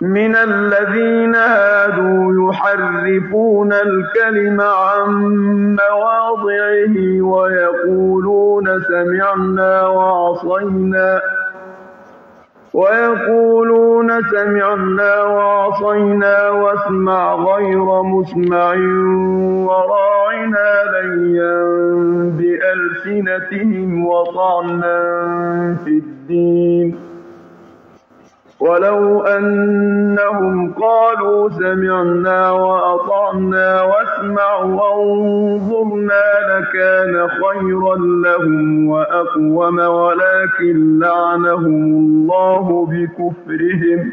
من الذين هادوا يحرفون الكلم عن مواضعه ويقولون سمعنا وعصينا ويقولون سمعنا وعصينا واسمع غير مسمع وراعنا ليا بألسنتهم وطعنا في الدين ولو أنهم قالوا سمعنا وأطعنا واسمع وانظرنا لكان خيرا لهم وأقوم ولكن لعنهم الله بكفرهم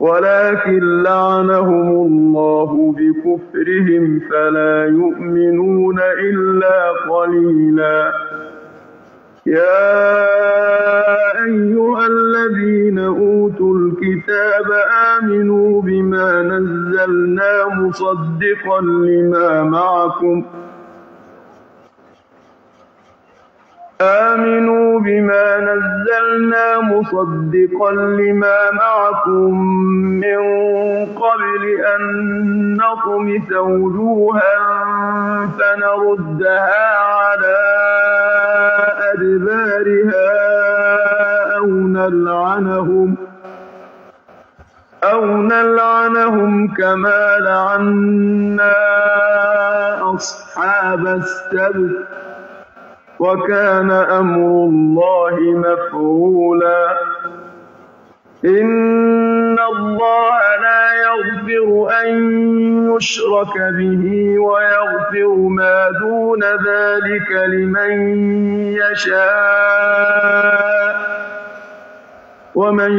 ولكن لعنهم الله بكفرهم فلا يؤمنون إلا قليلاً يا أيها الذين أوتوا الكتاب آمنوا بما نزلنا مصدقا لما معكم آمنوا بما نزلنا مصدقا لما معكم من قبل أن نطمس وجوها فنردها على أدبارها أو نلعنهم أو نلعنهم كما لعنا أصحاب السبت وكان أمر الله مفعولا إن الله لا يغفر أن يشرك به ويغفر ما دون ذلك لمن يشاء ومن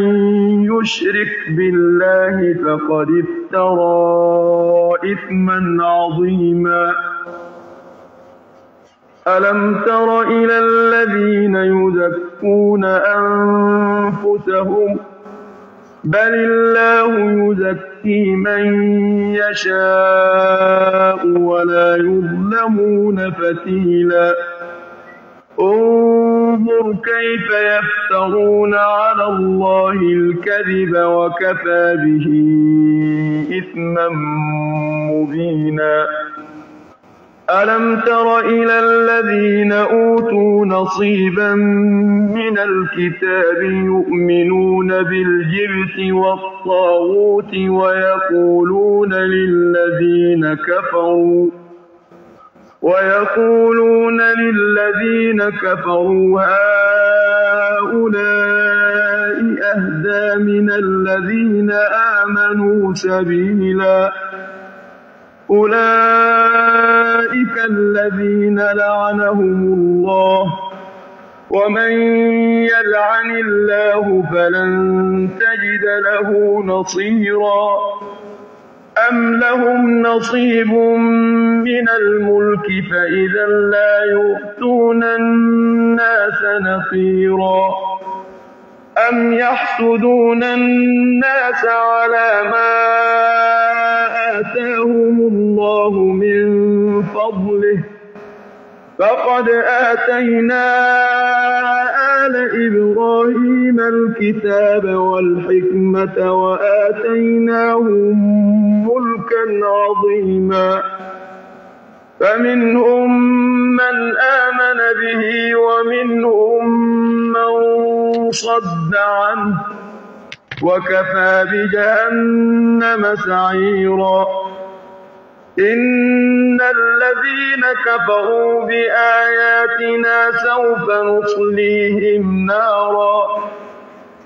يشرك بالله فقد افترى إثما عظيما ألم تر إلى الذين يزكون أنفسهم بل الله يزكي من يشاء ولا يظلمون فتيلا انظر كيف يفترون على الله الكذب وكفى به إثما مبينا ألم تر إلى الذين أوتوا نصيبا من الكتاب يؤمنون بالجبت والطاغوت ويقولون للذين كفروا ويقولون للذين كفروا هؤلاء أهدى من الذين آمنوا سبيلاً أولئك الذين لعنهم الله ومن يلعن الله فلن تجد له نصيرا أم لهم نصيب من الملك فإذا لا يؤتون الناس نقيرا أم يحسدون الناس على ما آتاهم الله من فضله فقد آتينا آل إبراهيم الكتاب والحكمة وآتيناهم ملكا عظيما فمنهم من آمن به ومنهم من صد عنه وكفى بجهنم سعيرا إن الذين كفروا بآياتنا سوف نصليهم نارا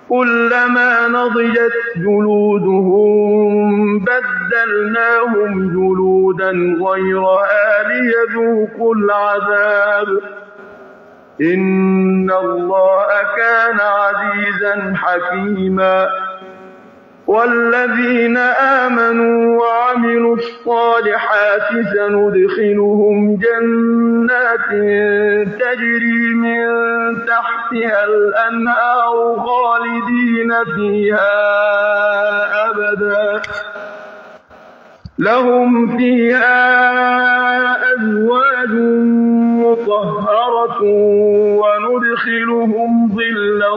كلما نضجت جلودهم بدلناهم جلودا غيرها ليذوقوا العذاب إن الله كان عزيزا حكيما والذين آمنوا وعملوا الصالحات سندخلهم جنات تجري من تحتها الأنهار خالدين فيها أبدا لهم فيها أزواج مطهرة وندخلهم ظلا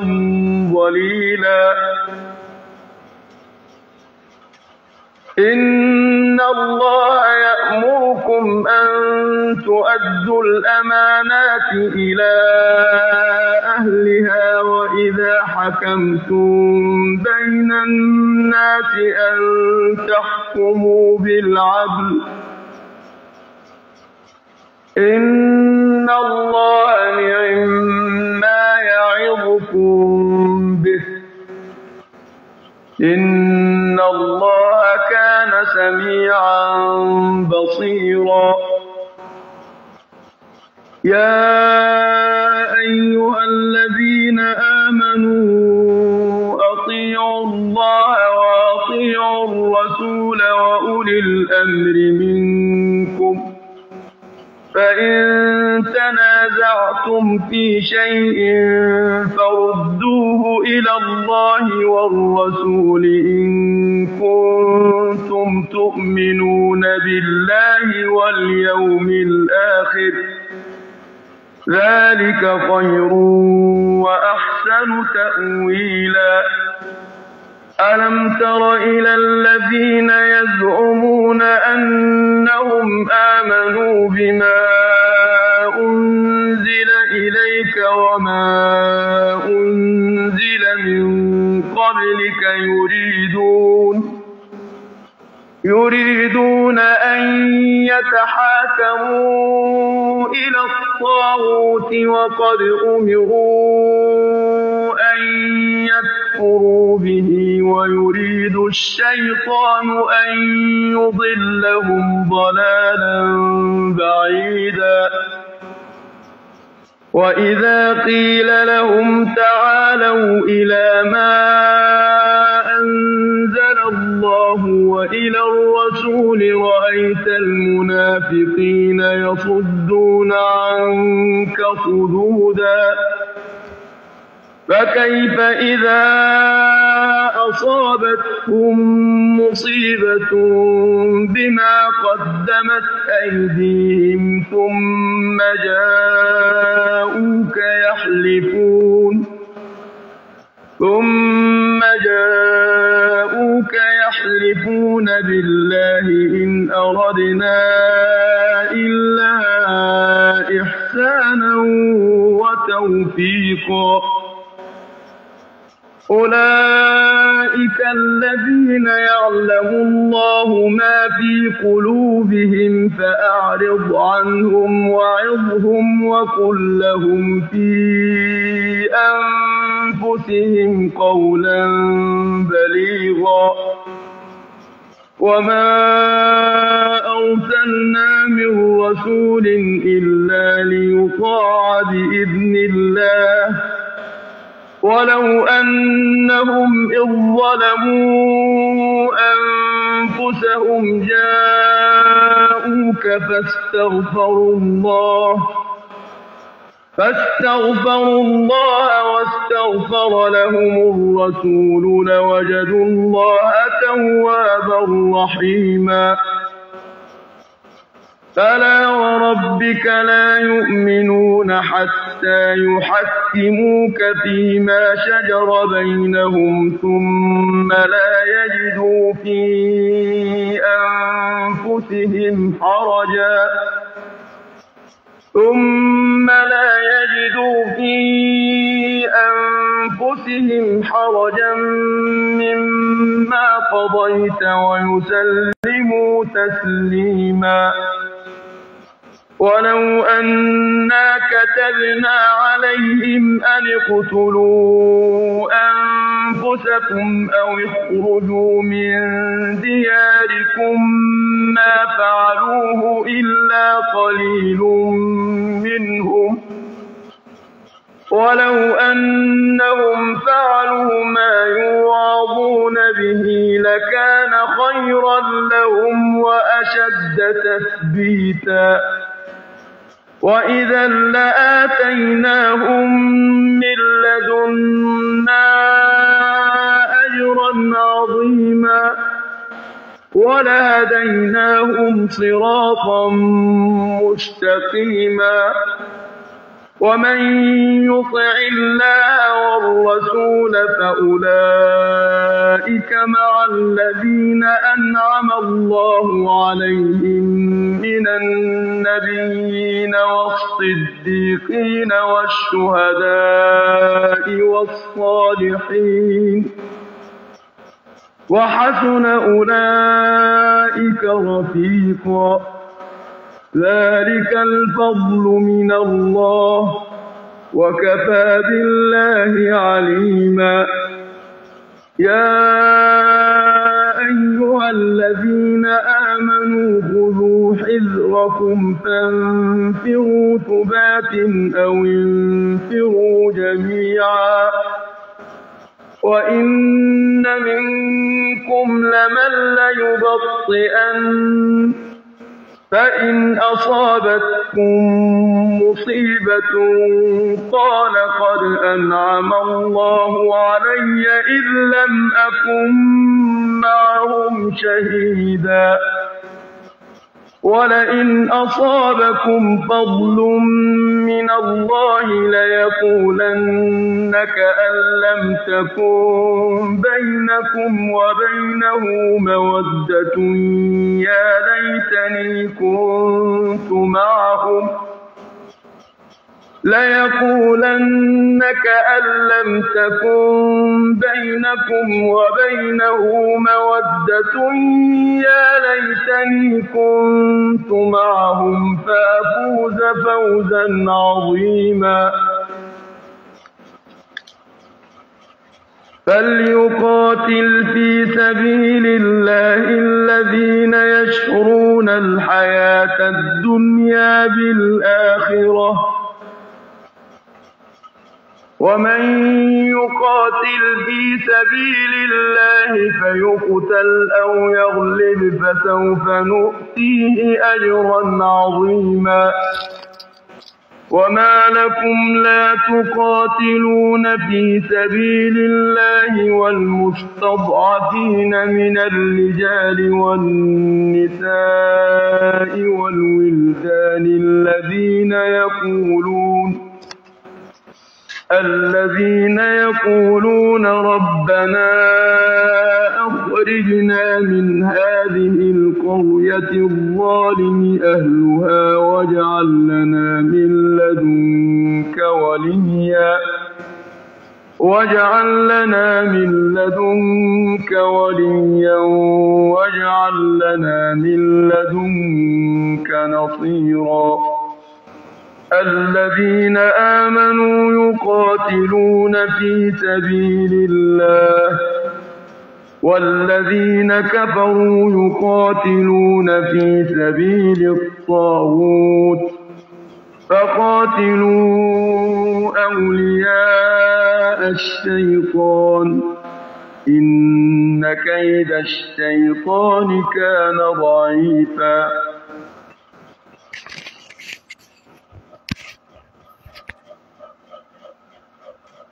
ظليلا إن الله يأمركم أن تؤدوا الأمانات إلى أهلها وإذا حكمتم بين الناس أن تحكموا بالعدل إن الله نعم ما يعظكم به إن الله كان سميعا بصيرا يا أيها الذين آمنوا أطيعوا الله وأطيعوا الرسول وأولي الأمر منكم فإن تنازعتم في شيء فردوه إلى الله والرسول إن كنتم تؤمنون بالله واليوم الآخر ذلك خير وأحسن تأويلاً ألم تر إلى الذين يزعمون أنهم آمنوا بما أنزل إليك وما أنزل من قبلك يريدون يريدون أن يتحاكموا إلى الطاغوت وقد أمروا أن يكفروا به ويريد الشيطان أن يضلهم ضلالا بعيدا وإذا قيل لهم تعالوا إلى ما الله وإلى الرسول رأيت المنافقين يصدون عنك صدودا فكيف إذا أصابتهم مصيبة بما قدمت أيديهم ثم جاءوك يحلفون ثم جاءوك يحلفون بالله إن أردنا إلا إحسانا وتوفيقا أولئك الذين يعلم الله ما في قلوبهم فأعرض عنهم وعظهم وقل لهم في أنفسهم أنفسهم قولا بليغا وما أرسلنا من رسول إلا ليطاع بإذن الله ولو أنهم إذ ظلموا أنفسهم جاءوك فاستغفروا الله فاستغفروا الله واستغفر لهم الرسول لوجدوا الله توابا رحيما فلا وربك لا يؤمنون حتى يحكموك فيما شجر بينهم ثم لا يجدوا في أنفسهم حرجا ثم لا يجدوا في أنفسهم حرجا مما قضيت ويسلموا تسليما ولو أنا كتبنا عليهم أن اقتلوا أنفسكم أو اخرجوا من دياركم ما فعلوه إلا قليل منهم ولو أنهم فعلوا ما يوعظون به لكان خيرا لهم وأشد تثبيتا وإذا لآتيناهم من لدنا أجرا عظيما ولهديناهم صراطا مستقيما ومن يطع الله والرسول فأولئك مع الذين أنعم الله عليهم من النبيين والصديقين والشهداء والصالحين وحسن أولئك رفيقاً ذلك الفضل من الله وكفى بالله عليما يا أيها الذين آمنوا خذوا حذركم فانفروا ثبات أو انفروا جميعا وإن منكم لمن ليبطئن فإن أصابتكم مصيبة قال قد أنعم الله علي إذ لم أكن معهم شهيداً ولئن أصابكم فضل من الله ليقولنك أن لم تكن بينكم وبينه مودة يا ليتني كنت معهم ليقولنك أن لم تكن بينكم وبينه مودة يا ليتني كنت معهم فأفوز فوزا عظيما فليقاتل في سبيل الله الذين يشرون الحياة الدنيا بالآخرة ومن يقاتل في سبيل الله فيقتل أو يغلب فسوف نؤتيه أجرا عظيما وما لكم لا تقاتلون في سبيل الله والمستضعفين من الرجال والنساء والولدان الذين يقولون الذين يقولون ربنا أخرجنا من هذه القرية الظالم أهلها واجعل لنا من لدنك وليا واجعل لنا من لدنك وليا واجعل لنا من لدنك نصيرا الذين آمنوا يقاتلون في سبيل الله والذين كفروا يقاتلون في سبيل الطاغوت فقاتلوا أولياء الشيطان إن كيد الشيطان كان ضعيفاً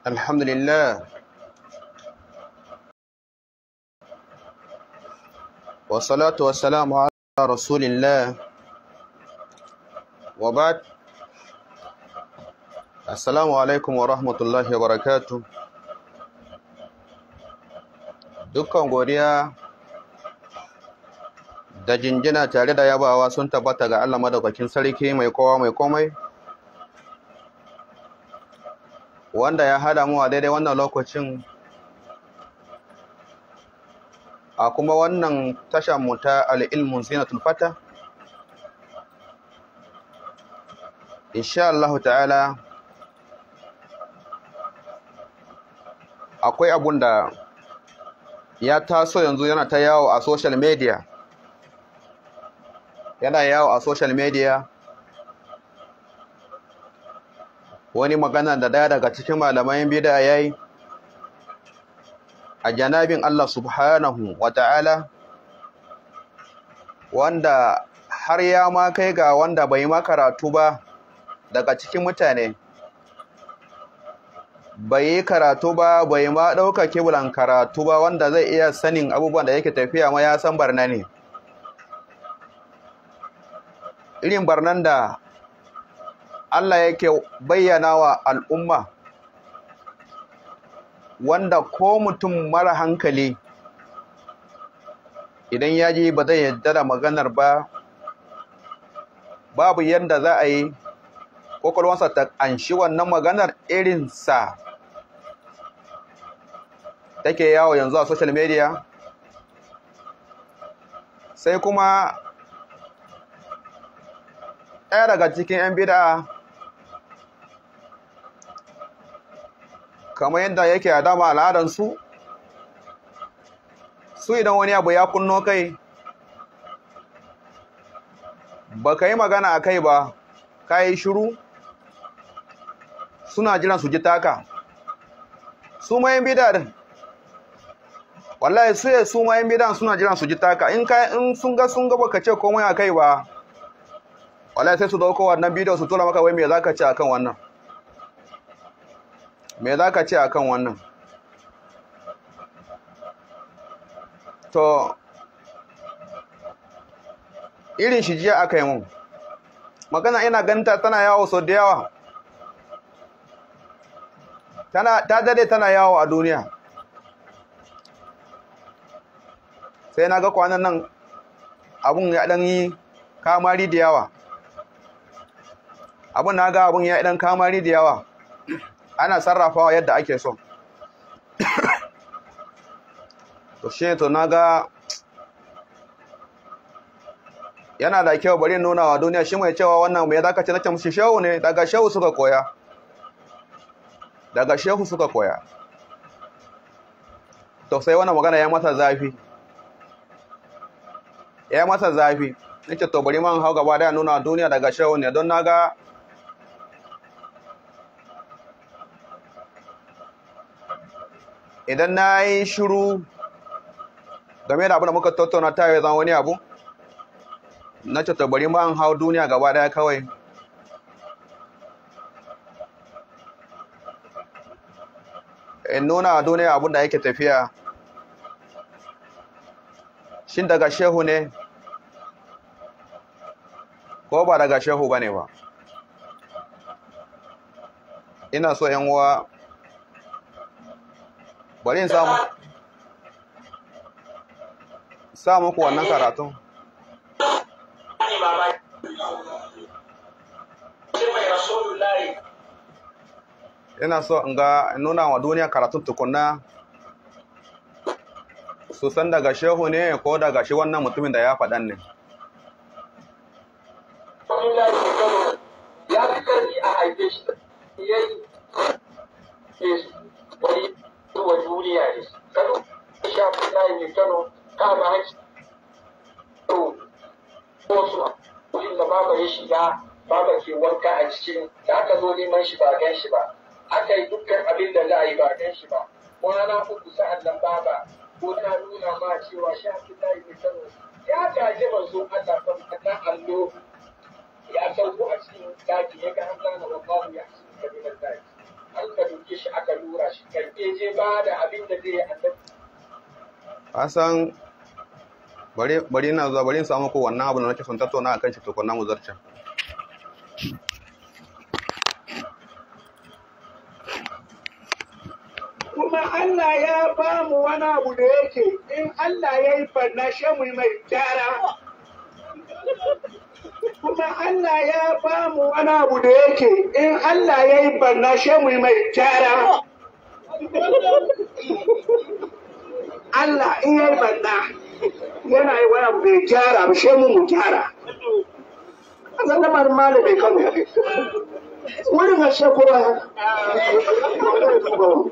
الحمد لله والصلاة والسلام على رسول الله وبعد السلام عليكم ورحمة الله وبركاته dukkan godiya da jinjina tare da yabawa sun tabbata ga Allah madaukakin sarki mai kowa mai komai wanda ya hada mu a daidai wannan lokacin a kuma wannan tasha mu ta al'ilmun zinatul fata insha Allah ta'ala akwai abun da ya taso yanzu yana ta yawo a social media yana yawo a social media wani magana da daya daga cikin malaman bid'a yi. a janabin Allah subhanahu wata'ala wanda har ya ma kai ga wanda bai ma karatu ba daga cikin mutane bai yi karatu ba bai ma ɗauka kibulan karatu ba wanda zai iya sanin abubuwan da yake tafiya ma ya san barna ne irin barnan da Allah yake bayyana wa al'umma wanda ko mutum mara hankali idan ya ji ba zai yadda da maganar ba babu yadda za a yi kwakwalwansa ta anshi wannan maganar irinsa take yawo yanzu a social media sai kuma ɗaya daga cikin 'yan bida kamar yadda yake a dama al'adansu su idan wani abu ya kunno kai ba ka yi magana a kai ba ka yi shiru suna jiran su ji taka su mayan bidan wallahi su ya su mayan bidan suna jiran su ji taka in sun ga sun ga baka ce komai a kai ba wallahi sai su dauko wannan bidiyo su tura maka wai me za ka ce akan wannan me za ka ce a kan wannan to irin shi jiya aka yi mun magana ina ganta tana yawo sau da yawa ta dade tana yawo a duniya sai na ga kwanan nan abun ya dan yi kamari da yawa abun na ga abun ya dan kamari da yawa ana sarrafawa yadda ake so to she to naga yana da kyau bari nuna wa duniya shi mai cewa wannan mai zaka ce nake mushi shehu ne daga shehu suka koya daga shehu suka koya to sai wannan magana ya masa zafi ya masa zafi nake to bari man hau gaba da nuna wa duniya daga shehu ne don naga idan na yi shuru game da abu da muka tattauna ta yi wani abu na cata bari ma hau duniya gaba daya kawai in nuna a duniya abin da yake tafiya shin daga shehu ne ko ba daga shehu ba ne ba ina so 'yan uwa bari in samu samu ku wannan karatu. ina so in ga nuna wa duniya karatun tukunna su san daga shehu ne ko daga shi wannan mutumin da ya faɗan ne neman shi ba gan shi ba aka yi dukkan abin da za a yi ba gan shi ba kwana uku sa'an nan baba ko ta nuna ma cewa sha ta yi sanu ya gaje manzo a tafan kan allo ya sauko a cikin daji ya ga an gane wallahu ya cikin nan daji an ka duke shi aka lura shi ke je ba da abin da zai yi a asan bari na zuwa bari in samu ko wannan abu da nake son tattauna akan shi to kwanna mu zarce ce in Allah ya yi barna shi mai gyara kuma Allah ya ba mu wani abu da yake in Allah ya yi barna shi mu mai gyara Allah in ya yi barna yana yi wani abu da ya gyara shi mu mu gyara a zan da mai kan ya shekura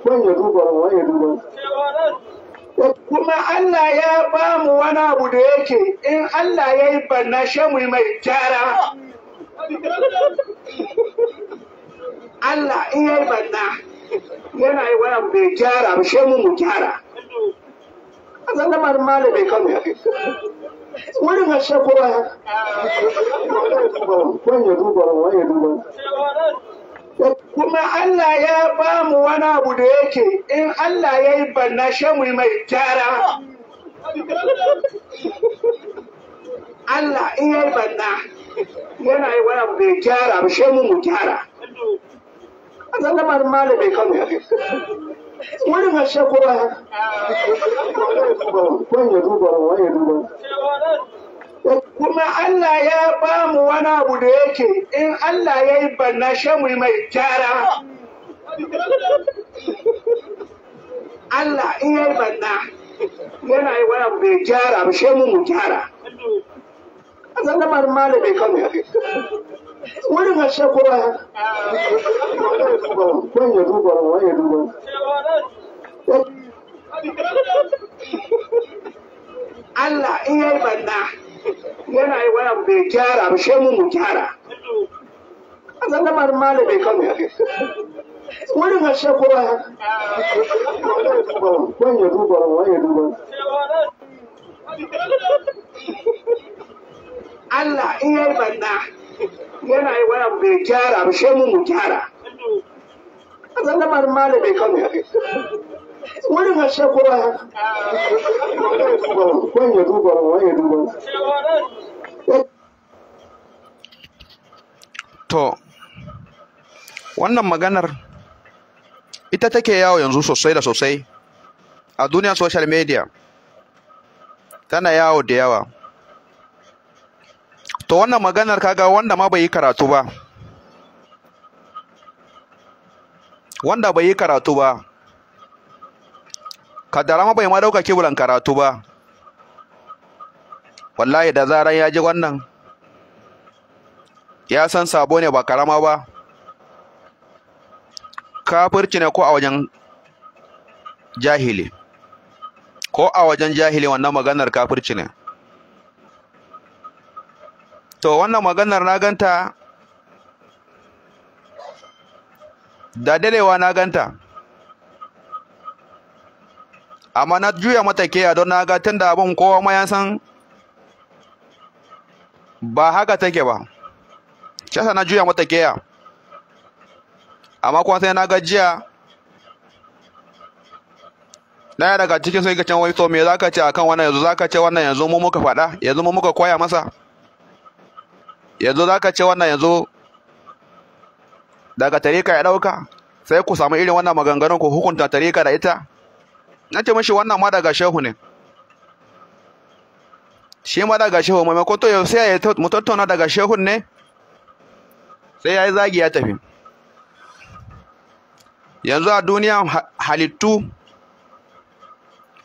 wani ya duba wani ya duba kuma Allah ya ba mu wani abu da yake in Allah ya yi banna shamu mai gyara Allah in ya yi banna yana yi wani abu da ya gyara mu shamu mu gyara a zan lamar malamai kan ya wurin a shakowa ya wani ya duba wani ya duba kuma Allah ya ba mu wani abu da yake in Allah ya yi banna shamu mai gyara Allah in ya yi banna yana yi wani abu da ya gyara ba shamu mu gyara a zalamar malamai kano ya fi wani fashe kuma wani ya duba wani ya duba kuma Allah ya ba mu wani abu da yake in Allah ya yi banna shamu mai gyara Allah in ya yi banna yana yi wani abu da ya gyara shamu mu gyara a zanamar malamai kan yafi wurin a shakura wani ya duba wani ya duba Allah in ya yi banna yana yi waya bai gyara ba shemu mu gyara a zangamar malamai kano ya kai wurin harshe ko ba ya wani ya duba wani ya duba Allah in yi banna yana yi waya bai gyara ba shemu mu gyara a zangamar malu bai kama yake duba duba to wannan maganar ita take yawo yanzu sosai da sosai a duniyar social media tana yawo da yawa to wannan maganar kaga wanda ma bai yi karatu ba wanda bai yi karatu ba kaddara ma bai ma dauka kibulan karatu ba wallahi da zaran ya ji wannan ya san sabo ne ba karama ba kafirci ne ko a wajen jahili ko a wajen jahili wannan maganar kafirci ne to wannan maganar na ganta da dalewa na ganta amma na juya mata keya don na ga tun da abin kowa ma ya san ba haka take ba shasa na juya mata keya amma kuma sai na ga jiya yi daga cikin sai ka can wani so me za ka ce a kan wannan yanzu za ka ce wannan yanzu mu muka faɗa yanzu mu muka koya masa yanzu za ka ce wannan yanzu daga tarika ya ɗauka sai ku samu irin wannan maganganun ku hukunta tarika da ita na ce mishi wannan ma daga shehu ne shi ma daga shehu maimakon to yau sai ya mutattauna daga shehun ne sai ya yi zagi ya tafi yanzu a duniya halittu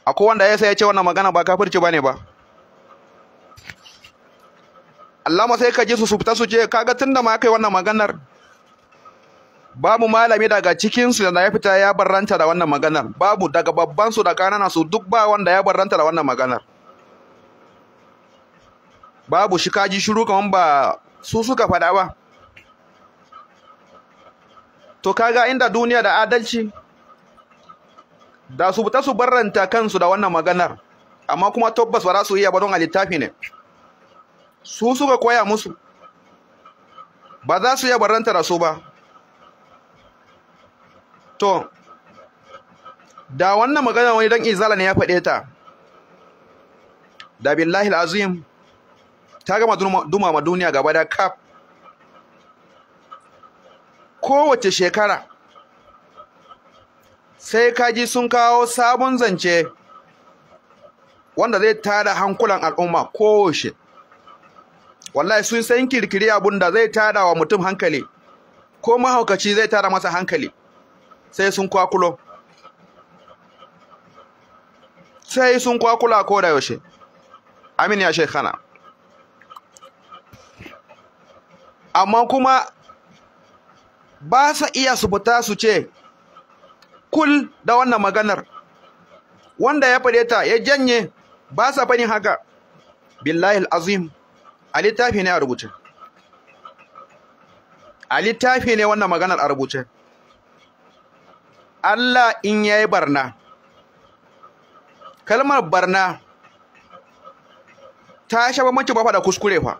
akwai wanda ya sai ya ce wannan magana ba kafirci ne ba Allah ma sai ka ji su su fita su ce kaga tunda ma kai wannan maganar babu malami daga cikinsu da ya fita ya barranta da wannan maganar babu daga babban su da kanana su duk ba wanda ya barranta da wannan maganar babu shi kaji shiru kaman ba su suka faɗa ba to kaga inda duniya da adalci da su fita su barranta kansu da wannan maganar amma kuma tabbas ba za su iya ba don a littafi ne su suka koya musu ba za su iya barranta da su ba to da wannan magana wani dan izala ne ya faɗe ta da billahi alazim ta gama dumama duniya gaba da kaf kowace shekara sai kaji sun kawo sabon zance wanda zai tada hankulan al'umma kowace wallahi sun san kirkiri abun da zai tada wa mutum hankali ko mahaukaci zai tada masa hankali sai sun kwakulo sai sun kwakula ko da yaushe amin ya shekhana amma kuma ba sa iya su fita su ce kul da wannan maganar wanda ya fade ta ya janye ba sa fani haka billahi azim a littafi ne a rubuce a littafi ne wannan maganar a rubuce Allah in ya yi barna kalmar barna ta sha manci ba da kuskure fa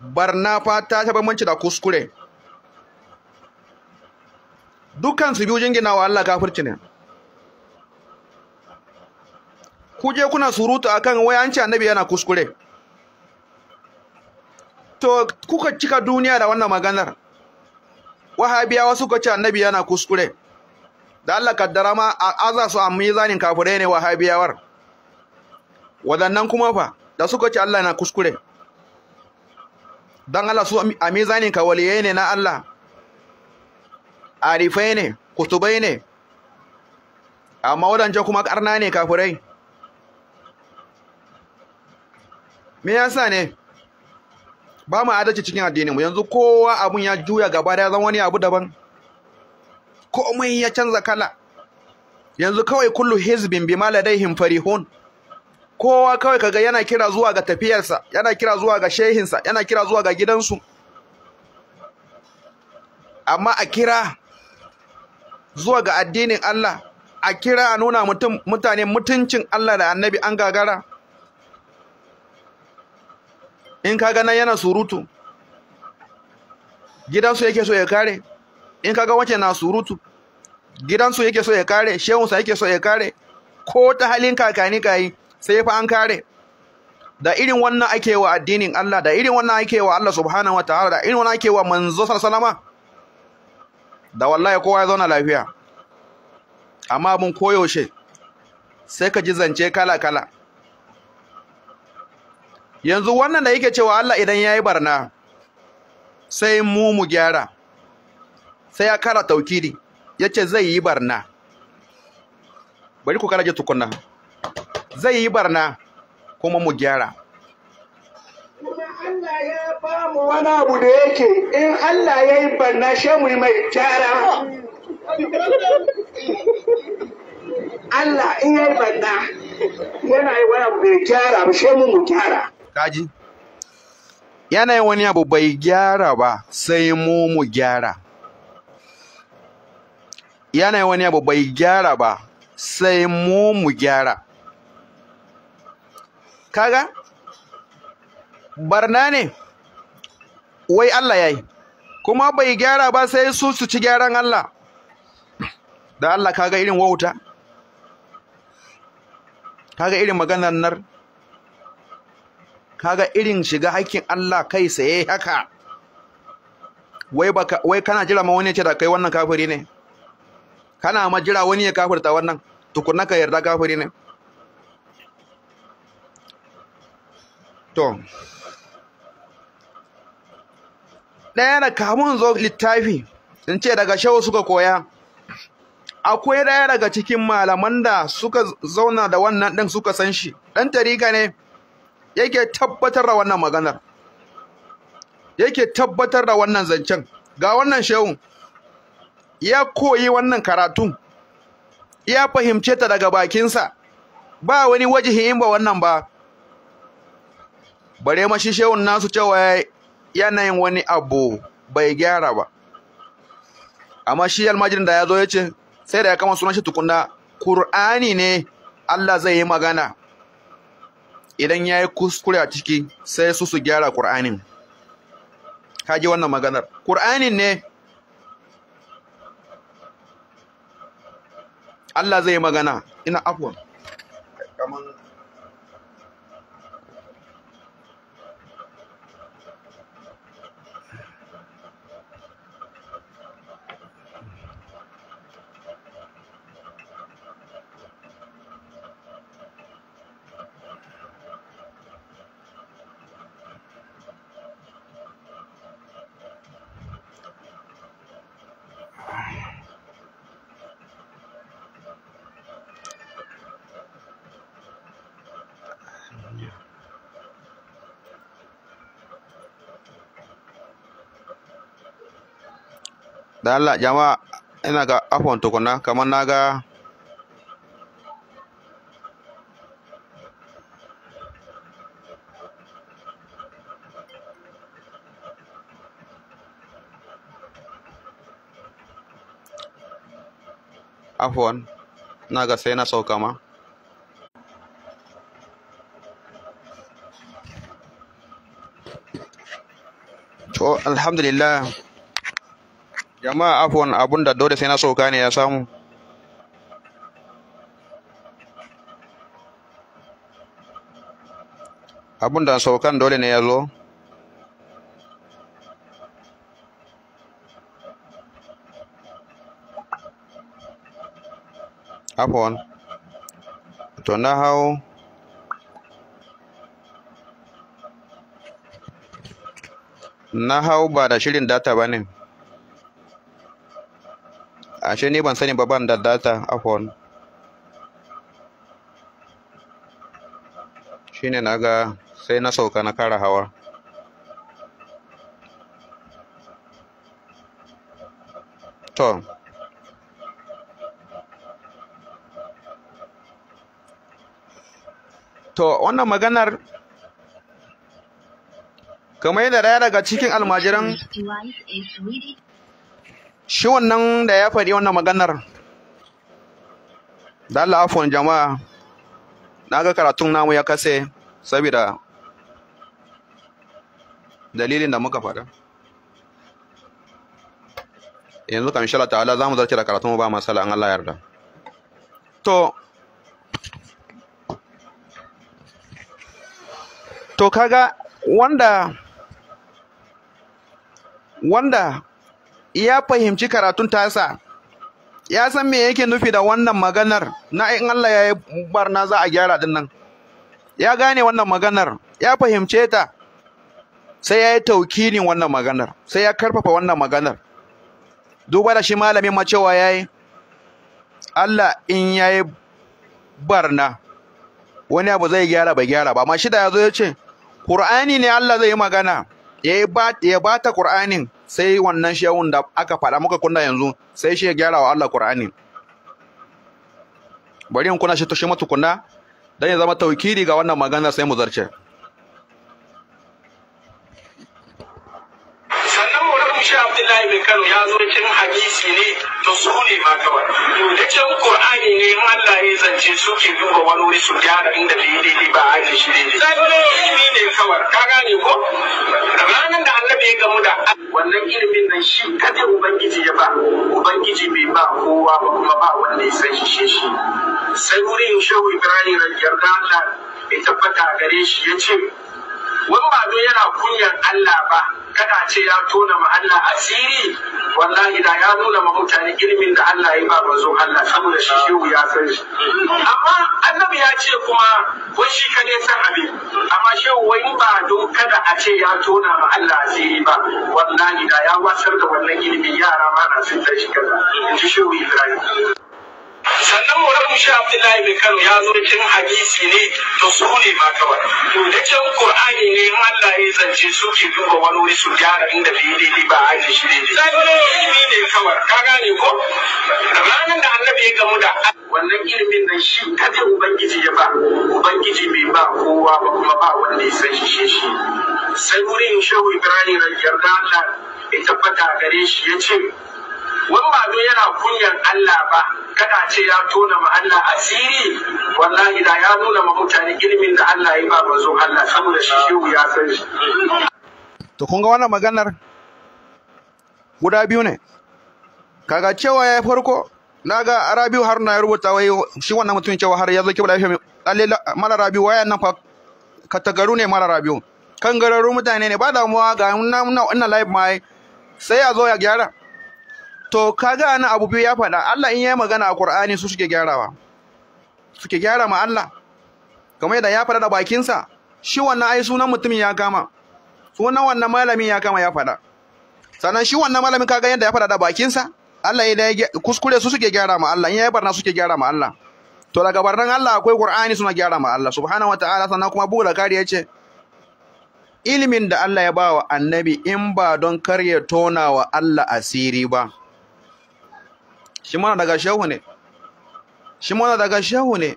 barna fa ta sha manci da kuskure dukkan su biyu jingina wa Allah gafirci ne ku je kuna surutu akan wai an ce annabi yana kuskure to kuka cika duniya da wannan maganar wahabiyawa suka ce annabi yana kuskure da Allah kaddara ma a aza su a mizanin kafirai ne wahabiyawar wadannan kuma fa da suka ci Allah na kuskure Don Allah su a mizanin ka ne na Allah arifai ne kutubai ne amma wadancan kuma karna ne kafirai me yasa ne ba mu adalci cikin addininmu yanzu kowa abun ya juya gaba da ya zama wani abu daban komai ya canza kala yanzu kawai kullu hizbin bima ladaihim farihun kowa kawai kaga yana kira zuwa ga tafiyarsa yana kira zuwa ga shehinsa yana kira zuwa ga gidansu amma a kira zuwa ga addinin Allah a kira a nuna mutane mutuncin Allah da annabi an gagara in kaga nan yana surutu gidansu yake so ya kare in kaga wace na surutu gidansu yake so ya kare shehunsa yake so ya kare ko ta halin kakani kayi sai fa an kare da irin wannan ake wa addinin Allah da irin wannan ake wa Allah subhanahu wataala da irin wannan ake wa manzo sallama da wallahi kowa ya zauna lafiya amma abin koyaushe sai ka ji zance kala kala yanzu wannan da yake cewa Allah idan yayi barna sai mu mu gyara sai ya kara ya yace zai yi barna bari ku kara je tukunna zai yi barna kuma mu gyara Allah ya bamu wani abu da yake in Allah ya yi barna shi mu mai gyara Allah in ya yi barna yana yi wani abu ya gyara ba shi mu gyara kaji yana yi wani abu bai gyara ba sai mu mu gyara yana yi wani abu bai gyara ba sai mu mu gyara kaga barna ne wai Allah ya yi kuma bai gyara ba sai su su ci gyaran Allah da Allah kaga irin wauta kaga irin maganar nar kaga irin shiga haƙƙin Allah kai sai haka wai kana jira ma wani ce da kai wannan kafiri ne kana ma jira wani ya kafirta wannan tukunna ka yarda kafiri ne to ɗaya da kamun zo littafi in ce daga shehu suka koya akwai ɗaya daga cikin malaman da suka zauna da wannan ɗin suka san shi ɗan tarika ne yake tabbatar da wannan maganar yake tabbatar da wannan zancen ga wannan shehun ya koyi wannan karatun ya fahimce ta daga bakinsa ba wani wajihin in ba wannan ba bare ma shehun nasu cewa yanayin wani abu bai gyara ba amma shi almajirin da ya zo ya ce sai da ya kama sunan shi tukuna Kur'ani ne Allah zai yi magana idan ya yi kuskure a ciki sai su su gyara Kur'anin kaji wannan maganar Kur'anin ne Allah zai magana ina afwan da Allah jama'a ina ga afon tukuna kamar na ga afon na ga sai na sauka ma oh alhamdulillah jama'a afwan abun da dole sai na soka ne ya samu abun da saukan dole ne ya zo afwan to na hau na hau ba da shirin data ba ne ashe ne ban sani ba ban da data a ne shine naga sai na sauka na kara hawa to to wannan maganar kamar yadda daya daga cikin almajiran shi wannan da ya faɗi wannan maganar da Allah jama'a na ga karatun namu ya kase saboda dalilin da muka faɗa yanzu kan shala ta'ala za mu zarce da karatun ba masala an Allah yarda to to kaga wanda wanda ya fahimci karatun tasa ya san me yake nufi da wannan maganar na in Allah ya yi barna za a gyara din nan ya gane wannan maganar ya fahimce ta sai ya yi taukinin wannan maganar sai ya karfafa wannan maganar duba da shi malamin macewa cewa ya yi Allah in ya yi barna wani abu zai gyara bai gyara ba amma shida ya zo ya ce Kur'ani ne Allah zai yi magana ya ba ya bata Qur'anin sai wannan shehun da aka faɗa muka kunna yanzu sai shi ya gyara wa Allah Qur'anin bari in kuna shi to shi matukunna dan ya zama taukiri ga wannan magana sai mu zarce sannan mu shi abdullahi bin kano ya zo cikin hadisi ne su ne ma kawai da cikin qur'ani ne in Allah ya zance su ke duba wani wuri su gyara inda bai daidai ba a ji shi daidai sai ilimi ne kawai ka gane ko ranan da annabi ya gamu da wannan ilimin nan shi kada ubangiji ya ba ubangiji bai ba kowa ba kuma ba wanda ya san shi shi sai wurin shehu ibrahim radiyallahu anhu ya tabbata gare shi ya ce wani ba don yana kunyan Allah ba kada ce ya tona ma Allah asiri wallahi da ya nuna ma mutane ilimin da Allah ya ba manzo Allah saboda shi shehu ya san shi amma annabi ya ce kuma wai shi ka ne san abin amma shehu wai ba don kada a ce ya tona ma Allah asiri ba wallahi da ya wasar da wannan ilimin yara ma na sun tashi kaza in shehu Ibrahim sannan mu shi abdullahi bin kano ya zo cikin hadisi ne to su ne ba kabar to da can qur'ani ne in Allah ya zance su ke duba wani wuri su gyara inda bai daidai ba a shi daidai sai wani ilimi ne kawar ka gane ko ranar da annabi ya gamu da wannan ilimin nan shi kadai ubangiji ya ba ubangiji bai ba kowa ba kuma ba wanda ya san shi shi sai wurin shehu ibrahim yarda Allah ya tabbata gare shi ya ce wani ba don yana kunyan Allah ba kada ce ya tona ma Allah asiri wallahi da ya nuna ma mutane ilimin da Allah ya ba manzon Allah saboda shi shehu ya san shi to kun ga wannan maganar guda biyu ne kaga cewa ya farko na ga rabiu har na rubuta wai shi wannan mutum cewa har ya zo kibla fm lalle mara rabiu waya nan fa katagaru ne mara rabiu kan gararu mutane ne ba damuwa ga ina live mai sai ya zo ya gyara to kaga nan abu biyu ya faɗa Allah in yayi magana a Qur'ani su suke gyarawa suke gyara ma Allah kamar yadda ya faɗa da bakinsa shi wannan ai sunan mutumin ya kama sunan wannan malamin ya kama ya faɗa sannan shi wannan malamin kaga yadda ya faɗa da bakinsa Allah ya dai kuskure su suke gyara ma Allah in yayi barna suke gyara ma Allah to daga barnan Allah akwai Qur'ani suna gyara ma Allah subhanahu wataala sannan kuma bugu da kari yace ilimin da Allah ya ba wa annabi in ba don kar ya tona wa Allah asiri ba shi mana daga shehu ne shi mana daga shehu ne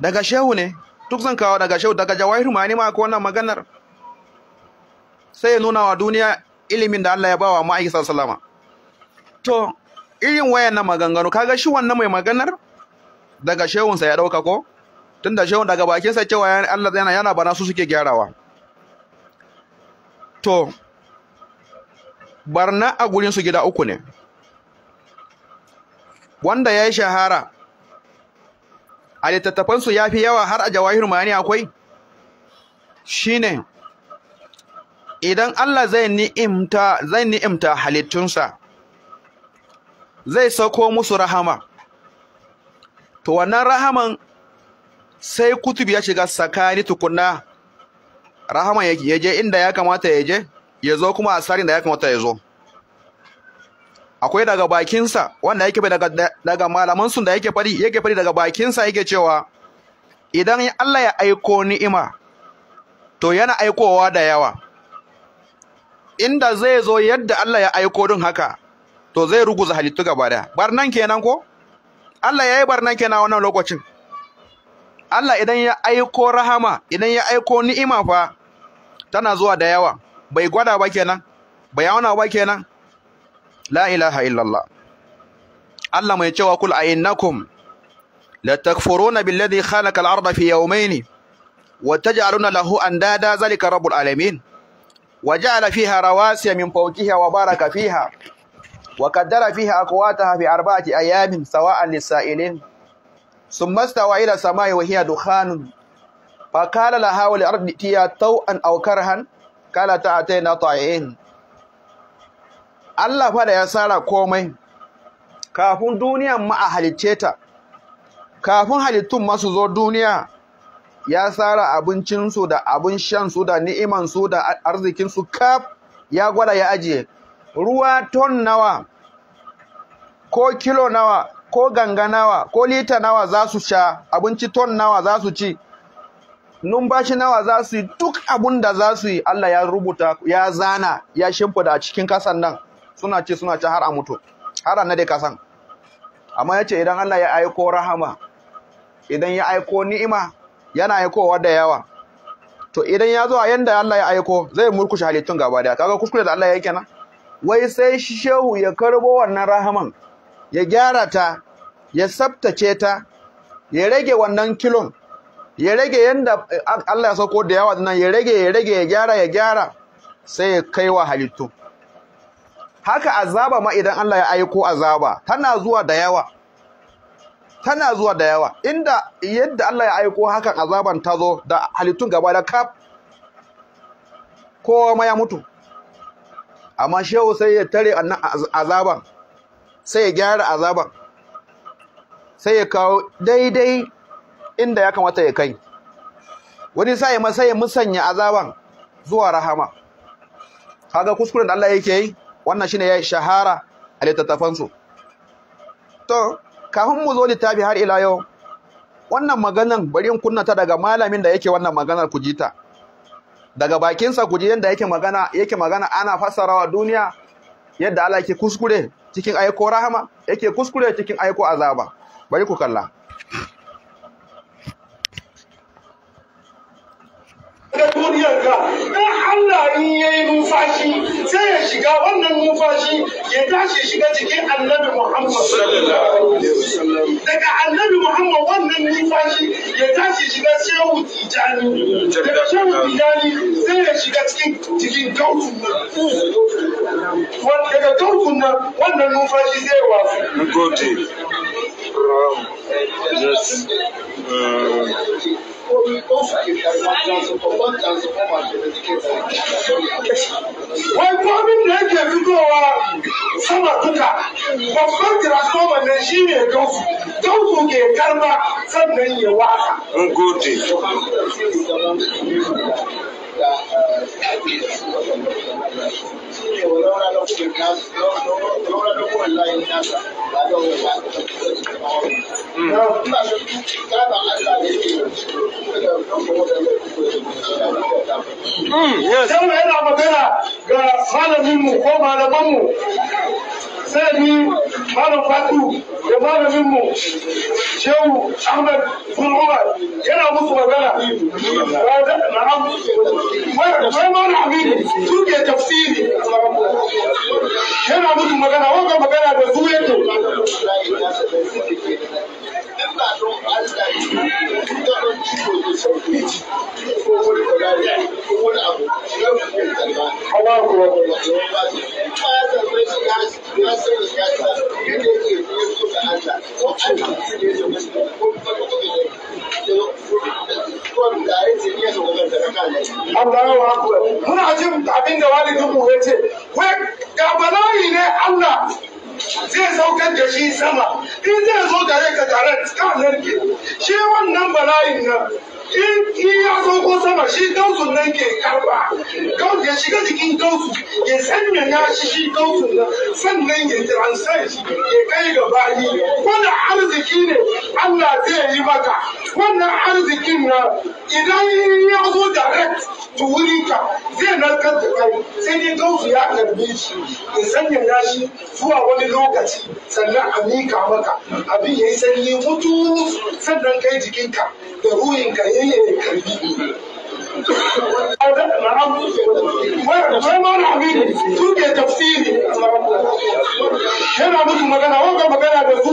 daga shehu ne duk zan kawo daga shehu daga jawahir ne ma ko wannan maganar sai ya nuna wa duniya ilimin da Allah ya bawa ma'aikata sallama to irin wayan na maganganu kaga shi wannan mai maganar daga shehunsa ya dauka ko tunda shehun daga bakinsa cewa Allah yana yana bana su suke gyarawa to barna a gurinsu gida uku ne wanda ya yi shahara a littattafansu ya fi yawa har a jawahir mani akwai shine idan Allah zai ni'imta halittunsa zai sauko musu rahama to wannan rahaman sai kutubi ya shiga tsakani tukunna rahaman ya je inda ya kamata ya je ya zo kuma a tsarin da ya kamata ya zo akwai daga bakinsa wanda yake daga daga malaman sun da yake fari yake fari daga bakinsa yake cewa idan Allah ya aiko ni'ima to yana aikowa da yawa inda zai zo yadda Allah ya aiko din haka to zai ruguza halittu gaba daya barnan kenan ko Allah ya yi barnan kenan wannan lokacin Allah idan ya aiko rahama idan ya aiko ni'ima fa tana zuwa da yawa bai gwada ba kenan bai auna ba kenan la ilaha illallah Allah mai cewa kul a innakum la takfuruna billadhi khalaqa al-arda fi yawmayn wa taj'aluna lahu andada zalika rabbul alamin wa ja'ala fiha rawasiya min fawqiha wa baraka fiha wa qaddara fiha aqwataha fi arba'ati ayamin sawa'an lis-sa'ilin thumma stawa ila samai wa hiya dukhanun فقال لها ولأرض تيا توءا أو كرها kala ta atai na ta'in Allah fa ya tsara komai kafin duniyan ma a halicce ta kafin halittun masu zo duniya ya tsara abincinsu da abin shansu da ni'imansu da arzikinsu kaf ya gwada ya ajiye ruwa ton nawa ko kilo nawa ko ganga nawa ko lita nawa za su sha abinci ton nawa za su ci numfashi nawa za su yi duk abun da za su yi Allah ya rubuta ya zana ya shimfida a cikin kasan nan suna ce suna ce har a mutu har a nade kasan amma ya ce idan Allah ya aiko rahama idan ya aiko ni'ima yana aikowa da yawa to idan ya zo a yanda Allah ya aiko zai murkushe halittun gaba da kaga kuskure da Allah ya yi kenan wai sai shehu ya karbo wannan rahaman ya gyara ta ya sabtace ta ya rage wannan kilon ya rage yanda Allah ya sauko da yawa nan ya rage ya rage ya gyara ya gyara sai ya kai wa halittu haka azaba ma idan Allah ya aiko azaba tana zuwa da yawa tana zuwa da yawa inda yadda Allah ya aiko hakan azaban ta zo da halittun gaba da kaf kowa ma ya mutu amma shehu sai ya tare annan azaban sai ya gyara azaban sai ya kawo daidai inda ya kamata ya kai wani sai ma sai musanya azaban zuwa rahama kaga kuskuren da Allah yake yi wannan shine ya shahara a littattafansu. su to kafin mu zo littafi har ila yau wannan maganan bari in kunna ta daga malamin da yake wannan maganar ku jita daga bakinsa ku ji yadda yake magana yake magana ana fassarawa duniya yadda Allah yake kuskure cikin aiko rahama yake kuskure cikin aiko azaba bari ku kalla na duniyar ka dan Allah in yayi numfashi sai ya shiga wannan numfashi ya tashi shiga cikin annabi Muhammad sallallahu alaihi wasallam daga annabi Muhammad wannan numfashi ya tashi shiga shehu tijani daga shehu tijani sai ya shiga cikin cikin kautun nan daga kautun nan wannan numfashi sai ya wasu gode Yes. Uh... dabbobi ko su ke karɓar ko mace da suke wai komin da yake fitowa sama duka babban shi ne gausu gausu ke karɓa sannan ya waka. wa Hmm, ina ga duk gana Allah ne ke da yana magana ga malamin mu ko malaman mu sai ni da malamin mu shehu ahmad bin umar yana musu magana na'am wai malam aminu su ke tafsiri yana musu magana wanda magana da su yake Allah don Allah ci gaban ciwo da ko wani ko wani abu shi kalma Allah ku ba ba ba shi ya ya san ya da Allah ko Allah ne ko ko Allahu Akbar muna jin abin da walidin mu ya ce wai ga bala'i ne Allah zai saukar da shi sama in zai zo gare ka tare ka nan ke shi wannan bala'in nan in ya sauko sama shi gausun nan ke karba ya shiga jikin ya sanya shi sannan ya ya kai ga bani wannan ne Allah zai yi maka wannan arzikin nan idan ya zo direct zai narkar kai sai ya karbe shi ya sanya zuwa wani lokaci sannan a maka abin ya yi sanyi mutu sannan kai jikinka da ruhinka Maimuna Aminu su tafsiri yana musu magana wanda magana da su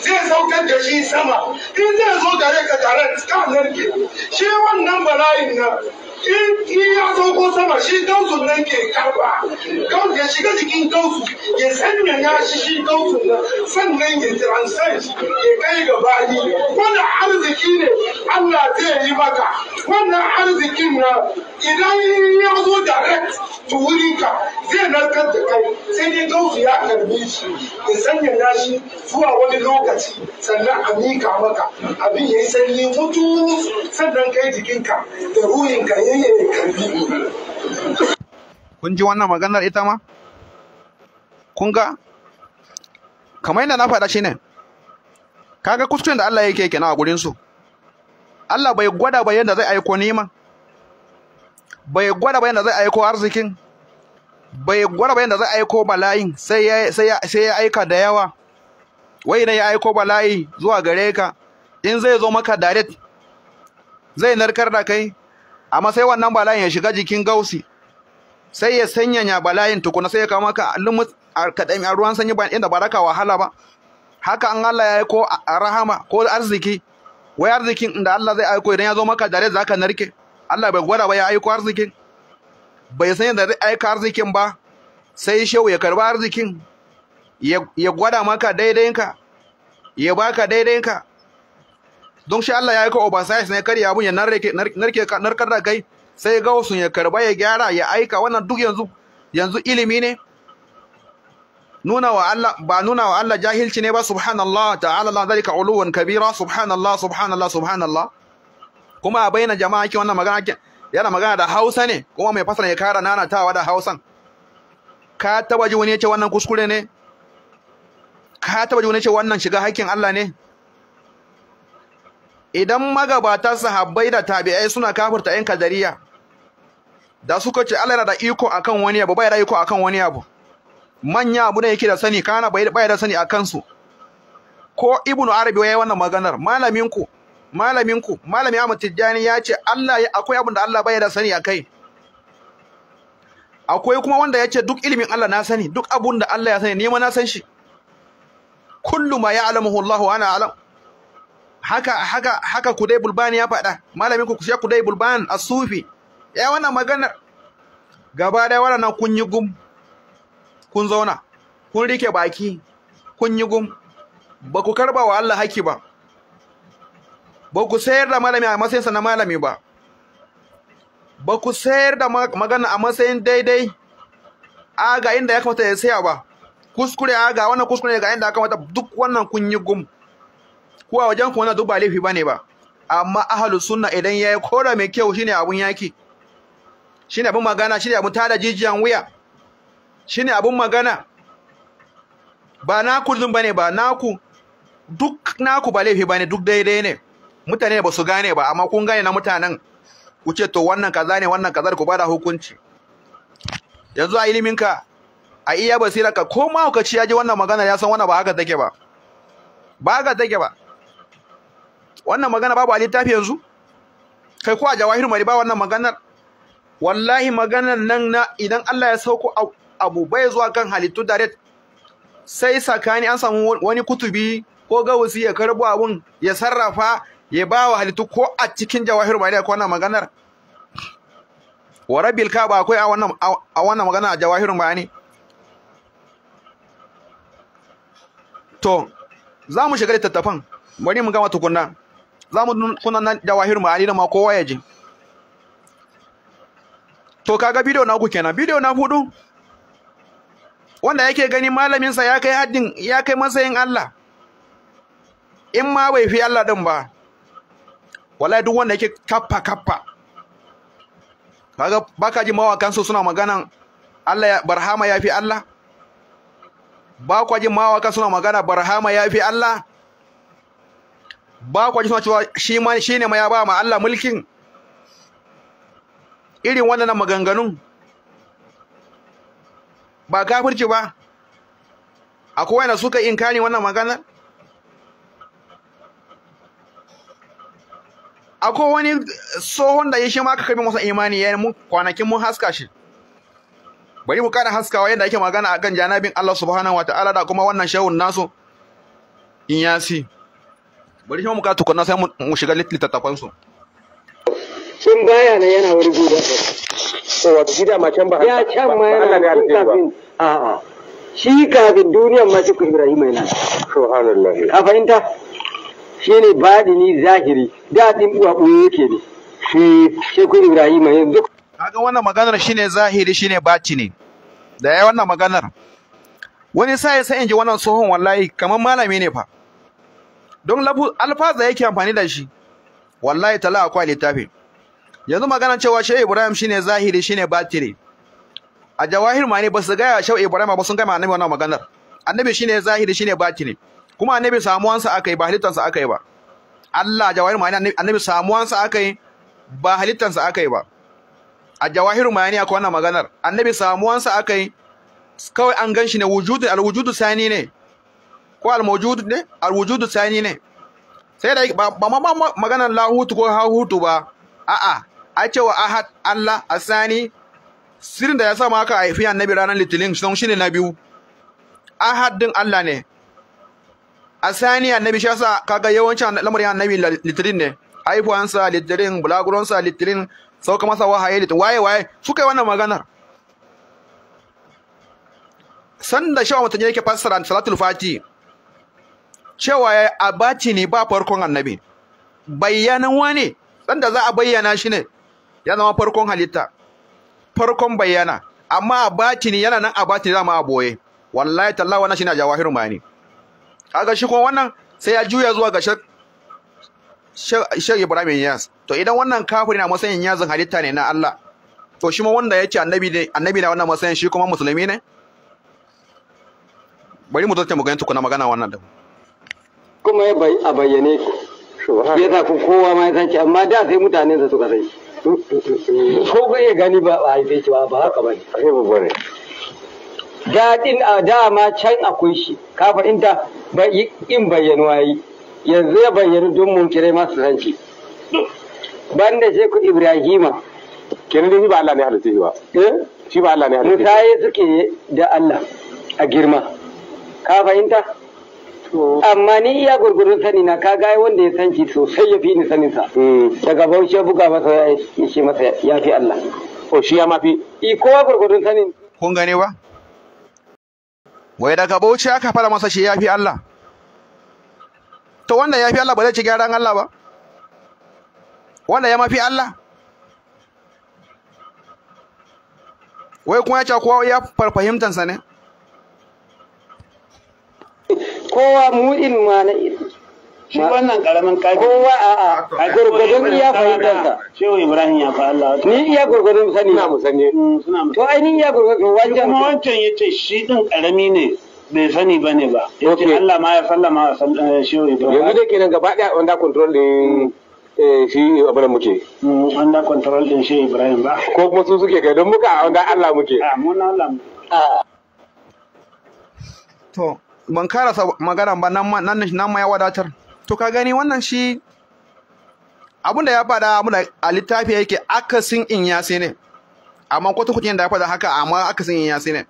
zai saukar da shi sama in zai zo gare ka tare ka nan ke shi wannan bala'in nan in ya sauko sama shi gausun nan ke karba ya shiga jikin gausu ya sanya ya shi shi sannan ya transcend ya kai ga bani wannan arziki ne Allah zai yi maka wannan arzikin na, idan ya zo direct to wurinka zai narkar da kai sai dai gausu ya karbe shi ya sanya ya zuwa wani lokaci sannan a mika maka abin ya sanyi mutu sannan kai jikinka da ruhinka ya kun ji wannan maganar ita ma kun ga kamar yadda na faɗa shi ne. kaga kuskuren da Allah yake kenan a gurin su Allah bai gwada ba yadda zai aiko nima, bai gwada ba yadda zai aiko arzikin bai gwada ba yadda zai aiko bala'in sai ya sai ya aika da yawa wai ne ya aiko bala'i zuwa gare ka in zai zo maka direct zai narkar da kai amma sai wannan bala'in ya shiga jikin gausi sai ya sanyanya bala'in tukuna sai ya kama ka lumus kaɗami a ruwan sanyi ba inda baraka wahala ba haka an Allah ya yi ko rahama ko arziki wai arzikin da Allah zai aiko idan ya zo maka dare za ka narke Allah bai gwada ba ya aiko arzikin bai san yadda zai aika arzikin ba sai shehu ya karba arzikin ya gwada maka daidainka ya baka daidainka don shi Allah ya aika oversize ne karya abun ya narke narkar da kai sai wasu ya karba ya gyara ya aika wannan duk yanzu yanzu ilimi ne nuna wa Allah ba nuna wa Allah jahilci ne ba subhanallah ta'ala la zalika uluwan kabira subhanallah subhanallah subhanallah kuma a bayyana jama'a ki wannan magana yana magana da Hausa ne kuma mai fasara ya kara nanatawa da Hausan ka taba ji wani ya ce wannan kuskure ne ka taba ji wani ya ce wannan shiga hakkin Allah ne idan magabata sahabbai da tabi'ai suna kafirta yan kadariya da suka ce Allah yana da iko akan wani abu bai da iko akan wani abu manya abu ne yake da sani kana bai bai da sani akan su ko ibnu arabi yayi wannan maganar malamin ku malamin ku malami Ahmad Tijjani ya ce Allah ya akwai abin da Allah bai da sani akai akwai kuma wanda ya ce duk ilimin Allah na sani duk abun da Allah ya sani nema na san shi kullu ma ya'lamuhu Allahu ana a'lamu haka haka haka kudai bulban ya faɗa malamin ku shi kudai bulban as-sufi ya wannan maganar gaba da wannan kun yi gum kun zauna kun rike baki kun yi gum ba ku karba wa Allah haki ba ba ku sayar da malami a matsayinsa na malami ba ba ku sayar da magana a matsayin daidai a ga inda ya kamata ya saya ba kuskure a ga wannan kuskure ga inda ya kamata duk wannan kun yi gum ko a wajen ku zuba duk ba laifi bane ba amma ahlus sunna idan yayi kora mai kyau shine abun yaki shine abun magana shine abun tada jijiyan wuya shine abun magana ba naku dun bane ba naku duk naku ba laifi bane duk daidai ne mutane ba su gane ba amma kun gane na mutanen ku ce to wannan kaza ne wannan kaza ku bada hukunci yanzu a iliminka a iya basirarka ko ma ka ci ya ji wannan magana ya san wannan ba haka take ba ba haka take ba wannan magana babu a littafi yanzu kai ko a jawahir mari ba wannan maganar wallahi maganar nan na idan Allah ya sauko abu bai zuwa kan halittu direct sai sakani an samu wani kutubi ko gawusi ya karbo abun ya sarrafa ya ba wa halittu ko a cikin jawahir mari ko wannan maganar wa rabbil ba akwai a wannan a wannan magana a jawahirun bayani to za mu shiga littattafan bari mu gama tukunna za mu kuna nan jawahir ma'ani da ma kowa ya ji to kaga bidiyo na uku kenan bidiyo na hudu wanda yake gani malaminsa ya kai haddin ya kai matsayin Allah in ma bai fi Allah din ba wallahi duk wanda yake kappa kappa kaga baka ji mawakan su suna magana, Allah ya barhama ya fi Allah ba ku ji mawakan suna magana barhama ya fi Allah ba kwa ji suna cewa shi ma shi ne ma ya ba ma Allah mulkin irin wannan maganganun ba kafirci ba akwai wanda suka inkari wannan maganar akwai wani tsohon da ya shi ma aka karbi masa imani ya mu kwanakin mun haska shi bari mu kara haskawa yadda ake magana akan janabin Allah subhanahu wataala da kuma wannan shehun nasu in yasi bari shi mu ka tukuna sai mu shiga littattafan su sun baya nan yana wani guda so wato shi da macen ba ya can ma yana da kafin a a shi kafin duniyar ma cikin Ibrahim yana subhanallah ka fahimta shine badini zahiri da din uwa uwa yake ne shi shekul Ibrahim yanzu kaga wannan maganar shine zahiri shine batini da yayi wannan maganar wani sai sai in ji wannan tsohon wallahi kamar malami ne fa don alfaza yake amfani da shi wallahi tala akwai littafi yanzu magana cewa shehu ibrahim shine zahiri shine batiri a jawahir mani ba su gaya shehu ibrahim ba sun gama annabi wannan maganar annabi shine zahiri shine batiri kuma annabi samuwansa akai ba halittansa akai ba Allah jawahir mani annabi samuwansa akai ba halittansa akai ba a jawahir mani akwai wannan maganar annabi samuwansa akai kawai an gan shi ne wujudu alwujudu sani ne ko al-mawjud ne al-wujud sani ne sai da ba ma maganar lahutu ko hahutu ba a'a a cewa ahad Allah asani sirrin da ya sa maka a haifi annabi ranar litinin sun shine na biyu ahad din Allah ne asani annabi shi yasa kaga yawancin lamarin annabi litinin ne haifuwansa litinin bulaguronsa litinin kama sa wahaye litinin waye waye suka yi wannan maganar sanda shawa mutane yake fassara salatul fati cewa a baci ne ba farkon annabi bayyanan wane dan da za a bayyana shi ne ya zama farkon halitta farkon bayyana amma a baci ne yana nan a baci ne zama a boye wallahi tallahi wannan shine jawahirul A kaga shi kuma wannan sai ya juya zuwa ga Shek Ibrahim Yas to idan wannan kafiri na masanin yazin halitta ne na Allah to shi ma wanda ya ce annabi ne annabi na wannan masanin shi kuma musulmi ne bari mu zo mu ganin tukuna magana wannan da kuma a bayyane ya sa ku kowa ma ya san ki amma da sai mutanen sa suka sai ko ku iya gani ba a haife ki ba haka ba ne daɗin a dama can akwai shi ka fahimta in bayyanuwa yi yanzu ya bayyanu don munkirai masu san shi banda ku ibrahima kenan dai shi ba Allah ne halitta shi ba eh? shi ba Allah ne halitta shi suke da Allah a girma ka fahimta amma ni iya gurgurun sani na ka gaya wanda ya san shi sosai ya fi ni saninsa hmm. daga bauchi ya buga masa ya shi masa ya fi Allah o shi ya mafi i kowa gurgurun sanin kun gane ba wai daga bauchi aka fara masa shi ya fi Allah to wanda ya fi Allah ba zai ci gyaran Allah ba wanda ya mafi Allah wai kuma ya ce kowa ya farfahimtansa ne kowa mu din ma na shi wannan karamin kafi kowa a a a gurgurdun iya fahimtarsa shehu ibrahim ya fa Allah ni iya gurgurdun sani suna mu sanye mm, to ai ni iya gurgurdun wancan kuma wancan ce shi din karami ne bai sani ba ne ba yace Allah ma ya sallama wa eh, shehu ibrahim yanzu dai kenan gaba daya wanda control din eh, shi abin muke. Wanda mm, control din shi Ibrahim ba. Ko kuma su suke kai don muka a wanda Allah muke. A ah, mun Allah muke. Ah. To, ban karasa magana ba nan ma ya wadatar to ka gani wannan shi abinda ya faɗa muna a littafi yake akasin in ya sai ne amma kwata kuɗi da ya fada haka amma akasin in ya sai ne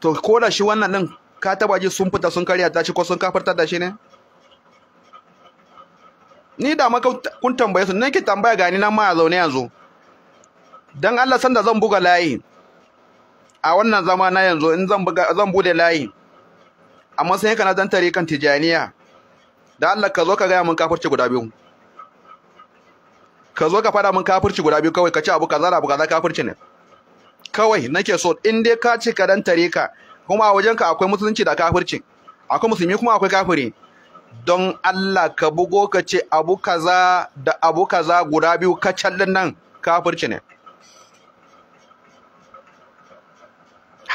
to ko da shi wannan din ka taba ji sun fita sun karya ta shi ko sun kafarta da shi ne ni da maka kun tambaye su nake tambaya gani nan ma ya zaune yanzu dan Allah san da zan buga layi a wannan zama na yanzu in zan bude layi amma sai kana dan tare kan tijaniya da Allah ka zo ka gaya mun kafirci guda biyu ka zo ka fada mun kafirci guda biyu kawai ka ci abu kaza abu kaza kafirci ne kawai nake so in dai ka ci ka dan tare ka kuma a wajenka akwai musulunci da kafirci akwai musulmi kuma akwai kafiri don Allah ka bugo ka ce abu kaza da abu kaza guda biyu ka callin nan kafirci ne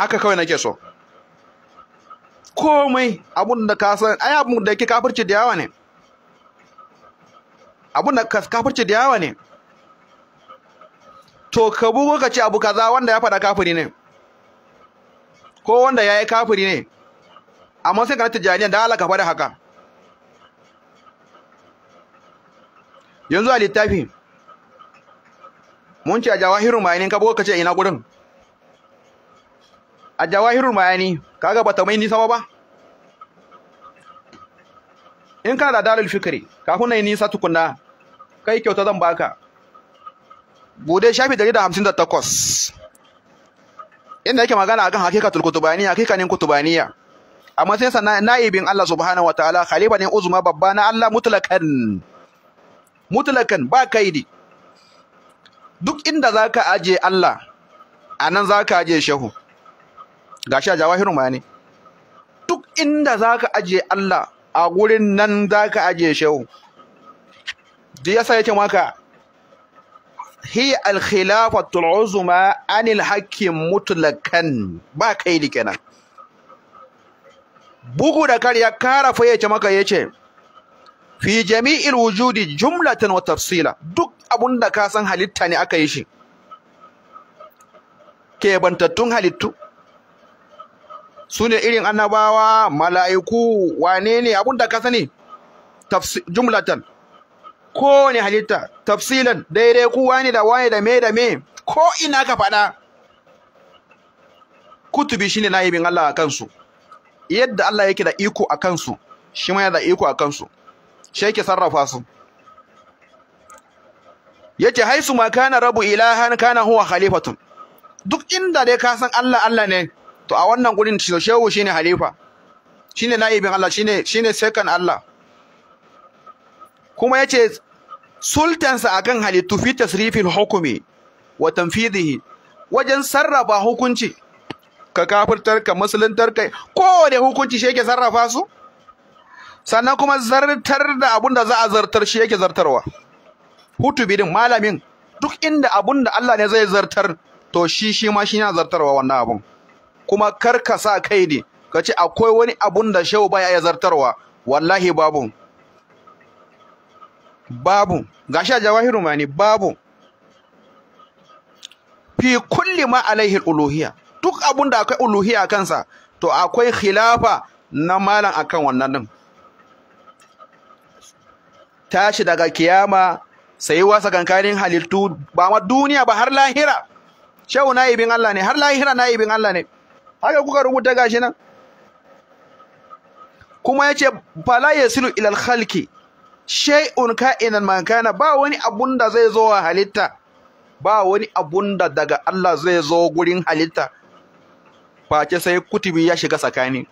haka kawai nake so komai abun da ka san ai abun da yake kafirci da yawa ne abun da kafirci da yawa ne to ka bugo ka ce abu kaza wanda ya faɗa kafiri ne ko wanda ya yi kafiri ne amma sai ka nata jani da Allah ka fada haka yanzu a littafi mun ce a jawahirin bayanin ka bugo ka ce ina gurin a jawahirul mayani kaga bata mai nisa ba in kana da dalil fikri kafin na yi nisa tukunna kai kyauta zan baka bude shafi 158 inda yake magana akan hakikatul kutubaniya hakikanin kutubaniya amma sai sanan naibin Allah subhanahu Ta'ala, khalifa ne uzuma babba na Allah mutlakan mutlakan ba kaidi duk inda zaka aje Allah anan zaka aje shehu gashi a jawahirul ne. duk inda zaka ajiye Allah a gurin nan zaka ajiye shehu da yasa yake maka hi al-khilafatul uzma anil haqqi mutlaqan ba kai kenan bugu da kariya karafa yake maka yace fi jami'il wujudi jumlatan wa tafsila duk abunda ka san halitta ne aka yi shi Ke bantattun halittu su ne irin annabawa mala'iku wane ne abin da ka sani jumlatan ko ne halitta tafsilan daidai ku wani da wani da me da me ko ina ka faɗa kutubi shi shine na'ibin Allah a kansu yadda Allah yake da iko a kansu shi ma yana da iko a kansu shi yake sarrafa su yake haisu ma kana rabu ilahan kana huwa khalifatun duk inda dai ka san Allah Allah ne to a wannan gurin shehu shine halifa shine naibin Allah shine shine second Allah kuma yace sultansa akan halittu fi tasrifil hukumi wa tanfidhihi wajen sarrafa hukunci ka kafirtar ka musuluntar kai ko kowane hukunci shi yake sarrafa su sannan kuma zartar da abun da za a zartar shi yake zartarwa Hutu hutubidin malamin duk inda abun da Allah ne zai zartar to shi shi ma shi yana zartarwa wannan abun kuma kar ka sa kai ne ka ce akwai wani abun da shehu baya ya zartarwa wallahi babu babu gashi a jawahiru ne, babu fi kulli ma alaihi uluhiya duk abun da akwai a kansa to akwai khilafa na malam akan wannan din tashi daga kiyama sai wasa kankanin halittu ba ma duniya ba har lahira shehu na ibin Allah ne har lahira na ibin Allah ne haka kuka rubuta gashi nan kuma yace fala yasilu ilal khalqi shay'un ka'inan man kana ba wani abun da zai zo wa halitta ba wani abun da daga Allah zai zo gurin halitta ce sai kutubi ya shiga tsakani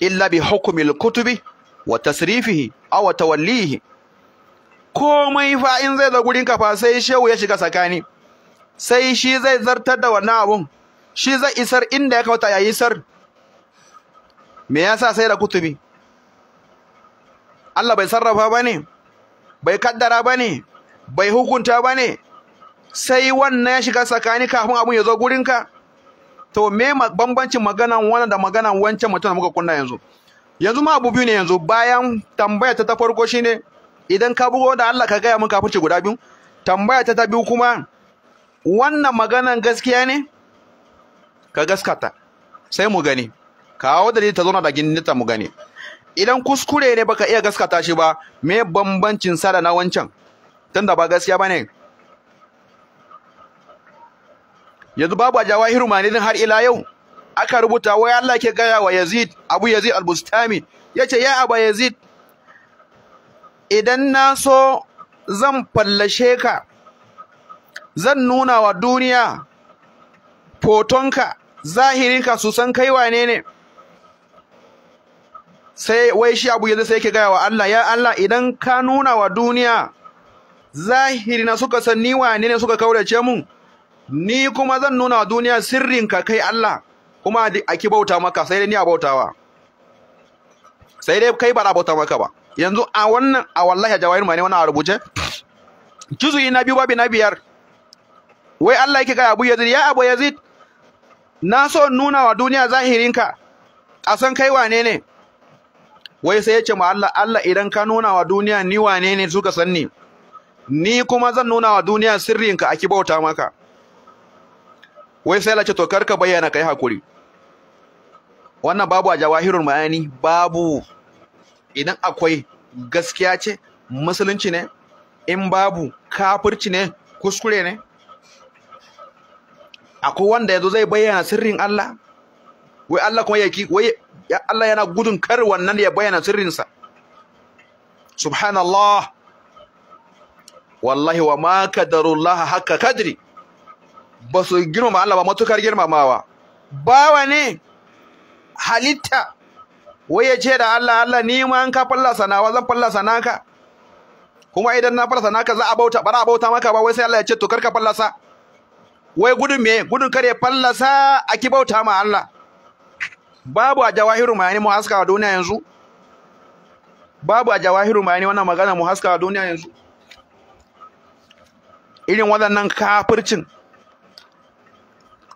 illa bi hukumil kutubi wa tasrifihi aw tawallihi komai fa in zai zo gurin ka fa sai shehu ya shiga tsakani sai shi zai zartar da wannan abun shi zai isar inda ya kauta ya yi isar me ya sa sai da kutubi Allah bai sarrafa ba ne? bai kaddara ba ne? bai hukunta ba ne? sai wannan ya shiga tsakani kafin abin ya zo gurinka to me bambancin maganan wannan da maganan wancan mutum da muka kunna yanzu yanzu ma abu biyu ne yanzu bayan tambaya ta ta farko shine idan ka bugo da Allah ka gaya min kafirci guda biyu tambaya ta ta biyu kuma wannan maganan gaskiya ne ka gaskata sai mu gani kawo dalili ta zauna da gindinta mu gani idan kuskure ne baka iya gaskata shi ba me bambancin sa da na wancan tunda ba gaskiya ba ne. yanzu babu a jawahiru manidin har ila yau aka rubuta wai Allah ke gaya wa Yazid Abu Yazid al-Bustami yace ya Aba Yazid idan na so zan fallashe ka zan nuna wa duniya fotonka zahirinka su san kai wane ne sai wai shi abu yanzu sai yake gaya wa Allah ya Allah idan ka nuna wa duniya zahiri na suka san ni wane ne suka kaurace mun ni kuma zan nuna wa duniya sirrin ka kai Allah kuma a ki bauta maka sai dai ni a bautawa sai dai kai ba a bauta maka ba yanzu a wannan a wallahi jawahir mai wannan a rubuce juzuyi na biyu babi na biyar wai Allah yake gaya Abu Yazid ya Abu Yazid na so nuna wa duniya zahirinka a san kai wane ne wai sai ya ce ma Allah Allah idan ka nuna wa duniya ni wane ne suka san ni ni kuma zan nuna wa duniya sirrinka a kibauta maka wai sai Allah ce to karka bayyana kai hakuri wannan babu a jawahirul ma'ani babu idan akwai gaskiya ce musulunci ne in babu kafirci ne kuskure ne akwai wanda yazo zai bayyana sirrin Allah wai Allah kuma yake wai Allah yana gudun kar wannan ya bayyana sirrinsa subhanallah wallahi wa ma kadarullah haka kadri ba su girmama Allah ba matukar girmamawa Ba ne halitta wai ya ce da Allah Allah ni ma an ka fallasa nawa zan fallasa naka kuma idan na fallasa naka za a bauta bara a bauta maka ba wai sai Allah ya ce to karka fallasa wai gudun me gudun kare fallasa a kibauta ma Allah babu a jawahiru mayani mu haska a duniya yanzu babu a jawahiru mayani wannan magana mu haska a duniya yanzu irin waɗannan kafircin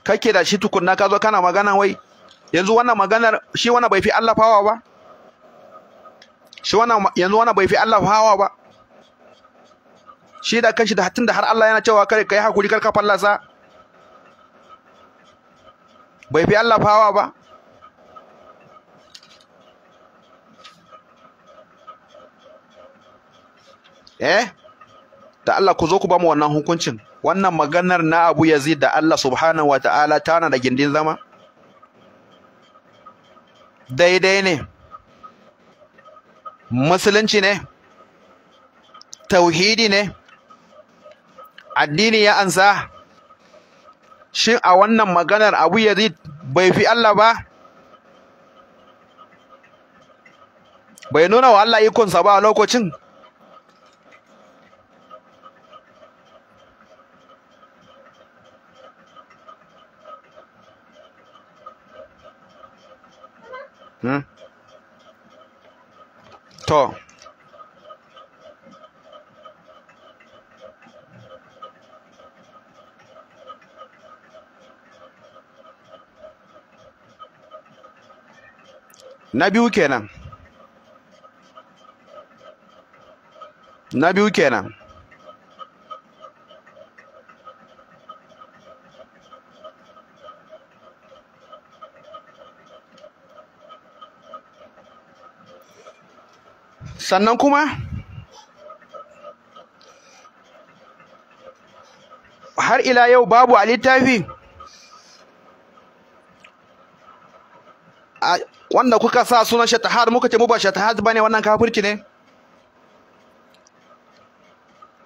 kake da shi tukunna ka zo kana magana wai yanzu wannan maganar shi wannan bai fi Allah fawa ba shi wannan yanzu wannan bai fi Allah fawa ba shi da kanshi da hatin da har Allah yana cewa kare kai hakuri kar ka fallasa bai fi Allah fawa ba eh da Allah ku zo ku ba mu wannan hukuncin wannan maganar na Abu Yazid da Allah subhanahu wataala tana da gindin zama daidai ne musulunci ne tauhidi ne addini ya ansa shin a wannan maganar abu yazid bai fi Allah ba bai nuna wa Allah ikonsa ba a lokacin hmm? to na biyu kenan na biyu kenan sannan kuma har ila yau babu a littafi wanda kuka sa sunan shatahar muka ce mu ba shatahad bane wannan kafirci ne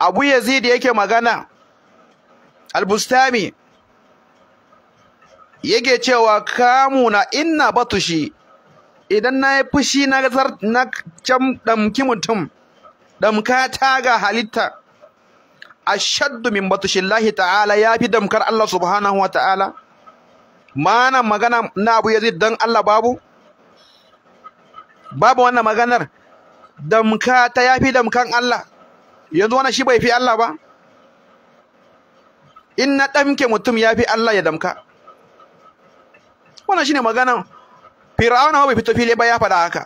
Abu Yazid yake magana Al-Bustami yake cewa kamu na inna batushi idan na yi fushi na zar na can damki mutum damka ta ga halitta ashaddu min lahi ta'ala yafi damkar Allah subhanahu wa ta'ala ma'anan magana na Abu Yazid don Allah babu babu wannan maganar damka ta yafi damkan Allah yanzu wannan shi bai fi Allah ba in na damke mutum yafi Allah ya damka wannan shine maganar fir'auna bai fito fili ba ya faɗa haka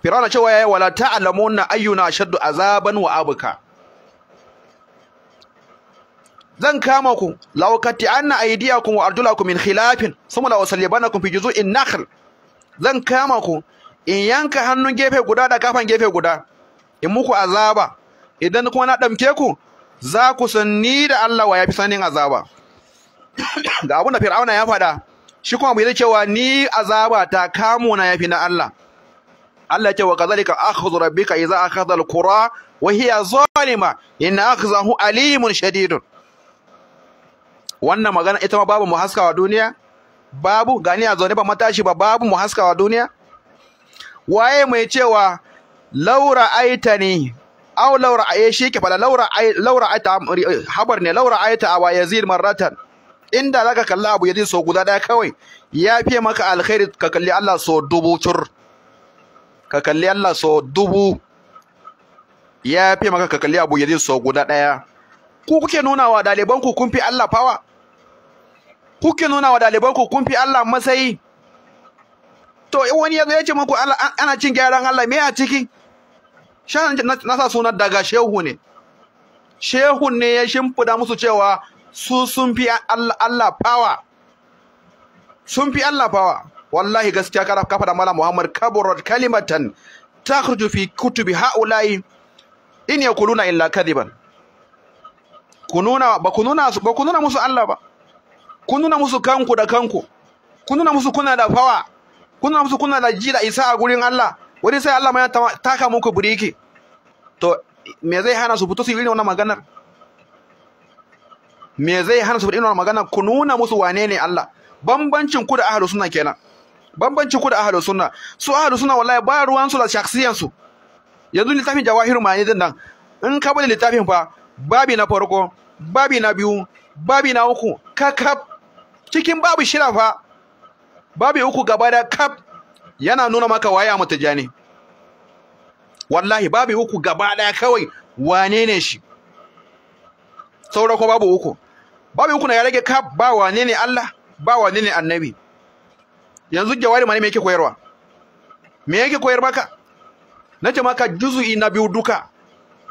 fir'auna cewa yayi wala ta'lamuna ayyuna shaddu azaban wa abuka zan kama ku law kati anna aydiyakum wa arjulakum min khilafin summa la usallibanakum fi juzu'in nakhl zan kama ku in yanka hannun gefe guda da kafan gefe guda in muku azaba idan kuma na ɗamke ku za ku san da Allah wa fi sanin azaba ga abin da fir'auna ya faɗa shi kuma bai cewa ni azaba ta kamo na yafi na Allah Allah ya ce wa kazalika akhdhu rabbika idza akhadha alqura wa hiya zalima aka akhzahu alimun shadidun wannan magana ita ma babu mu haskawa duniya babu gani a zaune ba matashi ba babu mu haskawa duniya waye mai cewa laura aita ne aw laura aye eh, shi ke fada laura laura aita eh, habar ne laura aita wa yazid marratan inda zaka kalla abu yazid so guda daya kawai ya fiye maka alkhairi ka kalli Allah so dubu cur ka kalli Allah so dubu ya fiye maka ka kalli abu yazid so guda daya ku kuke nuna wa daliban ku kun fi Allah fawa kuke nuna wa ɗaliban ku kun fi Allah matsayi to wani ya zo ya ce muku ana cin gyaran Allah me a ciki shan nasa suna sunan daga shehu ne Shehu ne ya shimfida musu cewa su sun fi Allah fawa sun fi Allah fawa wallahi gaskiya kara kafa da mala Muhammad kaburat kalimatan takhruju fi kutubi haula'i in yakuluna illa kadiban kununa ba kununa ba kununa musu Allah ba kun nuna musu kanku da kanku kun nuna musu kuna da fawa kun nuna musu kuna da ji da isa a gurin Allah wani sai Allah ma ya taka muku biriki to me zai hana su fito su yi irin wannan maganar me zai hana su fito irin wannan maganar ku nuna musu wane ne Allah bambancin ku da ahlus sunna kenan bambancin ku da ahlus sunna su ahlus sunna wallahi ba ruwan su da shakhsiyan su yanzu littafin jawahir ne din nan in ka bada littafin fa babi na farko babi na biyu babi na uku kaf. cikin babu shida fa babu uku gaba da kaf yana nuna maka waya mutajani wallahi babu uku gaba da kawai wane ne shi saura ko babu uku babu uku na ya rage kaf ba wane ne Allah ba wane ne annabi yanzu jawari mane me yake koyarwa me yake koyar maka nace maka juzu'i na biyu duka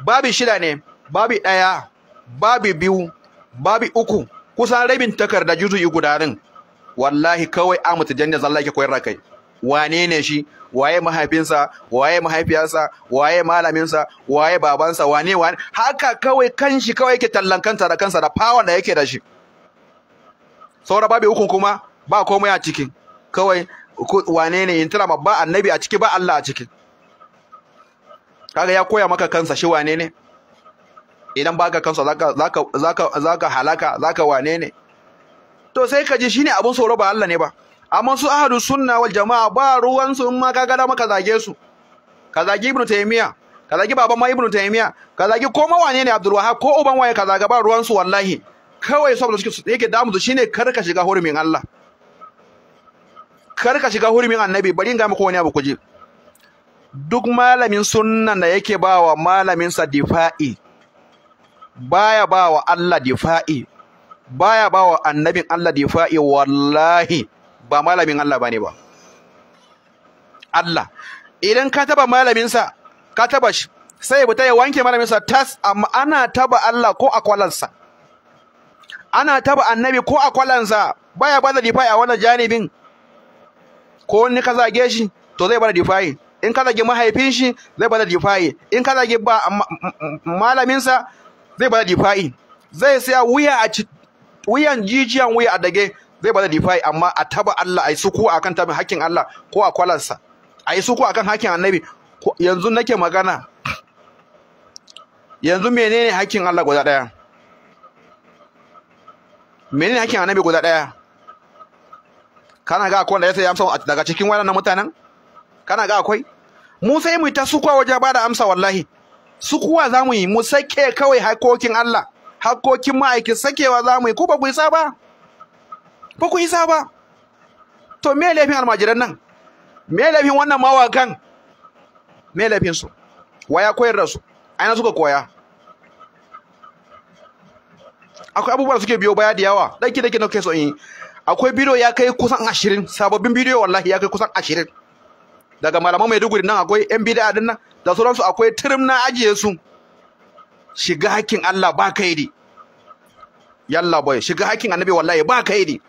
babu shida ne babu ɗaya, babu biyu babu uku kusan rabin takarda juzu'i guda din wallahi kawai Ahmad Tijani zalla yake koyar kai wane ne shi waye mahaifinsa waye mahaifiyarsa waye malaminsa waye babansa wane wane haka kawai kanshi kawai yake tallan kanta da kansa da power da yake da shi saura babu hukun kuma ba komai a ciki kawai wane ne intira ba annabi a ciki ba Allah a ciki kaga ya koya maka kansa shi wane ne idan baka kansa zaka zaka zaka zaka halaka zaka wane ne to sai ka ji shine abun tsoro ba Allah ne ba amma su ahadu sunna wal jama'a ba ruwan su ma ka gada maka zage su ka zagi ibnu taymiya ka zagi baban ma ibnu taymiya ka zagi ko ma wane ne abdul wahab ko uban waye ka zaga ba ruwan su wallahi kawai saboda suke yake damu su shine kar ka shiga hurumin Allah kar ka shiga hurumin annabi bari in ga maka wani abu kuje duk malamin sunnan da yake ba wa malamin sa difa'i baya ba wa Allah difa'i baya ba wa annabin Allah difa'i wallahi ba malamin Allah bane ba Allah idan ka taba malaminsa ka taba shi sai ya ya wanke malaminsa tas amma ana taba Allah ko akwalansa ana taba annabi ko akwalansa baya ba da difa'i a wannan janibin ko wani ka zage shi to zai bada difa'i in ka zage mahaifin shi zai bada difa'i in ka zage ba malaminsa zai bada difa'i zai saya wuya a wuyan jijiyan wuya a dage zai bada difa'i amma a taba Allah ai suku akan tabin hakkin Allah ko a kwalansa ai suku akan hakkin Annabi yanzu nake magana yanzu menene hakkin Allah guda daya menene hakkin Annabi guda daya kana ga akwai wanda ya sai amsa daga cikin waɗannan mutanen kana ga akwai mu sai mu ta sukuwa wajen bada amsa wallahi su kuwa za mu yi mu sake kawai hakokin Allah hakokin ma'aikin sakewa za mu yi ko ba ku isa ba ba ku isa ba to me laifin almajiran nan me laifin wannan mawakan me laifin su waya koyar da su aina suka koya akwai abubuwa suke biyo baya da yawa daki daki na kai son yi akwai bidiyo ya kai kusan ashirin sababbin bidiyo wallahi ya kai kusan ashirin daga malaman maiduguri nan akwai yan bid'a din nan da sauransu akwai turim na ajiye su shiga hakkin Allah ba ka yi yalla boy shiga hakkin annabi wallahi ba ka yi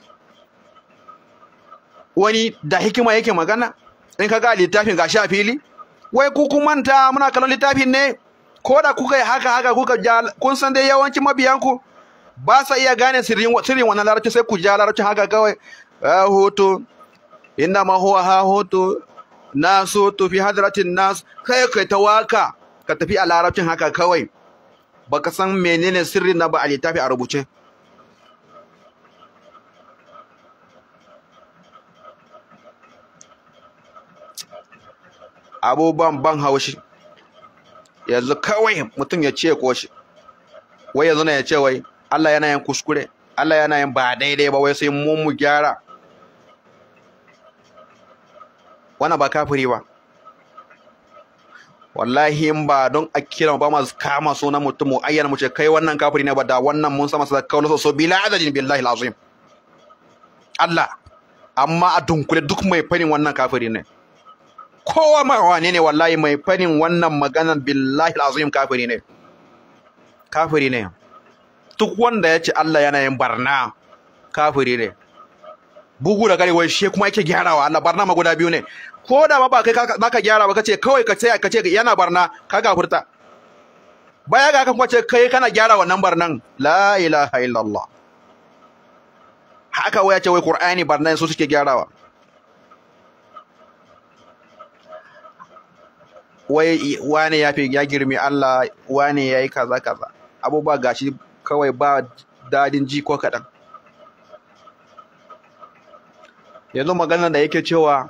wani da hikima yake magana in ka ga littafin ga sha fili wai ku kun manta muna kallon littafin ne ko da kuka yi haka haka kuka ja kun san dai yawancin mabiyanku ba sa iya gane sirrin sirrin wannan larabci sai ku ja larabcin haka kawai Ha eh, hoto inna ma huwa ha hoto na so tufi hadratin nas kai kai ta waka ka tafi a larabcin haka kawai baka san menene sirrin na ba a littafi a rubuce abubuwan ban haushi yanzu kawai mutum ya ce koshi wai yanzu na ya ce wai Allah yana yin kuskure Allah yana yin ba daidai ba wai sai mun mu gyara wannan ba kafiri ba wallahi in ba don a kira ba masu kama sunan mutum mu ayyana mu ce kai wannan kafiri ne ba da wannan mun sama sa kaulu so bila adadin billahi alazim Allah amma a dunkule duk mai fanin wannan kafiri ne kowa ma wane ne wallahi mai fanin wannan maganar billahi alazim kafiri ne kafiri ne duk wanda ya ce Allah yana yin barna kafiri ne bugu da gari wai shi kuma yake gyarawa Allah barna ma guda biyu ne ko da ma ba kai za ka gyara ba kace kawai ka tsaya kace yana barna ka gafurta baya ga kan kwace kai kana gyara wannan barnan la ilaha illallah haka waya ce wai qur'ani barna su suke gyarawa wai wani ya fi ya girmi Allah wane yayi kaza kaza abubuwa gashi kawai ba dadin ji ko kadan yanzu magana da yake cewa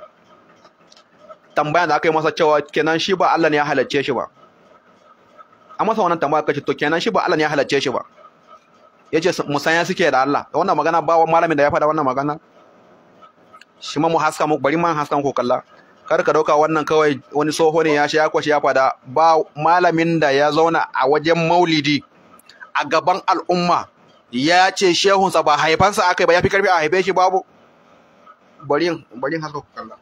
tambaya da aka yi masa cewa kenan shi ba Allah ne ya halacce shi ba a masa wannan tambaya kace to kenan shi ba Allah ne ya halacce shi ba yace musanya suke da Allah wannan magana ba wa malamin da ya faɗa wannan magana shi ma mu haska mu bari ma haska ko kalla kar ka dauka wannan kawai wani soho ne ya sha kwashi ya faɗa ba malamin da ya zauna a wajen maulidi a gaban al'umma ya ce shehunsa ba haifansa aka yi ba ya fi karfi a haife shi babu bari bari haska ko kalla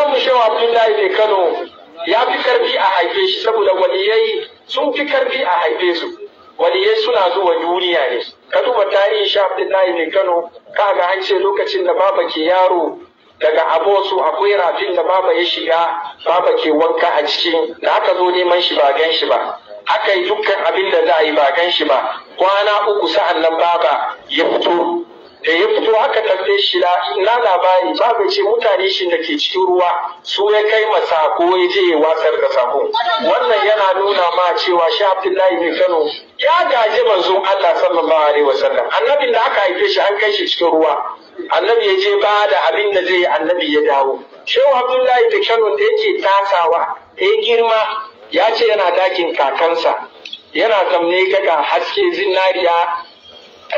malamu shehu abdullahi mai kano ya fi karfi a haife shi saboda waliyai sun fi karfi a haife su waliyai suna zuwa duniya ne ka duba tarihin shi abdullahi mai kano ka ga an ce lokacin da baba ke yaro daga abosu akwai rafin da baba ya shiga baba ke wanka a cikin da aka zo neman shi ba gan shi ba aka yi dukkan abin da za a yi ba gan shi ba kwana uku sa'an nan baba ya fito da ya fito aka tafe shi na labari babu ce mutane shi da ke cikin ruwa su ya kai ma ko ya je ya watsar da sako wannan yana nuna ma cewa shi abdullahi bin kano ya gaji manzon allah sallallahu alaihi wasallam annabin da aka haife shi an kai shi cikin ruwa annabi ya je ba da abin da zai annabi ya dawo shehu abdullahi bin kano da yake tasawa ya girma ya ce yana dakin kakansa yana zamne kaga haske zinariya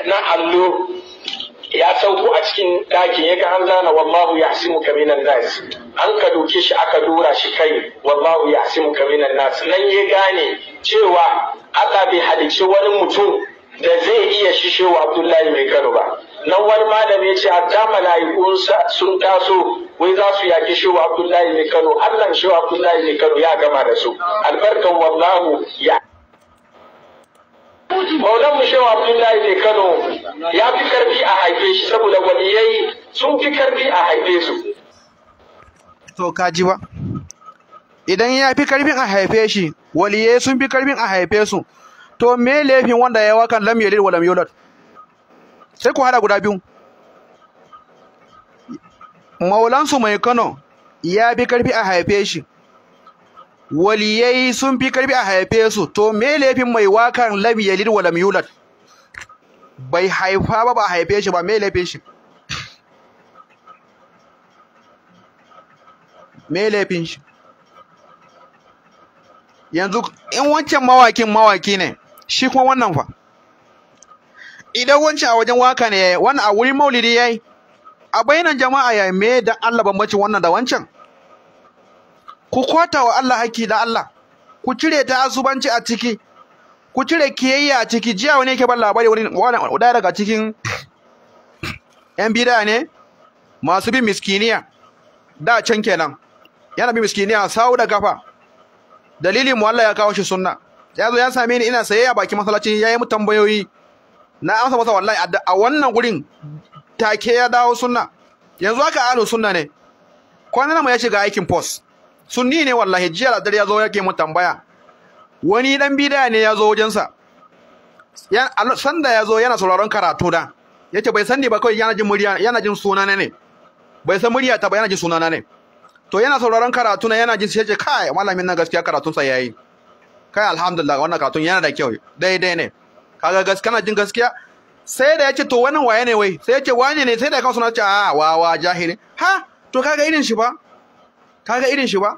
na allo ya sauko a cikin ɗakin ya ga an zana wallahu ya hasimu kaminan nas an ka doke shi aka dora shi kai wallahu ya hasimu kaminan nas nan ya gane cewa Allah bai halicci wani mutum da zai iya wa Abdullahi mai Kano ba nan wani malami ya ce a ta mala'ikun sun taso wai za su yaki wa Abdullahi mai Kano Allah wa Abdullahi mai Kano ya gama da su albarkan wallahu ya Maulan mu shewa Abdullahi ne Kano ya fi karfi a haife shi saboda waliyai sun fi karfi a haife su. To ka ji ba. Idan ya fi karfin a haife shi, waliyai sun fi karfin a haife su. To me laifin wanda ya wakan lam yalid wa lam yulad? Sai ku hada guda biyu. Maulansu mai Kano ya fi karfi a haife shi. waliyai sun fi karfi a haife su to me laifin mai wakan lam yalid wa lam yulad bai haifa ba ba haife shi ba me laifin shi me laifin shi yanzu in wancan mawakin mawaki ne shi kuma wannan fa idan wancan a wajen waka ne yayi wannan a wurin maulidi yayi a bainan jama'a yayi me dan Allah bambancin wannan da wancan ku kwata wa Allah haƙƙi da Allah ku cire ta asubanci a ciki ku cire kiyayya a ciki jiya wani yake ban labari wani ɗaya daga cikin yan bida ne masu bin miskiniya da can kenan yana bin miskiniya sau da kafa dalilin mu Allah ya kawo shi sunna ya zo ya same ni ina sayayya bakin masallaci ya yi mu tambayoyi na amsa masa wallahi a wannan gurin take ya dawo sunna yanzu haka ahlus sunna ne kwanan mu ya shiga aikin post sunni ne wallahi jiya da dare ya zo yake mun tambaya wani dan bidaya ne ya zo wajensa sanda ya zo yana sauraron karatu da yace bai san ne ba kawai yana jin murya yana jin sunana ne bai san murya ta ba yana jin sunana ne to yana sauraron karatu na yana jin sai yace kai malamin nan gaskiya karatun sa yayi kai alhamdulillah wannan karatun yana da kyau daidai ne kaga gaskiya kana jin gaskiya sai da yace to wani waye ne wai sai yace wane ne sai da kansu na ce a ah, wa, jahili ha to kaga irin shi ba Ka ga irin shi ba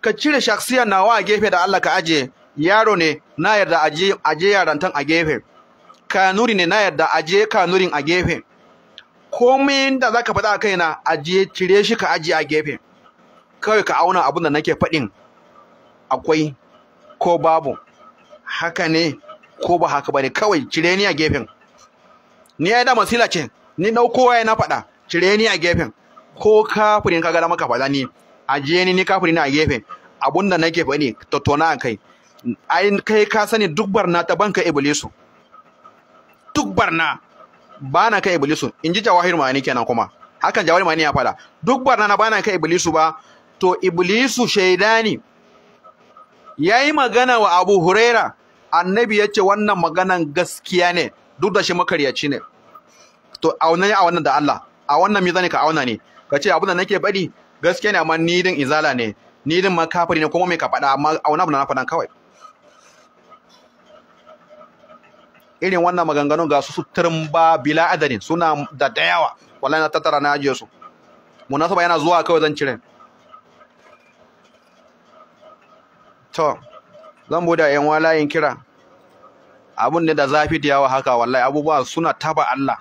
ka cire shaksiya nawa a gefe da Allah ka aje yaro ne na yarda aje aje yarantan a gefe kanuri ne na yarda aje kanurin a gefe komai da zaka faɗa a kaina aje cire shi ka aje a gefe kawai ka auna abin da nake faɗin akwai ko babu haka ne ko ba haka bane kawai cire ni a gefen ni ya da masila ce ni ɗauko waye na faɗa cire ni a gefen ko kafirin kaga da maka faɗa ni ajiye ni ni kafiri na gefe abunda nake faɗi tattauna kai ai kai ka sani duk barna ta banka iblisu duk barna bana kai iblisu inji jawahir ma'ani kenan kuma hakan jawahir ne ya fada duk barna na bana kai iblisu ba to iblisu shaidani yayi magana wa Abu Huraira annabi yace wannan maganan gaskiya ne duk da shi makaryaci ne to auna ne a wannan da Allah a wannan mizani ka auna ne kace abin da nake faɗi gaskiya ne amma ni din izala ne ni din makafiri ne kuma me ka faɗa amma a wani abu na faɗan kawai irin wannan maganganun ga su suturin ba bila adadin suna da dayawa wallahi na tattara na ajiye su munasaba yana zuwa kawai zan cire to zan bude yan walayin kira abun ne da zafi da yawa haka wallahi abubuwa suna taba Allah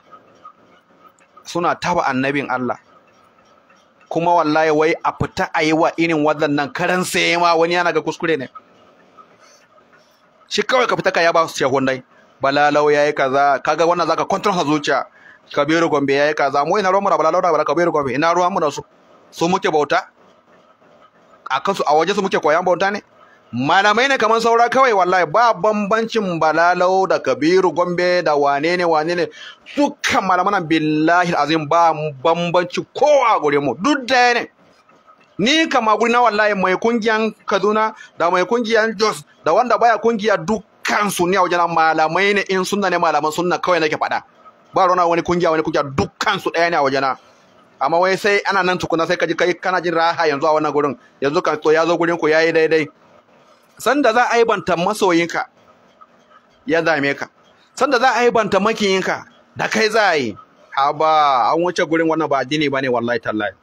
suna taba annabin Allah kuma wallahi wai a fita a yi wa irin waɗannan karan sai ma wani yana ga kuskure ne shi kawai ka fita ka yaba su ce hundai balalau ya yi kaza kaga wannan zaka kwantar sa zuciya kabiru gombe ya yi kaza mu ina ruwan mu da balalau da bala kabiru gombe ina ruwan mu da su su muke bauta a kansu a waje su muke koyan bauta ne malamai ne kamar saura kawai wallahi ba bambancin balalau da kabiru gombe da wane ne wane ne dukkan malamana billahi azim ba bambanci kowa a gure mu duk daya ne ni kama guri na wallahi mai kungiyan kaduna da mai kungiyan jos da wanda baya kungiya dukkan su ne a wajen malamai ne in sunna ne malaman sunna kawai nake faɗa ba rona wani kungiya wani kungiya dukkan su ɗaya ne a wajena amma wai sai ana nan tukuna sai kaji kai kana jin raha yanzu a wannan gurin yanzu kan to ya zo gurin ku yayi daidai sanda za a banta masoyinka ya dame ka sanda za a banta makiyinka da kai za a yi haba an wuce gurin wannan ba addini bane wallahi tallahi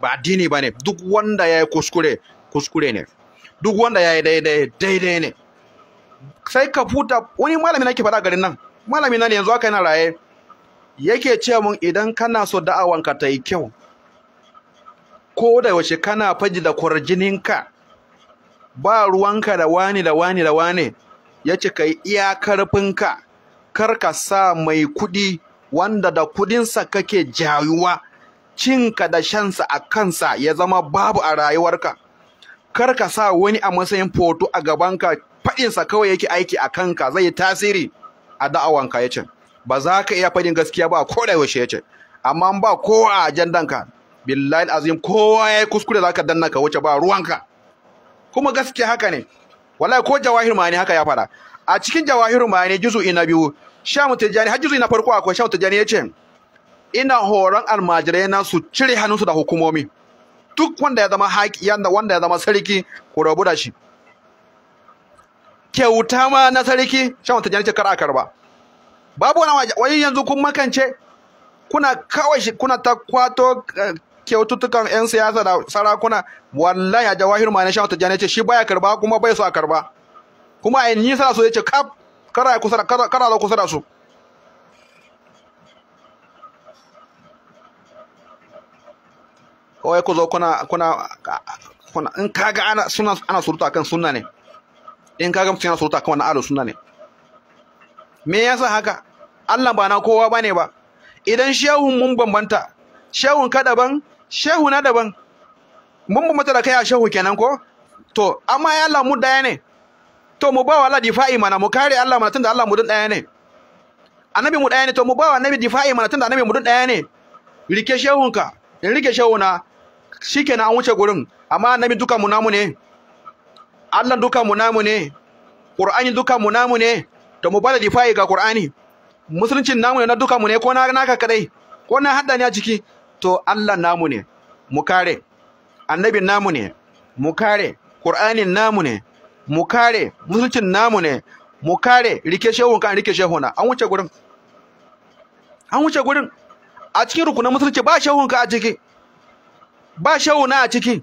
ba addini bane duk wanda ya yi kuskure kuskure ne duk wanda ya yi daidai daidai ne sai ka futa wani malami nake faɗa garin nan malami na ne yanzu aka yana raye yake ce mun idan kana so da'awanka ta yi kyau ko da yaushe kana faji da kwarjininka ba ruwanka da wani da wani da wani ya ce ka yi iya karfinka kar ka sa mai kuɗi wanda da kuɗinsa kake jayuwa ka da shansa a kansa ya zama babu a rayuwarka kar ka sa wani a matsayin foto a gabanka faɗinsa kawai yake aiki a kanka zai tasiri a da'awanka ya ce ba za ka iya faɗin gaskiya ba ko da yaushe ya ce amma ba kowa a ajandanka billahi azim kowa ya yi kuskure za ka danna ka wuce ba ruwanka kuma gaskiya haka ne wallahi ko jawahir ne haka ya fara a cikin jawahir ne juzu'i na biyu shamu tijani har juzu'i na farko akwai shamu ya yace ina horon almajirai na su cire hannunsu da hukumomi duk wanda ya zama haƙi yanda wanda ya zama sarki ku rabu da shi kyauta ma na sarki shamu tijani ce kar a karba babu wani yanzu kun makance kuna kawai kuna ta kwato eh, kyaututtukan yan siyasa da sarakuna wallahi a jawahir ma na shan tijjani ce shi baya karba kuma bai so a karba kuma a nisa su ce kaf kara kusa kara kusa da su kawai ku zo kuna kuna kuna in kaga ana suna ana surutu akan sunna ne in kaga mutum yana suruta akan wannan alu sunna ne me yasa haka Allah ba na kowa bane ba idan shehun mun bambanta shehun ka daban shehu na daban mun bu mata da kai a shehu kenan ko to amma ya Allah mu daya ne to mu ba wa Allah difa'i mana mu kare Allah mana tunda Allah mu dun daya ne annabi mu daya ne to mu ba wa annabi difa'i mana tunda annabi mu dun daya ne rike ka in rike na shikenan an wuce gurin amma annabi duka mu namu ne Allah duka mu namu ne Qur'ani duka mu namu ne to mu ba da difa'i ga Qur'ani musulunci namu ne na duka mu ne ko na naka kadai ko na hadda ne a ciki to Allah namu ne mu kare annabi namu ne mu kare Qur'anin namu ne mu kare musulcin namu ne mu kare rike shehun kan rike shehuna an wuce gurin an wuce gurin a cikin rukunin musulci ba shehun ka a ciki ba shehuna a ciki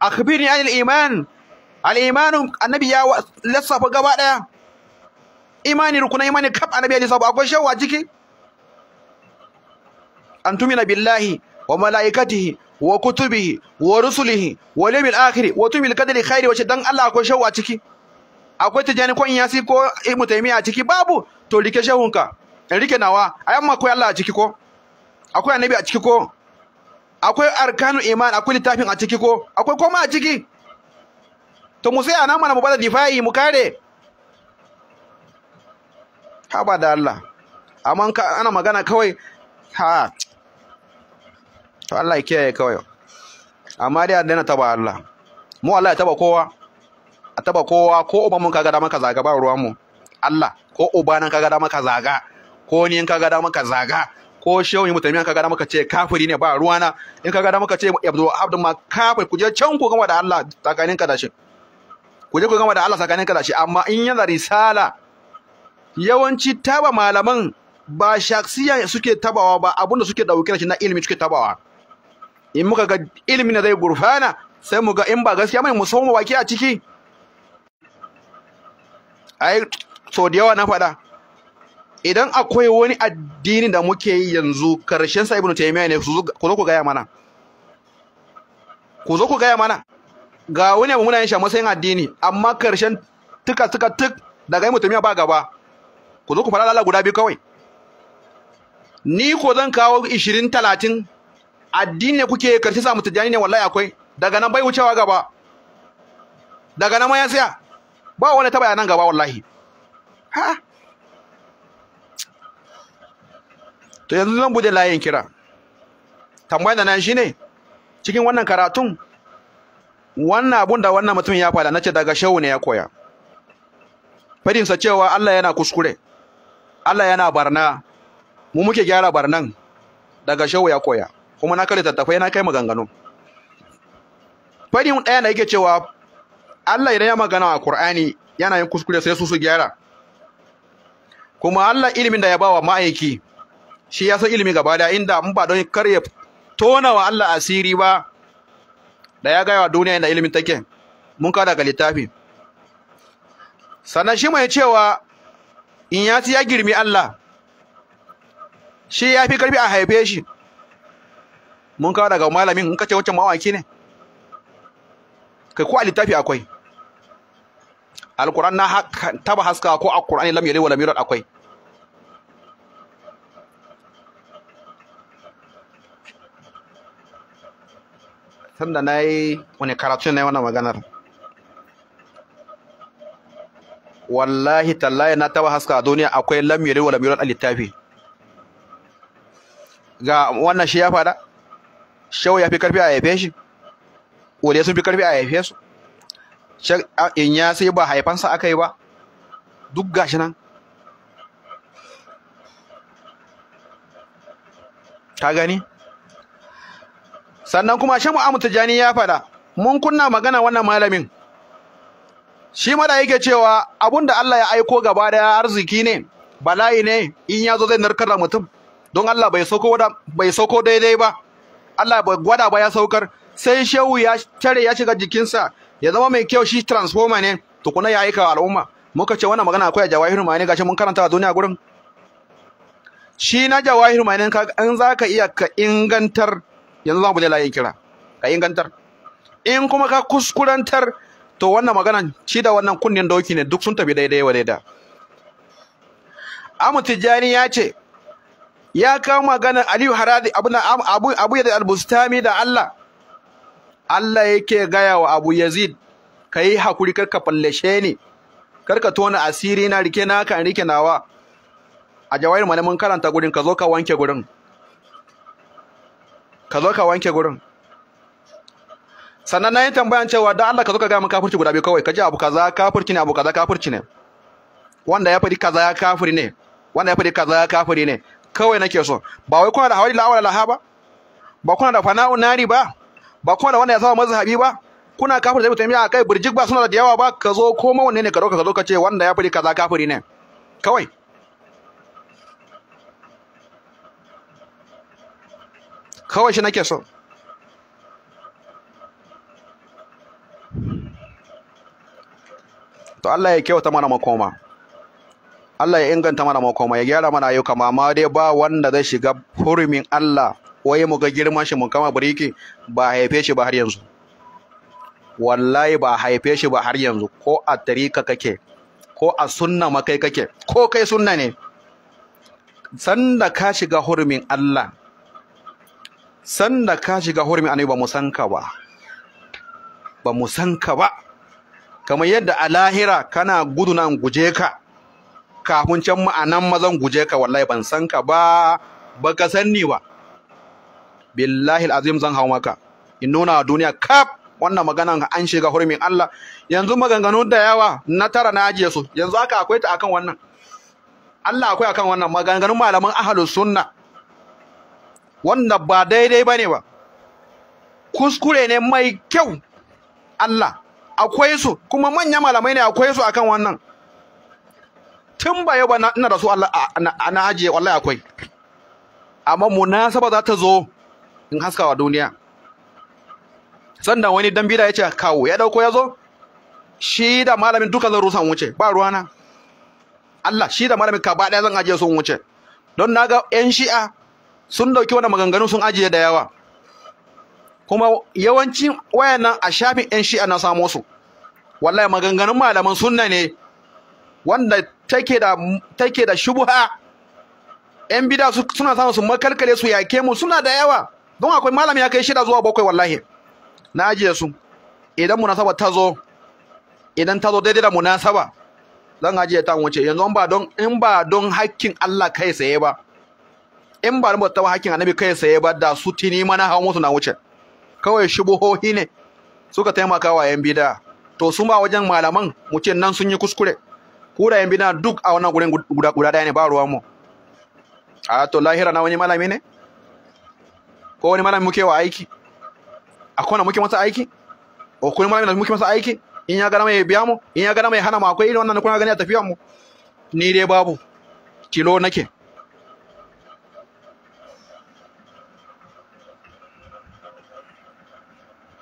akhbirni anil iman al iman annabi ya lissafa gaba daya imani rukunin imani kaf annabi ya lissafa akwai shehu a ciki an tumina billahi wa malaikatihi wa kutubihi wa rusulihi wa liyamil akhir wa tumil qadari khairi wace dan Allah akwai a ciki akwai tijani ko yasi ko ibnu a ciki babu to rike in rike nawa A yamma akwai Allah a ciki ko akwai anabi a ciki ko akwai arkanu iman akwai littafin a ciki ko akwai koma a ciki to mu sai nan mu bada difa'i mu kare haba da Allah amma ana magana kawai ha to Allah ya kiyaye kawai amma dai a daina taba Allah mu Allah ya taba kowa a taba kowa ko uba mun kaga dama ka zaga ba ruwan mu Allah ko uba nan kaga dama ka zaga ko ni in kaga dama ka zaga ko shehu mutane in kaga dama ka ce kafiri ne ba ruwana in kaga dama ka ce Abdul abdu ma kafir kuje can ku gama da Allah tsakanin ka da shi Kuje ku gama da Allah tsakanin ka da shi amma in yana risala yawanci taba malaman ba shaksiya suke tabawa ba abunda suke dauke da shi na ilimi suke tabawa in muka ga ilimin da zai gurfana sai mu ga in ba gaskiya mai musamman baki a ciki ai so da yawa na faɗa idan akwai wani addini da muke yi yanzu karshen sa ibnu taymiya ne ku zo ku gaya mana ku zo ku gaya mana ga wani abu muna yin shi a addini amma karshen tuka tuka tuk daga ibnu taymiya ba gaba ku zo ku faɗa lala guda biyu kawai ni ko zan kawo ishirin talatin addini ne kuke karshe samu tijani ne wallahi akwai daga nan bai wucewa gaba daga nan mayan ya tsaya ba wani taba nan gaba wallahi ha to yanzu zan bude layin kira tambayar da nan shine cikin wannan karatun wannan abun da wannan mutum ya faɗa nace daga shehu ne ya koya sa cewa Allah yana kuskure Allah yana barna mu muke gyara barnan daga shehu ya koya kuma na kare tattafai na kai maganganu fadin ɗaya da yake cewa Allah idan ya magana a Qur'ani yana yin kuskure sai su su gyara kuma Allah ilimin da ya bawa ma'aiki shi ya san ilimi gaba da inda in ba don karya tonawa tona wa Allah asiri ba da ya gaya wa duniya inda ilimin take mun kada ga littafi sannan shi mai cewa in ya ya girmi Allah shi ya fi karfi a haife shi mun kawo daga malamin in kace wancan mawaki ne kai ko a littafi akwai alquran na taba haska ko alqurani lam yali wa lam yurad akwai sanda na yi wani karatu na yi wannan maganar wallahi tallahi na taba haska a duniya akwai lam yali wa lam a littafi ga wannan shi ya fada shau ya fi karfi a haife shi ole sun fi karfi a haife su in ya sai ba haifansa aka yi ba duk gashi nan ta gani sannan kuma shamu amu tijani ya faɗa mun kunna magana wannan malamin shi mada yake cewa abun da Allah ya aiko gaba da arziki ne bala'i ne in ya zo zai narkar da mutum don Allah bai sauko daidai ba Allah ya gwada ba ya saukar sai shehu ya tare ya shiga jikinsa ya zama mai kyau shi transformer ne tukuna ya aika al'umma muka ce wannan magana akwai a mai ne gashi mun karanta a duniya gurin shi na mai ne in za ka iya ka ingantar yanzu za mu je layin kira ka ingantar in kuma ka kuskurantar to wannan magana, shi da wannan kunnen doki ne duk sun tafi daidai wa daida amu tijjani ya ce ya kawo maganar Aliyu Haradi abu abu abu da al-Bustami da Allah Allah yake gaya wa Abu Yazid kai hakuri karka fallashe ni karka tona asiri na rike naka kan rike nawa a jawayin malamin karanta gurin ka zo ka wanke gurin ka zo ka wanke gurin sannan na yi tambayan cewa da Allah ka zo ka gaya min kafirci guda biyu kawai ka ji abu kaza kafirci ne abu kaza kafirci ne wanda ya faɗi kaza ya kafiri ne wanda ya fadi kaza ya kafiri ne kawai nake so ba wai kuna da hawali la'awala laha ba ba kuna da fana'u nari ba ba kuna da wanda ya saba mazhabi ba kuna kafir da ibnu a kai burjik ba suna da yawa ba ka zo ko ma wanne ne ka roka ka zo ka ce wanda ya fari kaza kafiri ne kawai kawai shi nake so to Allah ya kyauta mana makoma Allah ya inganta mana makoma ya gyara mana ayyuka amma dai ba wanda zai shiga hurumin Allah waye mu ga girman shi mun kama biriki ba haife shi ba har yanzu wallahi ba haife shi ba har yanzu ko a tarika kake ko a sunna makai kake ko kai sunna ne sanda ka shiga hurumin Allah sanda ka shiga hurumin annabi ba mu san ka ba ba mu san ka ba kamar yadda a lahira kana gudu nan guje ka kafin can ma'anan mazan guje ka wallahi ban san ka ba ba ka san ni ba billahi Al'azim zan hau maka in nuna duniya kaf wannan maganan an shiga hurmin Allah yanzu maganganu da yawa na tara na ajiye su yanzu haka akwai ta akan wannan Allah akwai akan wannan maganganun malaman ahlus sunna wanda ba daidai bane ba kuskure ne mai kyau Allah akwai su kuma manya malamai ne akwai su akan wannan tun ba yau ba ina da su na ajiye wallahi akwai amma munasaba za ta zo in haskawa duniya sannan wani dan bida ya ce kawo ya dauko ya zo shi da malamin duka zan rusa wuce ba ruwana Allah shi da malamin ka ba daya zan ajiye sun wuce don naga yan shi'a sun dauki wannan maganganu sun ajiye da yawa kuma yawancin wayannan a shafin yan shi'a na samo su wallahi maganganun malaman sunna ne wanda take da take da shubha yan bida suna sa su makalkale su yake mu suna da yawa don akwai malam ya kai shida zuwa bakwai wallahi na ajiye su idan munasaba ta zo idan ta zo daidai da munasaba zan ajiye ta wuce yanzu in ba don in ba don hakkin Allah kai saye ba in ba ba ta hakkin annabi kai saye ba da su tini mana hawo musu na wuce kawai shubuhohi ne suka taimaka wa yan bida to su ma wajen malaman mu ce nan sun yi kuskure yambi na duk a wannan gurin guda daya ne ba ruwa mu a to lahira na wani malami ne ko wani malami muke wa aiki a kona muke masa aiki o kuni malami da muke masa aiki in ya gana mai biya mu in ya gana mai hana mu akwai irin wannan kuna gani a tafiyar mu ni dai babu kilo nake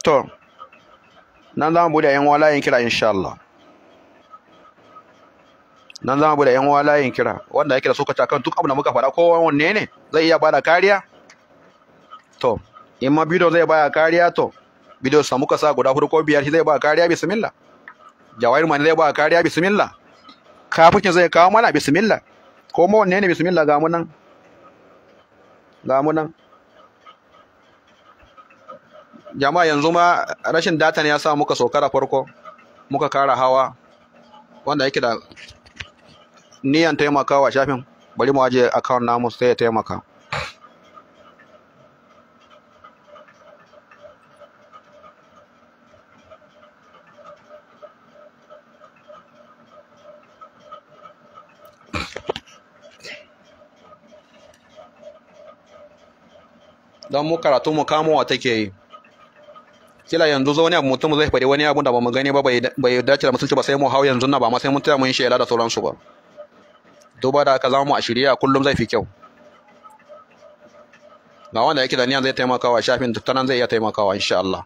to nan za mu bude yan wala yin kira insha Allah nan zama bude yan uwa layin kira wanda yake da sokaci akan duk abin da muka faɗa kowa wanne ne zai iya bada kariya to in ma bidiyo zai bada kariya to bidiyo sa muka sa guda hudu ko biyar shi zai bada kariya bismillah jawahir mani zai bada kariya bismillah kafin zai kawo mana bismillah ko ma wanne ne bismillah ga mu nan ga mu nan jama'a yanzu ma rashin data ne ya sa muka sokara farko muka kara hawa wanda yake da niyan taimakawa shafin bari mu aje account namu sai ya taimaka don mu karatu mu kamowa take yi kila yanzu zo wani abu mutum zai faɗi wani abu da ba mu gani ba bai dace da mutunci ba sai mu hau yanzu na ba ma sai mun taya mun shela da sauransu ba duba da aka zama a shirya kullum zai fi kyau ga wanda yake da niyan zai taimakawa shafin tattanan zai iya taimakawa insha Allah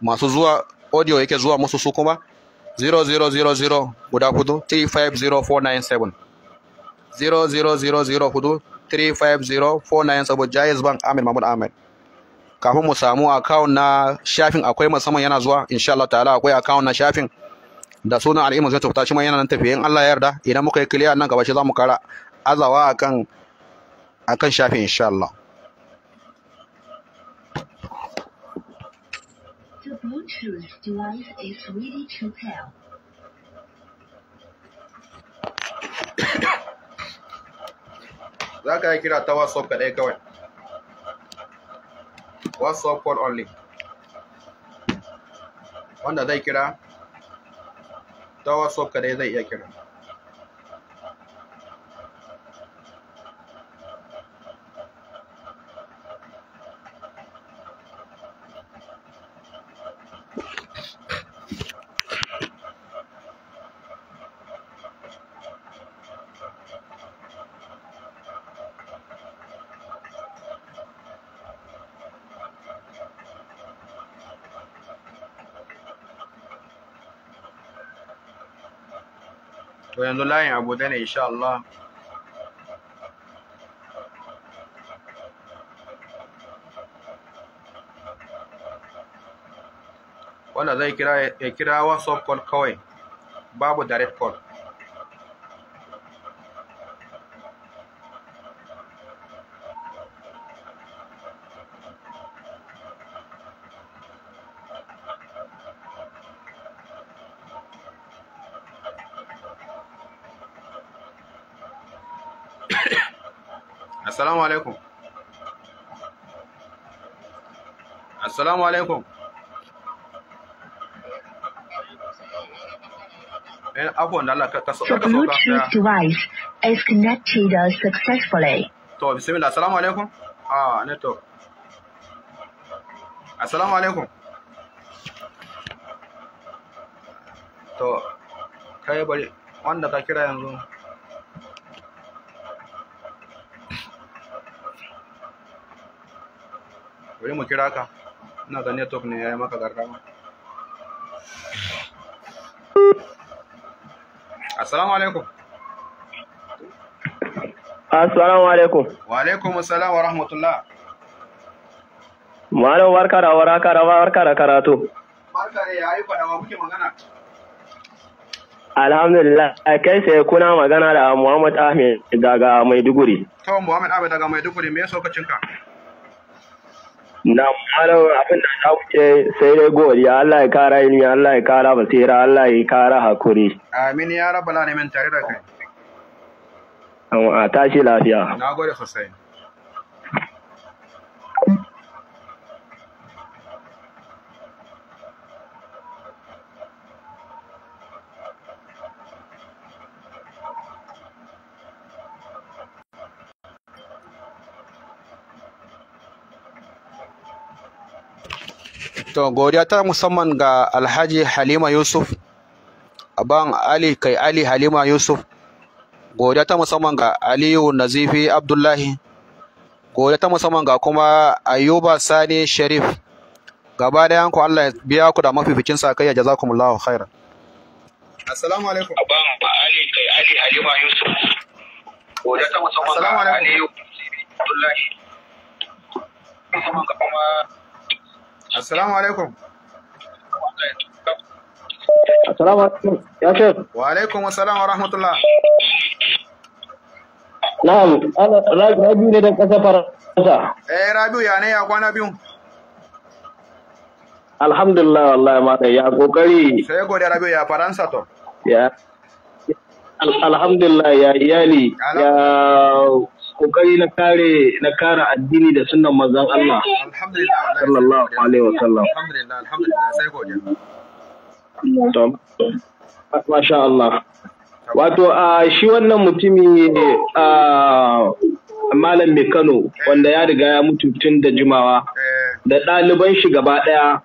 masu zuwa audio yake zuwa musu su kuma 0000 guda hudu 350497 0000 hudu 350497 Jaiz Bank Amir Mahmud Ahmed kafin mu samu account na shafin akwai musamman yana zuwa insha Allah ta'ala akwai account na shafin da sunan al'imu zai tufta shi ma yana nan tafiye in Allah ya yarda idan muka yi kiliya nan gaba shi za mu kara azawa akan akan shafin insha Allah Za ka yi kira ta WhatsApp kaɗai kawai. WhatsApp call only. Wanda zai kira ta wasu kare zai iya kira yanzu layin abu da ne insha Allah wanda zai kira ya kira whatsapp call kawai babu direct call assalamu alaikum assalamu alaikum eh afwan da Allah ka sauka ka sauka Bluetooth device is connected uh, successfully to bismillah assalamu alaikum ah network assalamu alaikum to kai bari wanda ka kira yanzu bari mu kira ka ina ga network ne ya yi maka gargama assalamu alaikum assalamu alaikum wa alaikum assalam wa rahmatullah malam warka da waraka da warka da karatu barka ya yayi fada wa muke magana Alhamdulillah, a kai sai kuna magana da Muhammad Ahmed daga Maiduguri. Kawan Muhammad Ahmed daga Maiduguri, me ya saukacinka? na malam abin da za ku ce sai dai godiya Allah ya kara ilimi Allah ya kara basira Allah ya kara hakuri amin ya rabbal alamin tare da kai a tashi lafiya na gode sosai To godiya ta musamman ga Alhaji Halima Yusuf, aban Ali kai Ali Halima Yusuf, godiya ta musamman ga Aliyu Nazifi Abdullahi, godiya ta musamman ga kuma Ayuba Sani Sharif, gaba da yanku Allah ya biya ku da mafificin sa kuma lawa khairan. Assalamu alaikum. Aban Ali kai Ali Halima Yusuf, godiya ta musamman ga Aliyu Nazifi Abdullahi, musamman ga kuma Assalamu alaikum. Assalamu alaikum. Ya ce. Wa alaikum assalam wa rahmatullah. Na'am, Rabiu ne da ƙasar Faransa. Eh Rabiu ya ne ya kwana biyu. Alhamdulillah wallahi ma ya kokari. Sai gode Rabiu ya Faransa to. Ya. Alhamdulillah ya iyali ya kokari na kare na kare addini da sunnan manzon Allah sallallahu alaihi wa sallam alhamdulillah alhamdulillah sai godiya to masha Allah wato a shi wannan mutumi a malam mai Kano wanda ya riga ya mutu tun da jimawa eh. da ɗaliban shi gaba ɗaya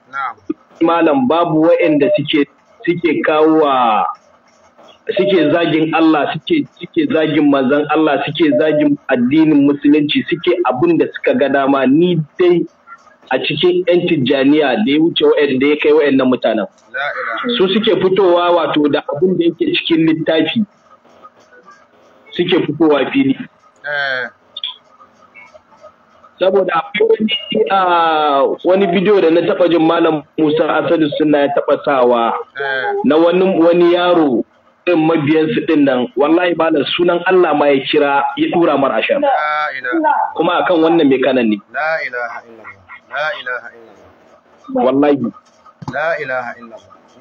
malam babu wa'anda suke suke kawo suke zagin Allah suke suke zagin manzon Allah suke zagin addinin musulunci suke abin da suka ga dama ni dai a cikin 'yan tijjaniya da ya wuce da ya kai wa'annan mutanen su suke fitowa wato da abin da yake cikin littafi suke fitowa fili eh. saboda akwai wani bidiyo da na taba jin malam Musa Asadu suna ya taba sawa eh. na wani yaro din mabiyansu ɗin nan wallahi malam sunan Allah ma ya kira ya ɗura mar ashar kuma akan wannan mai kanan ne wallahi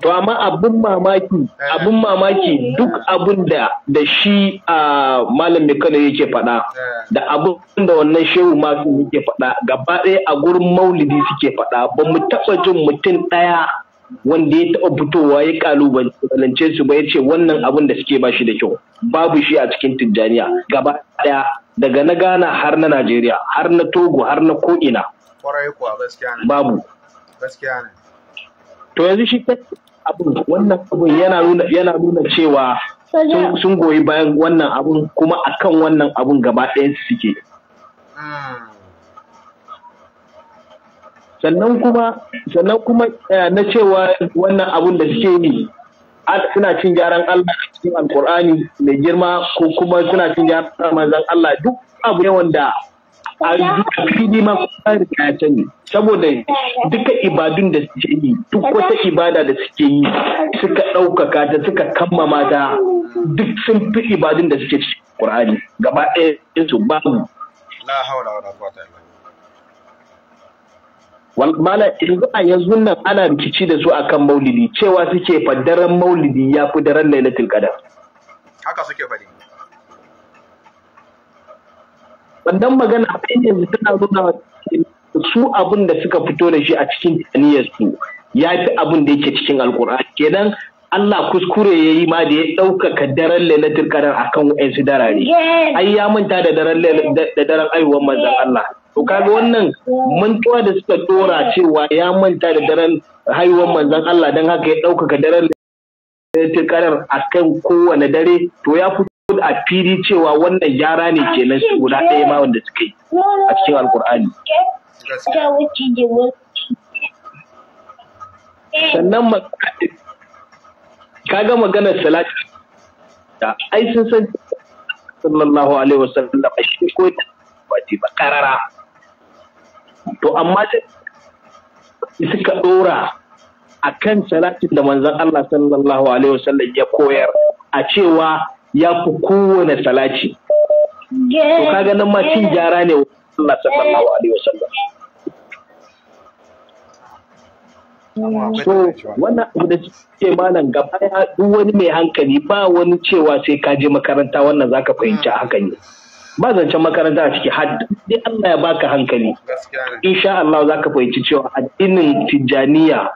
to amma abun mamaki eh. abun mamaki duk abun da da shi a malam mai kanan yake faɗa eh. da abun da wannan shehu masu yake faɗa gaba ɗaya a gurin maulidi suke faɗa ba mu taɓa jin mutum ɗaya wanda ya taɓa fitowa ya kalubalance su ba ya ce wannan abin da suke bashi da kyau babu shi a cikin tijjaniya gaba ɗaya daga na ghana har na najeriya har na togo har na ko'ina babu to yanzu shi abin wannan abin yana nuna cewa sun goyi bayan wannan abin kuma akan wannan abin gaba ɗayan suke hmm. sannan kuma sannan kuma eh, na cewa wannan abun da suke yi suna cin gyaran Allah a cikin alkur'ani mai girma ko kuma suna cin gyaran manzon Allah duk abu ne wanda a fili ma kuma riga ya saboda duka ibadun da suke yi duk wata ibada da suke yi suka ɗaukaka ta suka kammama ta duk sun fi ibadun da suke cikin Qur'ani gaba ɗaya su babu la haula mala yanzu a yanzu nan ana rikici da su akan maulidi cewa suke fa daren maulidi ya fi daren lailatul qadar haka suke wannan magana a yanzu tana nuna su abin da suka fito da shi a cikin taniyar su ya fi abin da yake cikin alkur'ani kenan Allah kuskure ya yi ma da ya ɗaukaka daren lailatul qadar akan wa'ansu darare ai ya manta da daren Allah to kaga wannan mantuwa da suka dora cewa ya manta da daren haihuwar manzon Allah dan haka ya ɗaukaka daren tikarar akan kowane dare to ya fito a fili cewa wannan gyara ne ke nan su guda ɗaya ma wanda suka yi a cikin alkur'ani sannan kaga maganar salati ai sun san sallallahu alaihi wasallam shi ko ba karara to amma suka ɗora a kan salatin da manzon Allah sallallahu alaihi wasallam ya koyar a cewa ya fi kowane salaci, to kaga nan ma cin gyara ne Allah sallallahu alaihi wasallam so wannan abu da ke malam gaba ya duk wani mai hankali ba wani cewa sai ka je makaranta wannan zaka fahimci hakan ne ba zancen makaranta a ciki dai Allah ya baka hankali insha Allah za ka fahimci cewa addinin tijjaniya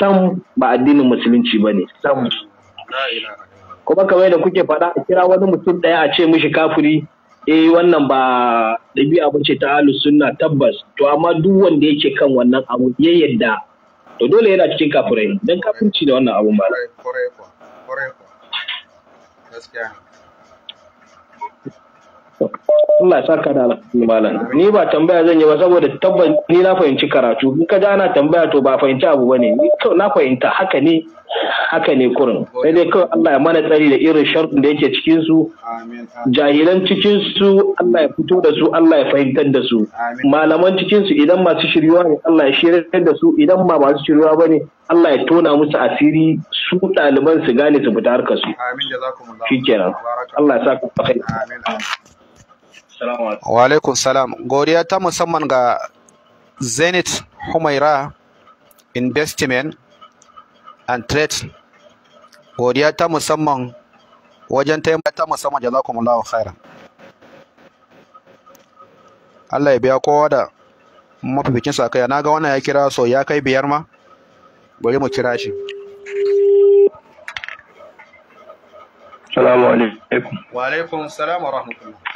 sam ba addinin musulunci ba ne sam kuma kamar da kuke faɗa a kira wani mutum ɗaya a ce mishi kafiri eh wannan ba ɗabi'a ba ce ta ahlu sunna tabbas to amma duk wanda yake kan wannan abu ya yadda to dole yana cikin kafurai dan kafirci da wannan abun ba Allah ya saka da alƙalmi malam ni ba tambaya zan yi ba saboda tabbas ni na fahimci karatu in ka ji ana tambaya to ba fahimci abu bane ni na fahimta haka ne haka ne kurin sai dai kawai Allah ya mana tsari da irin sharɗin da yake cikin su jahilan cikin su Allah ya fito da su Allah ya fahimtar da su malaman cikin su idan masu shiryuwa ne Allah ya shiryar da su idan ba masu shiryuwa bane Allah ya tona musu asiri su ɗaliban su gane su fita harkar su shikenan Allah ya saka kai Wa alaikum salam. Godiya ta musamman ga Zenith Humaira Investment and Trade. Godiya ta musamman wajen taimaka ta musamman jazakumullahu khaira Allah ya biya kowa da mafificin kai, Na ga wannan ya kira so ya kai biyar ma. Bari mu kira shi. Salamu alaikum. Wa alaikum salam wa rahmatullah.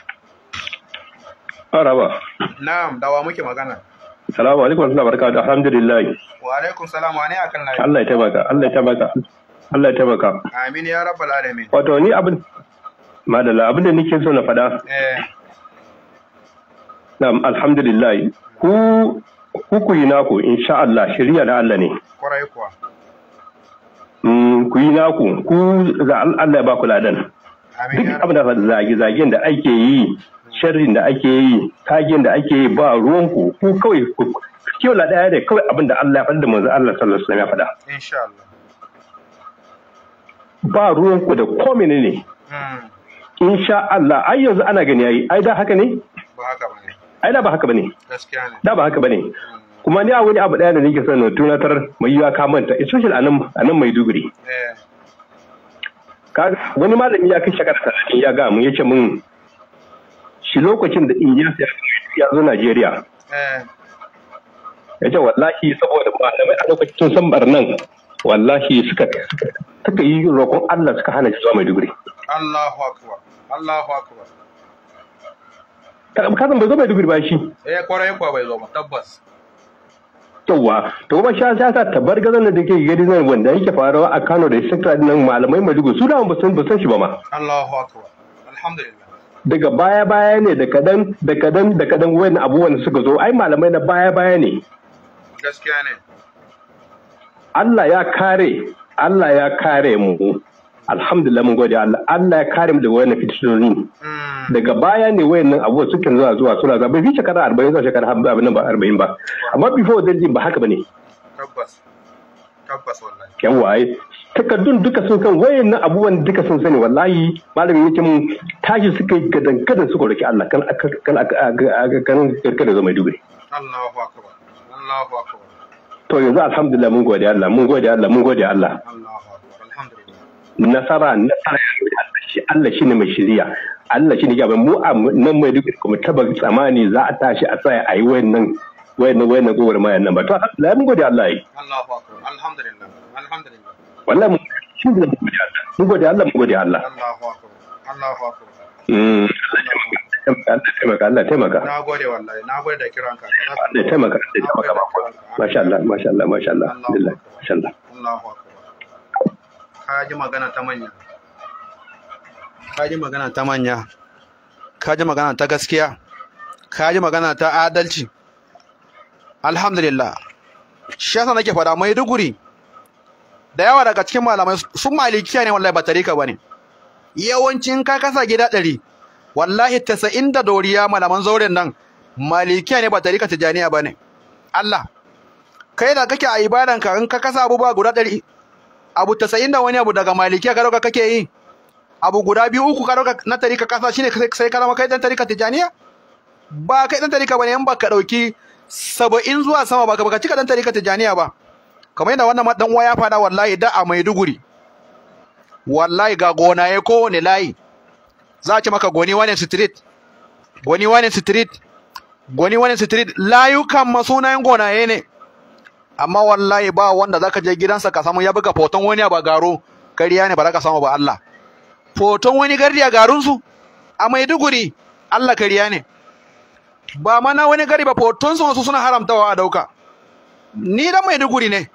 Araba. Na'am, dawa muke magana. Salamu alaikum warahmatullahi wabarakatuh. Alhamdulillah. Wa alaikum salam wa ne akan lafiya. Allah ya taimaka, Allah ya taimaka. Allah ya taimaka. Amin ya rabbal alamin. Wato ni abin madalla abin da nake so na faɗa. Eh. Na'am, alhamdulillah. Ku ku yi naku insha Allah shari'a da Allah ne. Kwarai kuwa. Mm, ku yi naku ku ga Allah ya ba ku ladan. Duk abin da zage-zagen da ake yi sharrin da ake yi tagin da ake yi ba ruwan ku ku kawai ku kiyola daya da kawai abin da Allah ya faɗa da manzo Allah sallallahu alaihi wasallam ya faɗa insha Allah ba ruwan ku da ne ne? Hmm. insha Allah ai yanzu ana gani yayi ai da haka ne ba haka bane ai da ba haka bane gaskiya ne da ba haka bane kuma ni a wani abu daya da nake son na tunatar mai yiwa ka manta especially anan anan Maiduguri eh. wani malami ya kai shakar ya ga mu yace mun shi lokacin da Inyas ya ya zo Najeriya. Eh. Ya ce wallahi saboda malamai a lokacin sun san barnan wallahi suka suka yi roƙon Allah suka hana shi zuwa Maiduguri. Allahu akbar. Allahu akbar. Kasan bai zo Maiduguri ba shi. Eh kwarai kuwa bai zo ba tabbas. Yawwa, to kuma sha sa ta tabbar gazan da take gari nan wanda yake faruwa a Kano da Sakra nan malamai Maiduguri su da ba san ba san shi ba ma Allahu akbar alhamdulillah daga baya baya ne da kadan da kadan da kadan wani abubuwan suka zo ai malamai na baya baya ne gaskiya ne Allah ya kare Allah ya kare mu alhamdulillah mun gode Allah Allah ya kare mu daga wani fitinoni hmm. daga baya ne wayannan abubuwa suka zuwa zuwa suna zuwa bai shekara 40 zuwa shekara 50 ba 40 ba amma before then ba haka bane tabbas tabbas wallahi yawa takardun duka sun san wayan nan abubuwan duka sun sani wallahi malamin yake mun tashi suka yi gadan gadan suka roki Allah kan kan kan kan zo mai dubi Allahu akbar Allahu akbar to yanzu alhamdulillah mun gode Allah mun gode Allah mun gode Allah Allahu akbar alhamdulillah nasara nasara Allah shi Allah shine mai shiriya Allah shine gaba mu a nan mai dubure kuma tabar tsamani za a tashi a tsaya ayi wayan nan wayan wayannan gowar mayan nan ba to alhamdulillah mun gode Allah yi Allahu akbar alhamdulillah alhamdulillah wallahi mu gode Allah mun gode Allah mu gode Allah Allahu akbar Allahu akbar mm Allah taimaka Allah taimaka na gode wallahi na gode da kiran Allah taimaka Allah taimaka ba masha Allah masha Allah masha Allah alhamdulillah masha Allah Allahu akbar ka ji magana ta manya ka ji magana ta manya ka ji magana ta gaskiya ka ji magana ta adalci alhamdulillah shi yasa nake faɗa mai duguri da yawa daga cikin malamai sun malikiya ne wallahi ba tarika bane yawancin ka kasa gida ɗari wallahi tasa'in da doriya malaman zauren nan malikiya ne ba tarika tijaniya bane Allah kai da kake a ibadan ka in ka kasa abu ba guda ɗari abu tasa'in da wani abu daga malikiya ka dauka kake yi abu guda biyu uku ka dauka na tarika kasa shine sai ka zama kai dan tarika tijaniya ba kai dan tarika bane in ba ka dauki saba'in zuwa sama ba ka cika dan tarika tijaniya ba kamar yadda wannan dan uwa ya faɗa wallahi da a Maiduguri wallahi ga gona ya ne layi za a ce maka goni wani street goni wani street goni wani street layukan masunayen gonaye ne amma wallahi ba wanda zaka je gidansa ka samu ya buga foton wani a garo kariya ne ba za ka samu ba Allah foton wani gari a su a Maiduguri Allah kariya ne ba mana wani gari ba foton su wasu suna haramtawa a dauka ni da Maiduguri ne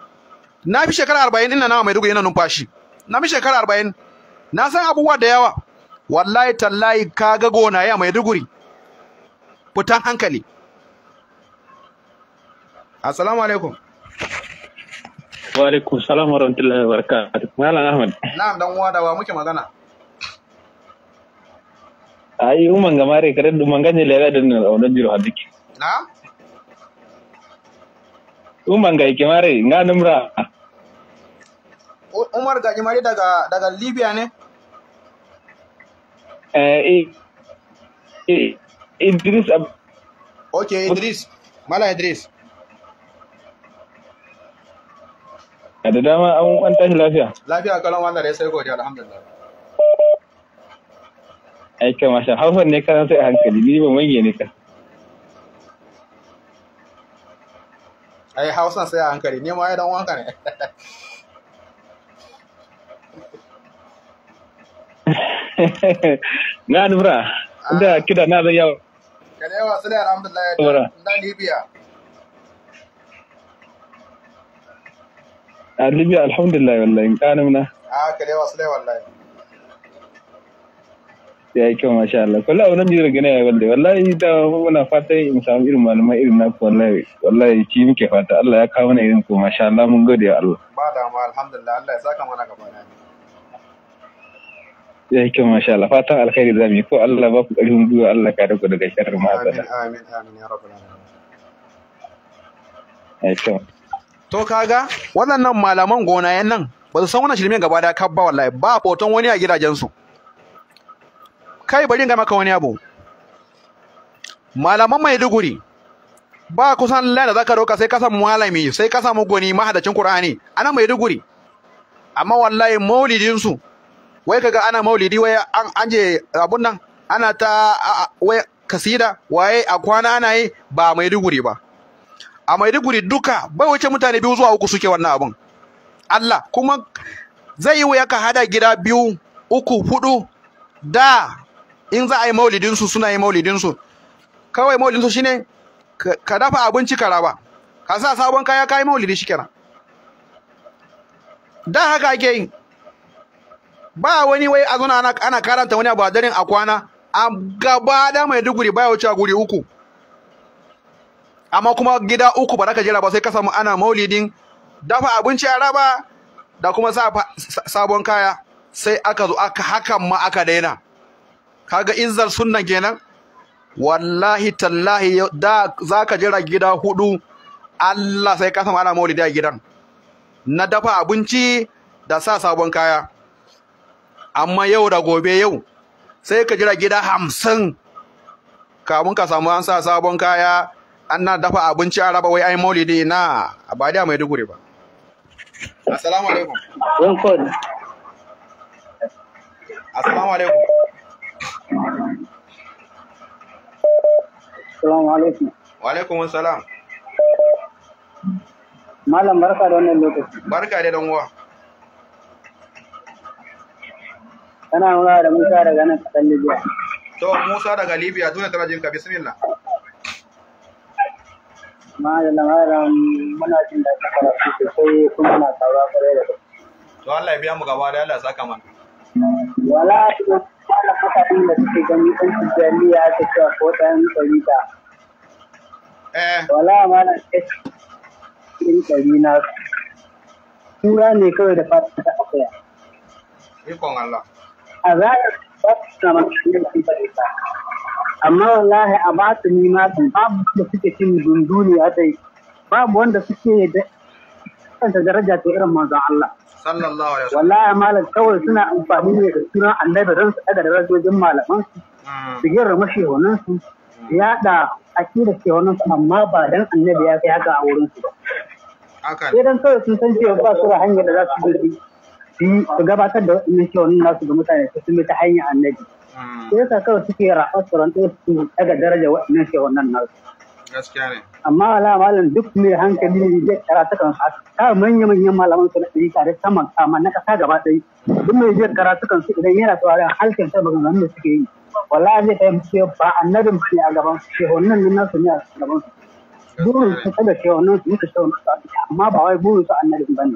na fi shekara arba'in ina nawa maiduguri ina numfashi na fi shekara arba'in na san abubuwa da yawa wallahi tallahi ka ga gonaye a maiduguri fitan hankali assalamu alaikum wa alaikum salam wa rahmatullahi wa barakatuh malam ahmad na'am dan uwa da wa muke magana yi umar ga gamare kare du ganye lera da na wannan jiro duki na'am umar ga ikemare nga numra umar gajimari daga daga libya ne eh, eh, eh idris ab... ok idris mala idris a da dama an tashi lafiya lafiya kalan wanda da ya sai godiya alhamdulillah aika masha hausar ne kana sai a hankali ni ba manye ne ka ai hausan sai a hankali ne ma ya dan wanka ne na nura da kida na zai yawa ka da yawa sai alhamdulillah na libya a ah, libya alhamdulillah wallahi kanin na a ka da yawa sai wallahi ya yi kyau masha Allah kullu a wannan jirar gane ya wanda wallahi da muna fatan in samu irin malamai irin naku wallahi wallahi ki muke fata Allah ya kawo mana irin ku masha Allah mun gode wa Allah ba da ma alhamdulillah Allah ya saka mana gaba da ya ka to kaga waɗannan malaman gona yan nan ba su san wannan gaba da kabba wallahi ba wani a gidajensu kai bari ga maka wani abu malaman maiduguri ba kusan za zaka roka sai ka samu malami sai ka samu goni mahadacin qur'ani nan maiduguri amma wallahi maulidinsu wai kaga ana maulidi wai an anje abun nan ana ta wai kasida waye a kwana ana yi ba Maiduguri ba a Maiduguri duka bai wuce mutane biyu zuwa uku suke wannan abun Allah kuma zai yi wuya ka hada gida biyu uku hudu da in za a yi su suna yi su kawai su shine ka dafa abinci ka raba ka sa sabon kaya ka maulidi shikenan da haka ake yi ba wani wai a zuna ana karanta wani abu a daren a kwana a gaba da mai duguri baya wuce a guri uku amma kuma gida uku ba za ka jira ba sai ka samu ana maulidin dafa abinci a raba da kuma sabon kaya sai aka zo aka hakan ma aka daina kaga izzar sunna kenan wallahi tallahi da ka jira gida hudu Allah sai ka samu ana maulidi a gidan na dafa abinci da sa sabon kaya amma yau da gobe yau sai ka jira gida hamsin kamun ka samu an sa sabon kaya an na dafa abinci a raba wai ai maulidi na abadiya mai dugure ba assalamu alaikum assalamu alaikum assalamu alaikum wa alaikum assalam malam barka da wannan lokaci barka da dan uwa kana mura da Musa daga nan kasan Libya. To Musa daga Libya dole tana jinka bismillah. Madalla madalla muna jin da ka karatu sosai kuma na tsara kwarai da To Allah ya biya mu gaba da Allah saka mana. Wala wala kuɗaɗen da suke gani ɗan Tijjaniya ta cewa ko ɗan Eh. Wala ma na ɗan ɗari na tura ne kawai da fata ta akwai. Ikon Allah. a zahir ba su suna mana hanyar su bare ta amma wallahi a ba su nima su babu da suke cin dunduni a dai babu wanda suke da kanta daraja ta irin manzon Allah wallahi malam kawai suna amfani ne da sunan annabi don su daga darajojin malaman hmm. su su girra mashehunan su yada akida shehunan su amma ba dan annabi ya kai haka a wurin su ba sai dan kawai sun san cewa ba su da hanyar da za su bi su gabatar da waɗannan shawarar nasu ga mutane su sun ta hanyar annabi hmm. sai yasa kawai suke rafa tsoron ɗaya su daga daraja waɗannan shawarar nasu amma wala malam duk mai hankali ne zai kara ta kan su ta manya manyan malaman su na ɗari tare saman amma na ƙasa gaba ɗaya duk mai zai kara ta kan su idan yana tsawari a halkin sa maganganun da suke yi wallahi zai fahimci cewa ba annabin ba ne a gaban su shawarar nasu ne a gaban su burin su kada nan su muka shawarar su amma ba wai burin su annabin ba ne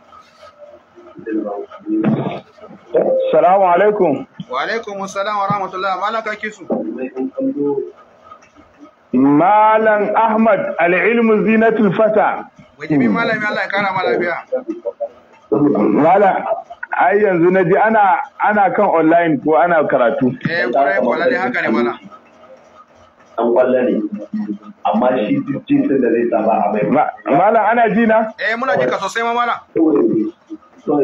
Salamu alaikum. Wa alaikum salam wa rahmatullah. Malam ka kisu. Malam Ahmad al'ilmu zinatul fata. Wajibi malami Allah ya kara malafiya. Malam, ai yanzu na ji ana ana kan online ko ana karatu. Eh, kwarai ne haka ne mana. An kwallo ne, amma shi jinsin da zai saba a bai. Malam ana ji na? Eh, muna ji ka sosai ma malam. To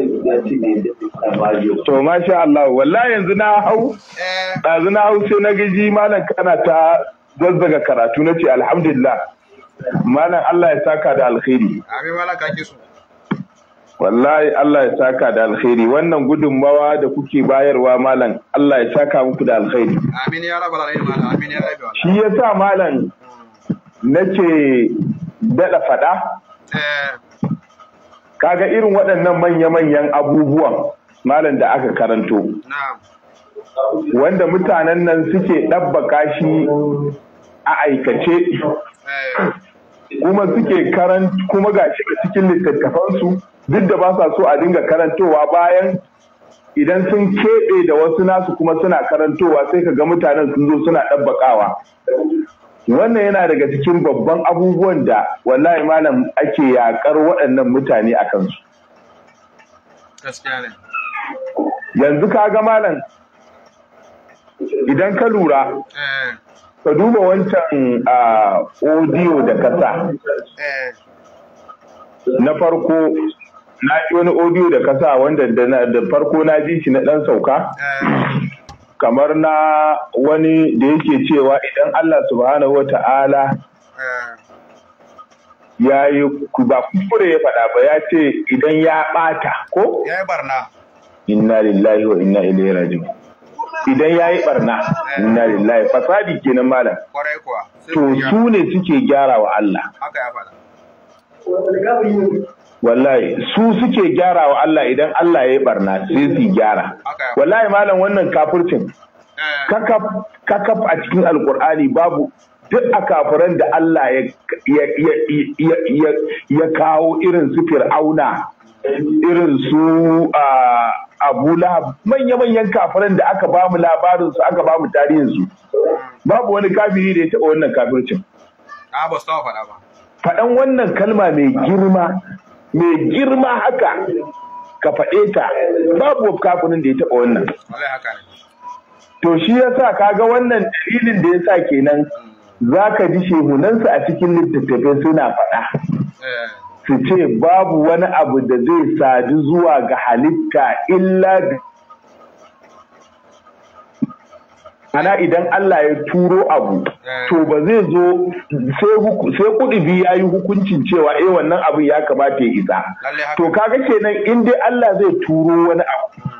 masha Allah wallahi yanzu na hau ɗazu na hau sai na gaji malam kana ta zazzaga karatu na ce alhamdulillah malam Allah ya saka da alkhairi. Amin malam kake so. Wallahi Allah ya saka da alkhairi wannan gudunmawa da kuke bayarwa malam Allah ya saka muku da alkhairi. Amin ya rabbal alamin malam amin ya rabbi. Shi yasa malam nace dada fada. Eh kaga irin waɗannan manya-manyan abubuwan malam da aka karanto wanda mutanen nan suke ɗabbaka shi a aikace eh. kuma suke karan kuma gashi a cikin littattafansu duk da ba sa so a dinga karantowa bayan idan sun keɓe da wasu nasu kuma suna karantowa sai ka ga mutanen sun zo suna ɗabbakawa wannan yana daga cikin babban abubuwan da wallahi malam ake yakar waɗannan mutane a kansu yanzu ka ga malam idan ka lura eh. ka duba wancan odiyo da kasa eh. na farko na ji wani odiyo da kasa wanda da farko na ji shi na ɗan sauka eh. kamar na wani da yake cewa idan Allah subhanahu wa ta'ala ya yi ba kure ya faɗa ba ya ce idan ya ɓata ko? Ya yi barna. Inna lillahi wa inna ilaihi raji'un. Idan ya yi barna, inna lillahi fasadi kenan malam. To su ne suke gyara wa Allah. Haka ya faɗa. wallahi su suke gyara wa Allah idan Allah ya yi barna sai su gyara wallahi malam wannan kafircin kakaf a cikin alkur'ani babu duk a kafiran da Allah ya kawo irin su fir'auna irin su abu manya-manyan kafiran da aka ba mu labarin su aka ba mu tarihin su babu wani kafiri da ya taɓa wannan kafircin faɗan wannan kalma mai girma mai girma haka ka faɗe ta babu kafirin da ya taɓa wannan to shi ya ka ga wannan dalilin da ya sa kenan za ka ji shehunansu a cikin littattafai suna faɗa eh. su ce babu wani abu da zai sadu zuwa ga halitta illa da ana idan Allah ya turo abu to ba zai zo sai biyu ya yi hukuncin cewa eh wannan abin ya kamata ya isa to kaga kenan in dai Allah zai turo wani abu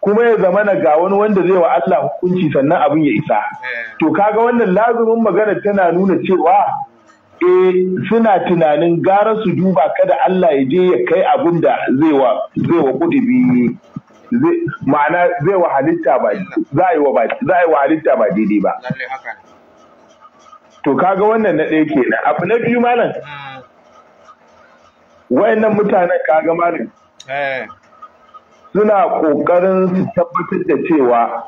kuma ya zama na ga wani wanda zai wa Allah hukunci sannan abin ya isa eh. to kaga wannan lazumin magana tana nuna cewa 'Eh suna tunanin gara su duba kada Allah ya je ya kai abin da zai wa biyu. ma'ana zai wa halitta ba za yi wa halitta ba daidai ba to kaga wannan na ɗaya kenan abu na biyu malam wayannan mutanen kaga malam eh. suna ƙoƙarin su tabbatar da cewa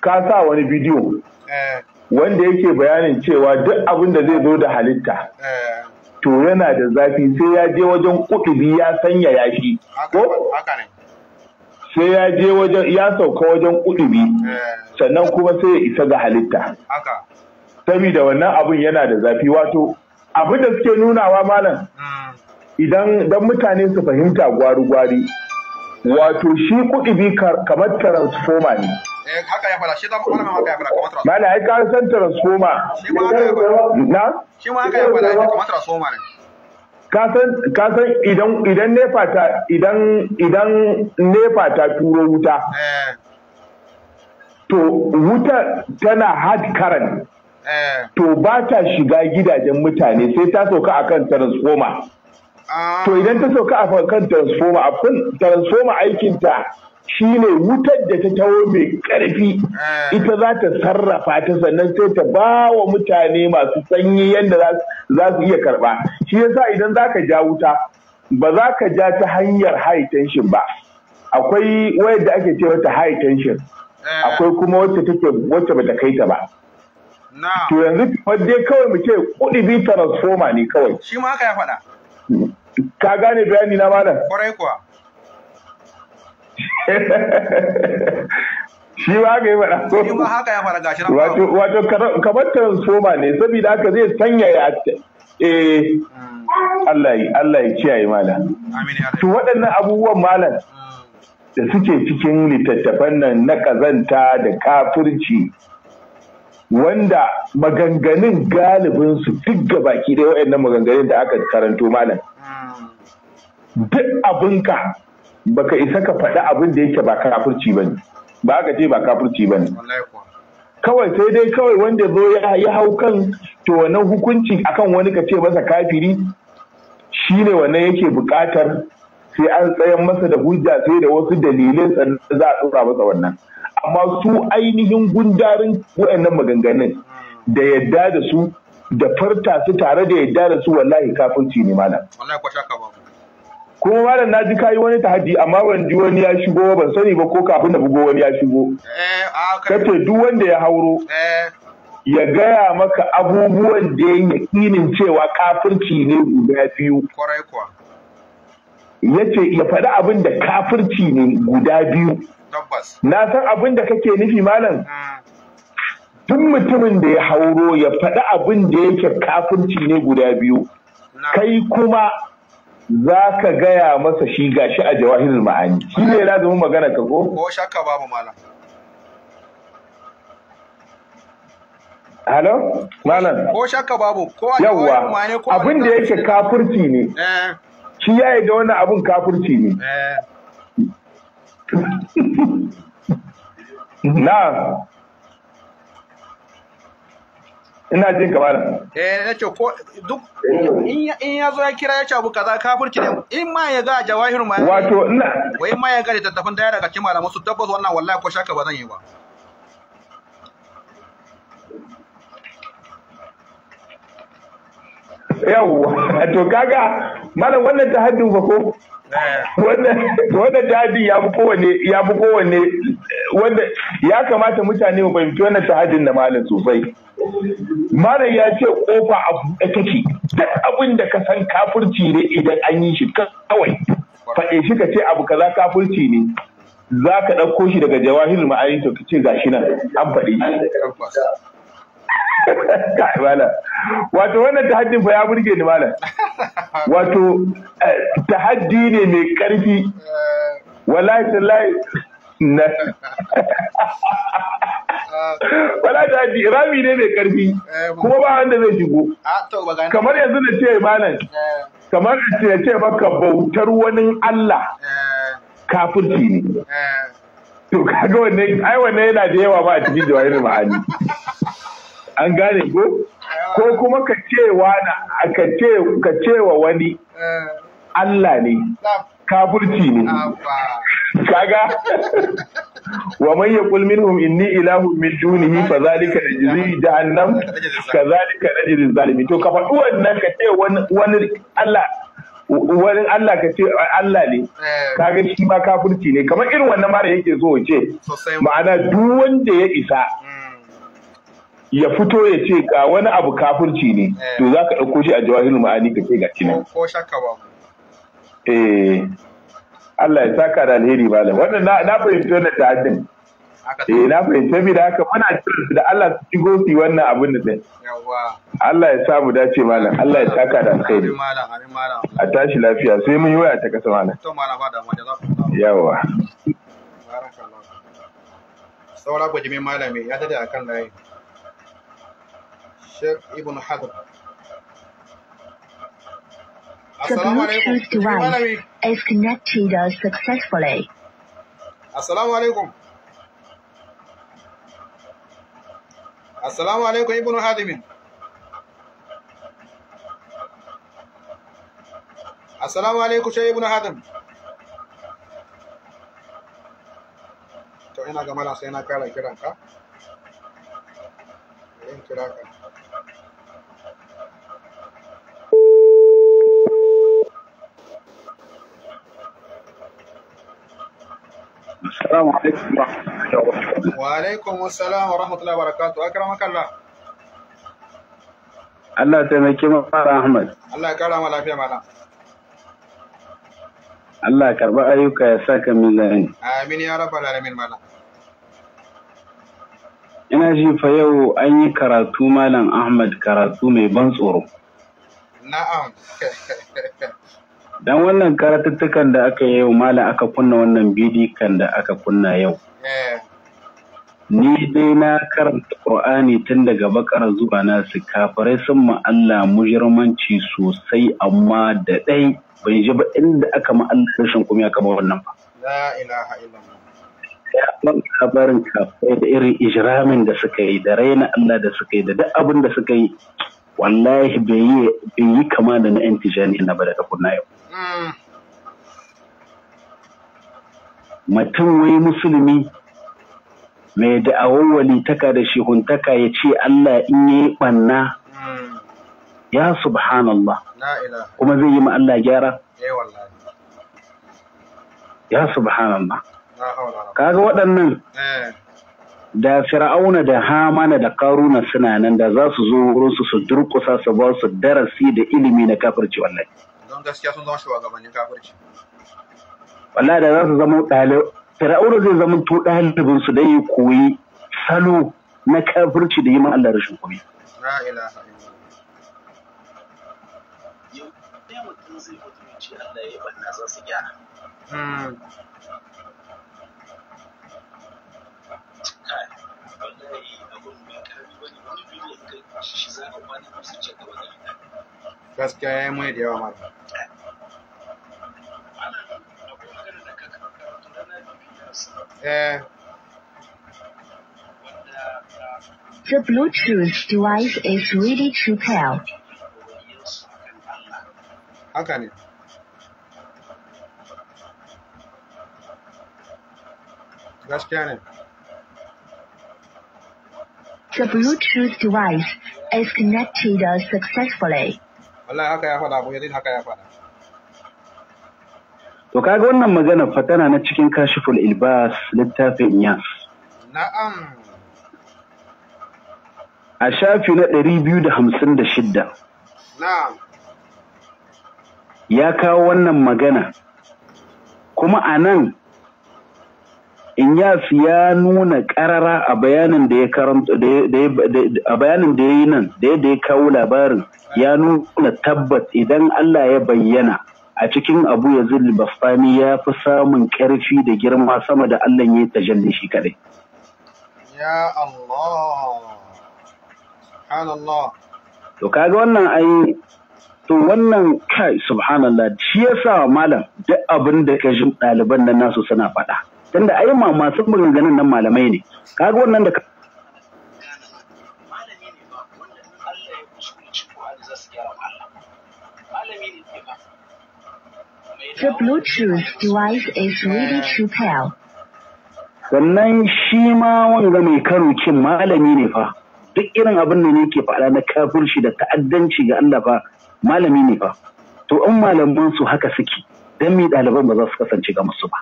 ka sa wani bidiyo eh. wanda yake bayanin cewa duk abin da zai zo da halitta eh. to yana da zafi sai ya je wajen kutubi ya sanya yashi ko sai ya je wajen ya sauka wajen kudubi eh. sannan kuma sai ya isa ga halitta saboda wannan abun yana da zafi wato abin da suke nunawa malam hmm. idan dan mutane su fahimta gwari-gwari wato shi kudubi kamar transformer ne eh, haka ya fara shi da malamin haka ya fara kamar transformer Mala, ya kawo san transformer shi ma haka ya fara shi kamar transformer ne ka san idan nefa ta idan idan nefa ta turo wuta to wuta tana hard current to ba ta shiga gidajen mutane sai ta sauka akan transformer ah. to idan ta sauka akan transformer transformer aikinta shi ne wutar da ta taho mai ƙarfi eh. ita za ta sarrafa ta sannan sai ta ba wa mutane masu sanyi yadda za su iya karɓa shi yasa idan za ka ja wuta ba za ka ja ta hanyar high tension ba akwai wayar da ake ce wata high tension eh. akwai kuma wacce take wacce bata kai ta ba to yanzu dai kawai mu ce kudi bi transformer ne kawai shi ma haka ya faɗa ka gane bayani na malam kwarai kuwa shi ba ma haka ya fara gashi wato wato kamar transformer ne saboda haka zai sanya ya eh Allah yi Allah yi kiyaye malam to waɗannan abubuwan malam da suke cikin littattafan nan na kazanta da kafirci wanda maganganun galibinsu su duk ga baki da waɗannan maganganun da aka karanto malam hmm. duk abinka baka isa ka faɗi abin da yake ba kafirci bane ba ka ce ba kafirci bane kawai sai dai kawai wanda zo ya hau kan to wannan hukunci akan wani ka ce masa kafiri shine wannan yake buƙatar sai an tsayan masa da hujja sai da wasu dalilai sannan za a tsora masa wannan amma su ainihin gundarin waɗannan maganganun da yadda da su da farta su tare da yadda da su wallahi kafirci ne malam wallahi kwata ka kuma malam na ji kayi wani tahaddi amma ban ji wani ya shigo ban sani ba ko kafin da bugo wani ya shigo eh, kace duk wanda ya hauro eh. ya gaya maka abubuwan da ya yakinin cewa kafirci ne guda biyu ya ce ya faɗi abin da kafirci ne guda biyu na san abin da kake nufi malam hmm. duk mutumin da ya hauro ya faɗi abin da yake kafirci ne guda biyu kai kuma za ka gaya masa shi gashi a jawahirul ma'ani shi ne ya zama magana ka ko ko shakka babu malam Halo? Malam. Ko shakka babu. Ko a ma'ani ko Abin da yake kafurci ne. Eh. Shi ya yi da wannan abin kafurci ne. Eh. Na. ina jin ka malam eh nace ko duk in ya zo ya kira ya ce abu kaza kafirci ne in ma ya ga jawahirul ma wato ina wai ma ya ga da tattafan da ya daga cikin malamu su tabbas wannan wallahi ko shaka ba zan yi ba yawwa to kaga malam wannan ta haddu ba ko eh. wannan tahadin ya fi kowane ya fi kowane eh, wanda ya kamata mutane mu fahimci wannan tahadin da malam sosai malam ya ce kofa a buɗe take duk abin da ka san kafirci ne idan an yi shi kawai faɗe shi ka ce abu kaza kafirci ne za ka ɗauko shi daga jawahir ma'ayin to ka ce ga shi nan an faɗi wato wannan tahaddin fa ya burge ni malam wato eh, tahaddi ne mai ƙarfi wallahi tallahi wala da ji rami ne mai karfi eh, kuma ba wanda zai shigo kamar yanzu da ce malam eh. kamar da ce ce maka bautar wani Allah eh. kafirci ne to kaga wanne, ai wanne yana da yawa ba a cikin jawayin ma'ani an gane ko ko kuma ka cewa ce ka cewa wani Allah ne kafurci ne kaga wa man yaqul minhum inni ilahu min dunihi fa zalika najzi jahannam da najzi zalimi to ka faɗi wannan ka ce wani Allah wani Allah ka ce Allah ne eh. kaga shi ma kafurci ne kamar irin wannan mara yake so ce ma'ana duk wanda ya isa hmm. ya fito ya ce ga wani abu kafurci ne to eh. za ka ɗauko shi a jawahirin ma'ani ka ce ga shi ko shakka ba eh Allah ya saka da alheri malam wannan na fahimci wannan ta'addin eh na fahimci bi da haka muna kiran da Allah su shigo su wannan abin da yawa Allah ya sa mu dace malam Allah ya saka da alheri malam a tashi lafiya sai mun yi waya ta kasa malam to malam ba da mu jazakumullah yawa barakallahu saura gwajimin malami ya dade akan layi Sheikh Ibn Hadar The Bluetooth device is connected successfully. Assalamu alaikum. Assalamu alaikum, Ibn Hadimin. Assalamu alaikum, Ibn Hadim. To ina sai na ka. Assalamu alaikum wa rahmatullahi wa barakatuh. Wa alaikum assalam wa rahmatullahi wa barakatuh. Akramaka Allah. Allah taimake mu fara Ahmad. Allah ya kara lafiya malam. Allah ya karba ya saka mizani. ya malam. Ina ji fa yau an yi karatu Malam Ahmad karatu mai ban tsoro. Na'am. Dan wannan karatuttukan da aka yi yau mala aka kunna wannan bidikan da aka kunna yau. Eh. Ni dai na karanta Qur'ani tun daga bakar zuwa nasu kafirai sun ma Allah mujirmanci sosai amma da ɗai ban ji ba inda aka ma Allah rashin kuma aka wannan ba. La ilaha illallah. Ya ban kabarin kafirai da irin ijramin da suka yi da raina Allah da suka yi da duk abin da suka yi wallahi bai yi kama da na 'yan na ba da na yau mutum wai musulmi mai da'awar walitaka da shehuntaka ya ce Allah in yi ɓanna ya subhanallah kuma zai yi ma Allah gyara eh, ya subhanallah kaga waɗannan eh. da fir'auna da hamana da karuna suna nan da za su zo wurinsu su durkusa su ba su darasi da ilimi na kafirci wallahi don gaskiya sun zama shugabannin kafirci wallahi da za su zama ɗalibai fir'auna zai zama to ɗalibin su da ya koyi salo na kafirci da yi ma Allah rashin kuɗi la yau mutum zai mutu ci, Allah ya banna za su gyara hmm. Gaskiya da yawa mata. Eh. The Bluetooth device is ready to pair. Haka ne. Gaskiya ne. The Bluetooth device is connected successfully. To kaga wannan magana fa tana na cikin kashiful ilbas littafin Iyas. Na'am. A shafi na ɗari biyu da hamsin da shidda. Na'am. Ya kawo wannan magana. Kuma a nan Inyas ya nuna karara a bayanin da ya karanta a bayanin da ya yi nan da ya kawo labarin ya nuna tabbat idan Allah ya bayyana a cikin Abu Yazid Bastami ya fi samun ƙarfi da girma sama da Allah ya tajalli shi kadai. Ya Allah. Allah! To kaga wannan ayi to wannan kai subhanallah shi yasa malam duk abin da ka ji ɗaliban nan nasu suna faɗa. tunda ai ma masu maganganun nan malamai ne kaga wannan da The Sannan shi ma wanga mai karo cin malami ne fa, duk irin abin da ne ke faɗa na kafirci da ta'addanci ga Allah fa malami ne fa. To in malaman su haka suke, don me ɗaliban ba za su kasance ga musu ba.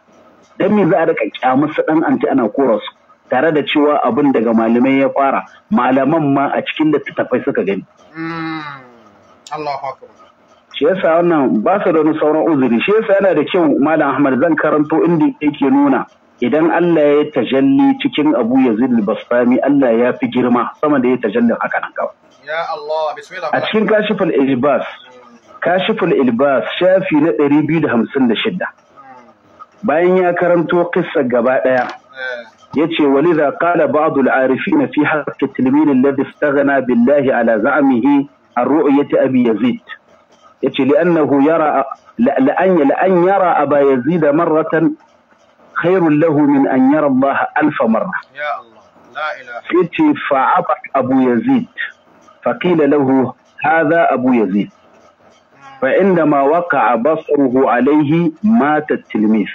dan me za a rika kyamusu dan anti ana kora su tare da cewa abin daga malamai ya fara malaman ma a cikin littattafai suka gani hmm. shi yasa wannan ba su da wani sauran uzuri shi yasa yana da kyau malam ahmad zan karanto inda yake nuna idan Allah ya tajalli cikin Abu Yazid al-Bastami Allah ya fi girma sama da ya tajallin haka nan gaba ya Allah bismillah a cikin kashiful ilbas kashiful ilbas shafi na 256 bayan ya karanto kissa gaba daya yace walidha ƙala ba'd arifi na fi haka at-tilmin alladhi billahi ala za'mihi ar-ru'yati abi yazid yace li'annahu yara la'an la'an a aba yazid marratan khairun lahu min an yara Allah alfa marra ya ce la abu yazid فقيل له هذا abu yazid. فعندما وقع بصره عليه مات التلميذ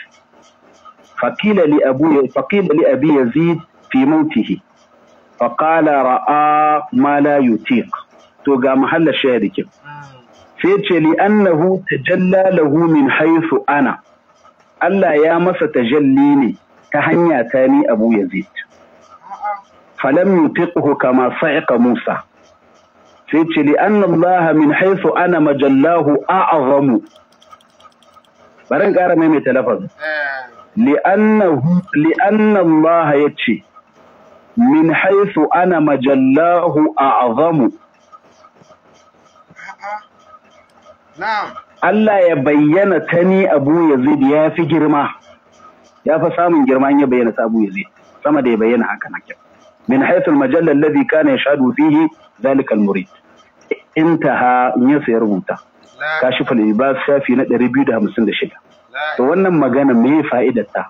فقيل لأبي فقيل لأبي يزيد في موته فقال رأى ما لا يطيق to ga mahallar shahadikin sai ce li annahu tajalla lahu min haythu ana Allah ya masa tajalli ne ta hanya ta ni Abu Yazid falam yutiqhu kama sa'iqa Musa sai ce li anna allaha min haythu ana majallahu a'zamu baran ƙara mai mai talafaz li anna allaha yace min haythu ana majallahu a'zamu Allah ya bayyana ta ni Abu Yazid ya fi girma, ya fi samun girma in ya bayyana ta Abu Yazid, sama da ya bayyana haka na kyau. Min haithul majalla alladhi kana yashhadu fihi zalikal murid. intaha in ya rubuta kashifal libas shafi na 256 to wannan magana me fa'idar ta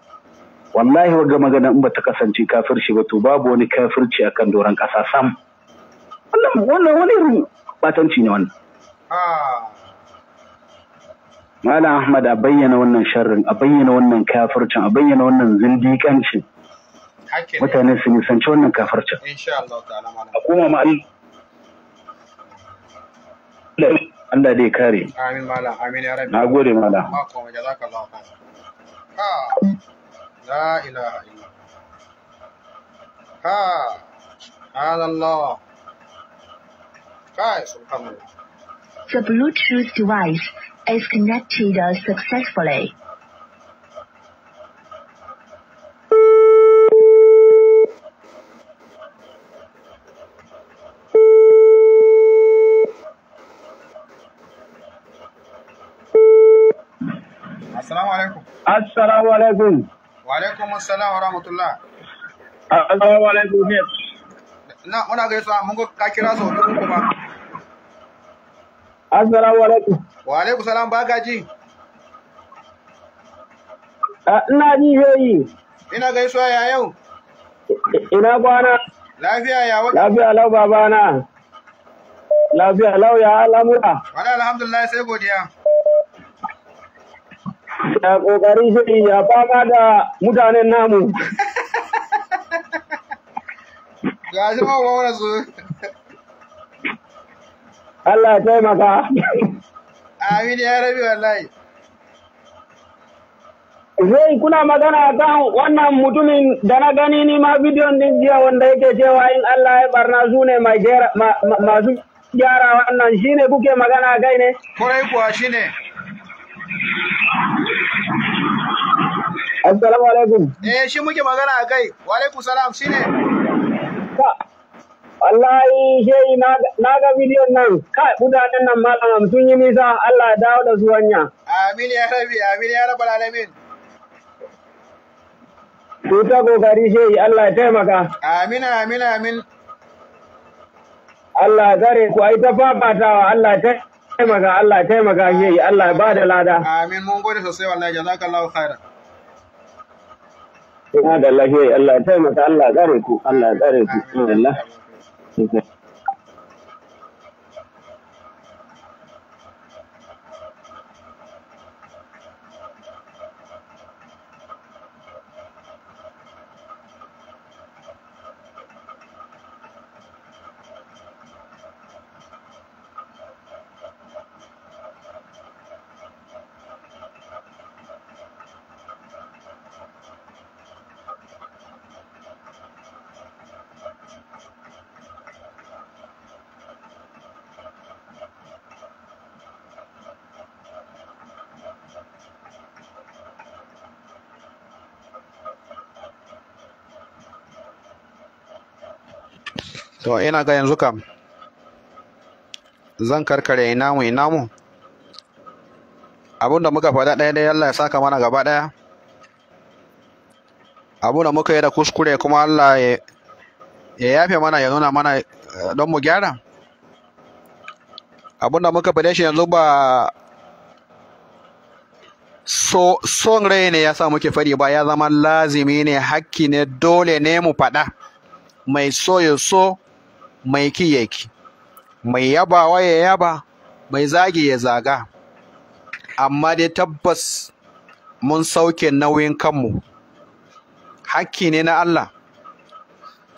wallahi wagga magana in bata kasance shi ba to babu wani kafirci akan doron kasa sam wannan wannan wani irin batanci ne wannan ah. Malam Ahmad a bayyana wannan sharrin, a bayyana wannan kafircin, a bayyana wannan zindiƙancin. Mutane su nisanci wannan kafircin. A koma ma Allah dai kare amin amin ya rabbi nagode mako jazakallahu khair ha la ilaha illa ha Allah kai subhanallah The Bluetooth device is connected successfully. Assalamu alaikum. Assalamu alaikum. Wa alaikum assalam wa rahmatullah. Assalamu alaikum ne. Na muna gaisuwa mun ga ka kira so biyu kuma. Assalamu alaikum. Wa alaikum salam bagaji. Ah, ina ji yayi. Ina gaisuwa ya yau. Ina kwana. Lafiya ya wata. Lafiya lau babana. Lafiya lau ya al'amura. Wala alhamdulillah sai godiya. Ya ƙoƙari shi ya fama da mutanen namu. Ya shi ma wawar su. Allah ya taimaka. Amin ya rabi wallahi. Zai kuna magana kan wannan mutumin da na gani ni ma bidiyon din jiya wanda yake cewa in Allah ya barna su ne masu gyara wannan shine kuke magana kai ne? Kwarai kuwa shine. Assalamu alaikum. Eh shi muke magana a kai. Wa alaikum salam shine. Wallahi shehi na ga bidiyon nan ka mutanen nan malam sun yi nisa Allah ya dawo da su hanya. Amin ya rabi amin ya rabbal alamin. Ku ta kokari shehi Allah ya taimaka. Amin amin amin. Allah ya zare ku ai ta fafatawa Allah ya taimaka Allah ya taimaka shehi Allah ya ba da lada. Amin mun gode sosai wallahi jazakallahu khairan. Ina da lafiya Allah ya taimaka Allah ya tsare ku Allah ya tsare ku. Alhamdulillah. to ina ga yanzu kam zan karkare ina mu ina mu abinda muka faɗa ɗaya dai Allah ya saka mana gaba ɗaya abinda muka yi da kuskure kuma Allah ya yafe mana ya nuna mana eh, don mu gyara abinda muka faɗe shi yanzu ba so son rai ne ya sa muke faɗi ba ya zama lazimi ne hakki ne dole ne mu faɗa mai so ya so mai ki ya ki. mai yabawa ya yaba mai zagi ya zaga amma dai tabbas mun sauke nauyin kanmu hakki ne na Allah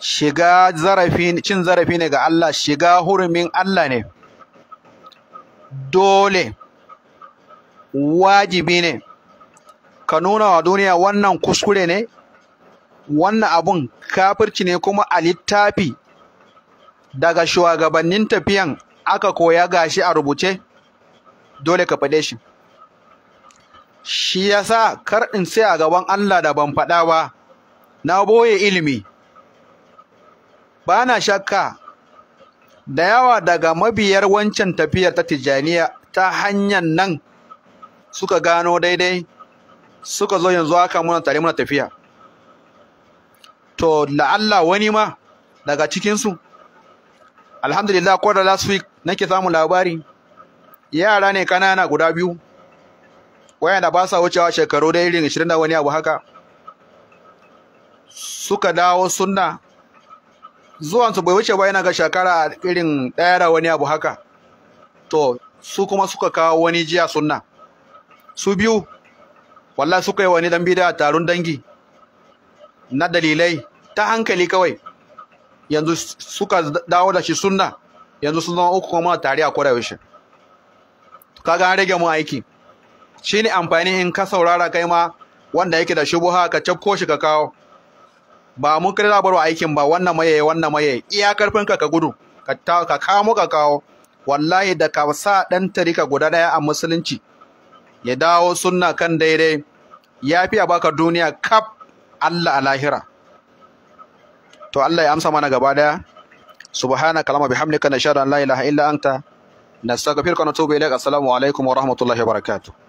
shiga zarafi cin zarafi ne ga Allah shiga hurumin Allah ne dole wajibi ne ka nuna wa duniya wannan kuskure ne wannan abun kafirci ne kuma a littafi daga shugabannin tafiyan aka koya gashi a rubuce dole ka faɗe shi shi yasa kar in sai a gaban Allah da ban faɗa ba na boye ilimi bana shakka da yawa daga mabiyar wancan tafiyar ta tijaniya ta hanyar nan suka gano daidai suka zo yanzu aka muna tare muna tafiya to la'alla wani ma daga cikinsu alhamdulillah ko da last week nake samun labari yara ne kanana guda biyu wayanda ba sa wucewa shekaru da irin 20 da wani abu haka suka dawo sunna zuwan bai wuce ba yana ga shekara irin ɗaya da wani abu haka to su kuma suka kawo wani jiya sunna su biyu wallahi suka yi wani dan da taron dangi na dalilai ta hankali kawai yanzu suka dawo da shi sunna yanzu sun zama uku kuma tare a koda shi. Ka ga rage mu aiki shine amfani in ka saurara kai ma wanda yake da shubuha ka cakko shi ka kawo ba mun kai wa aikin ba wannan maye wannan maye iya karfin ka ka gudu ka kamo ka kawo wallahi da ka sa dan tarika guda ɗaya a musulunci ya dawo sunna kan daidai ya fiya baka duniya kaf Allah a lahira to Allah ya amsa mana gaba daya subhanaka allahumma bihamdika nashhadu an la ilaha illa anta nastaghfiruka wa natubu ilaik assalamu alaikum wa rahmatullahi wa barakatuh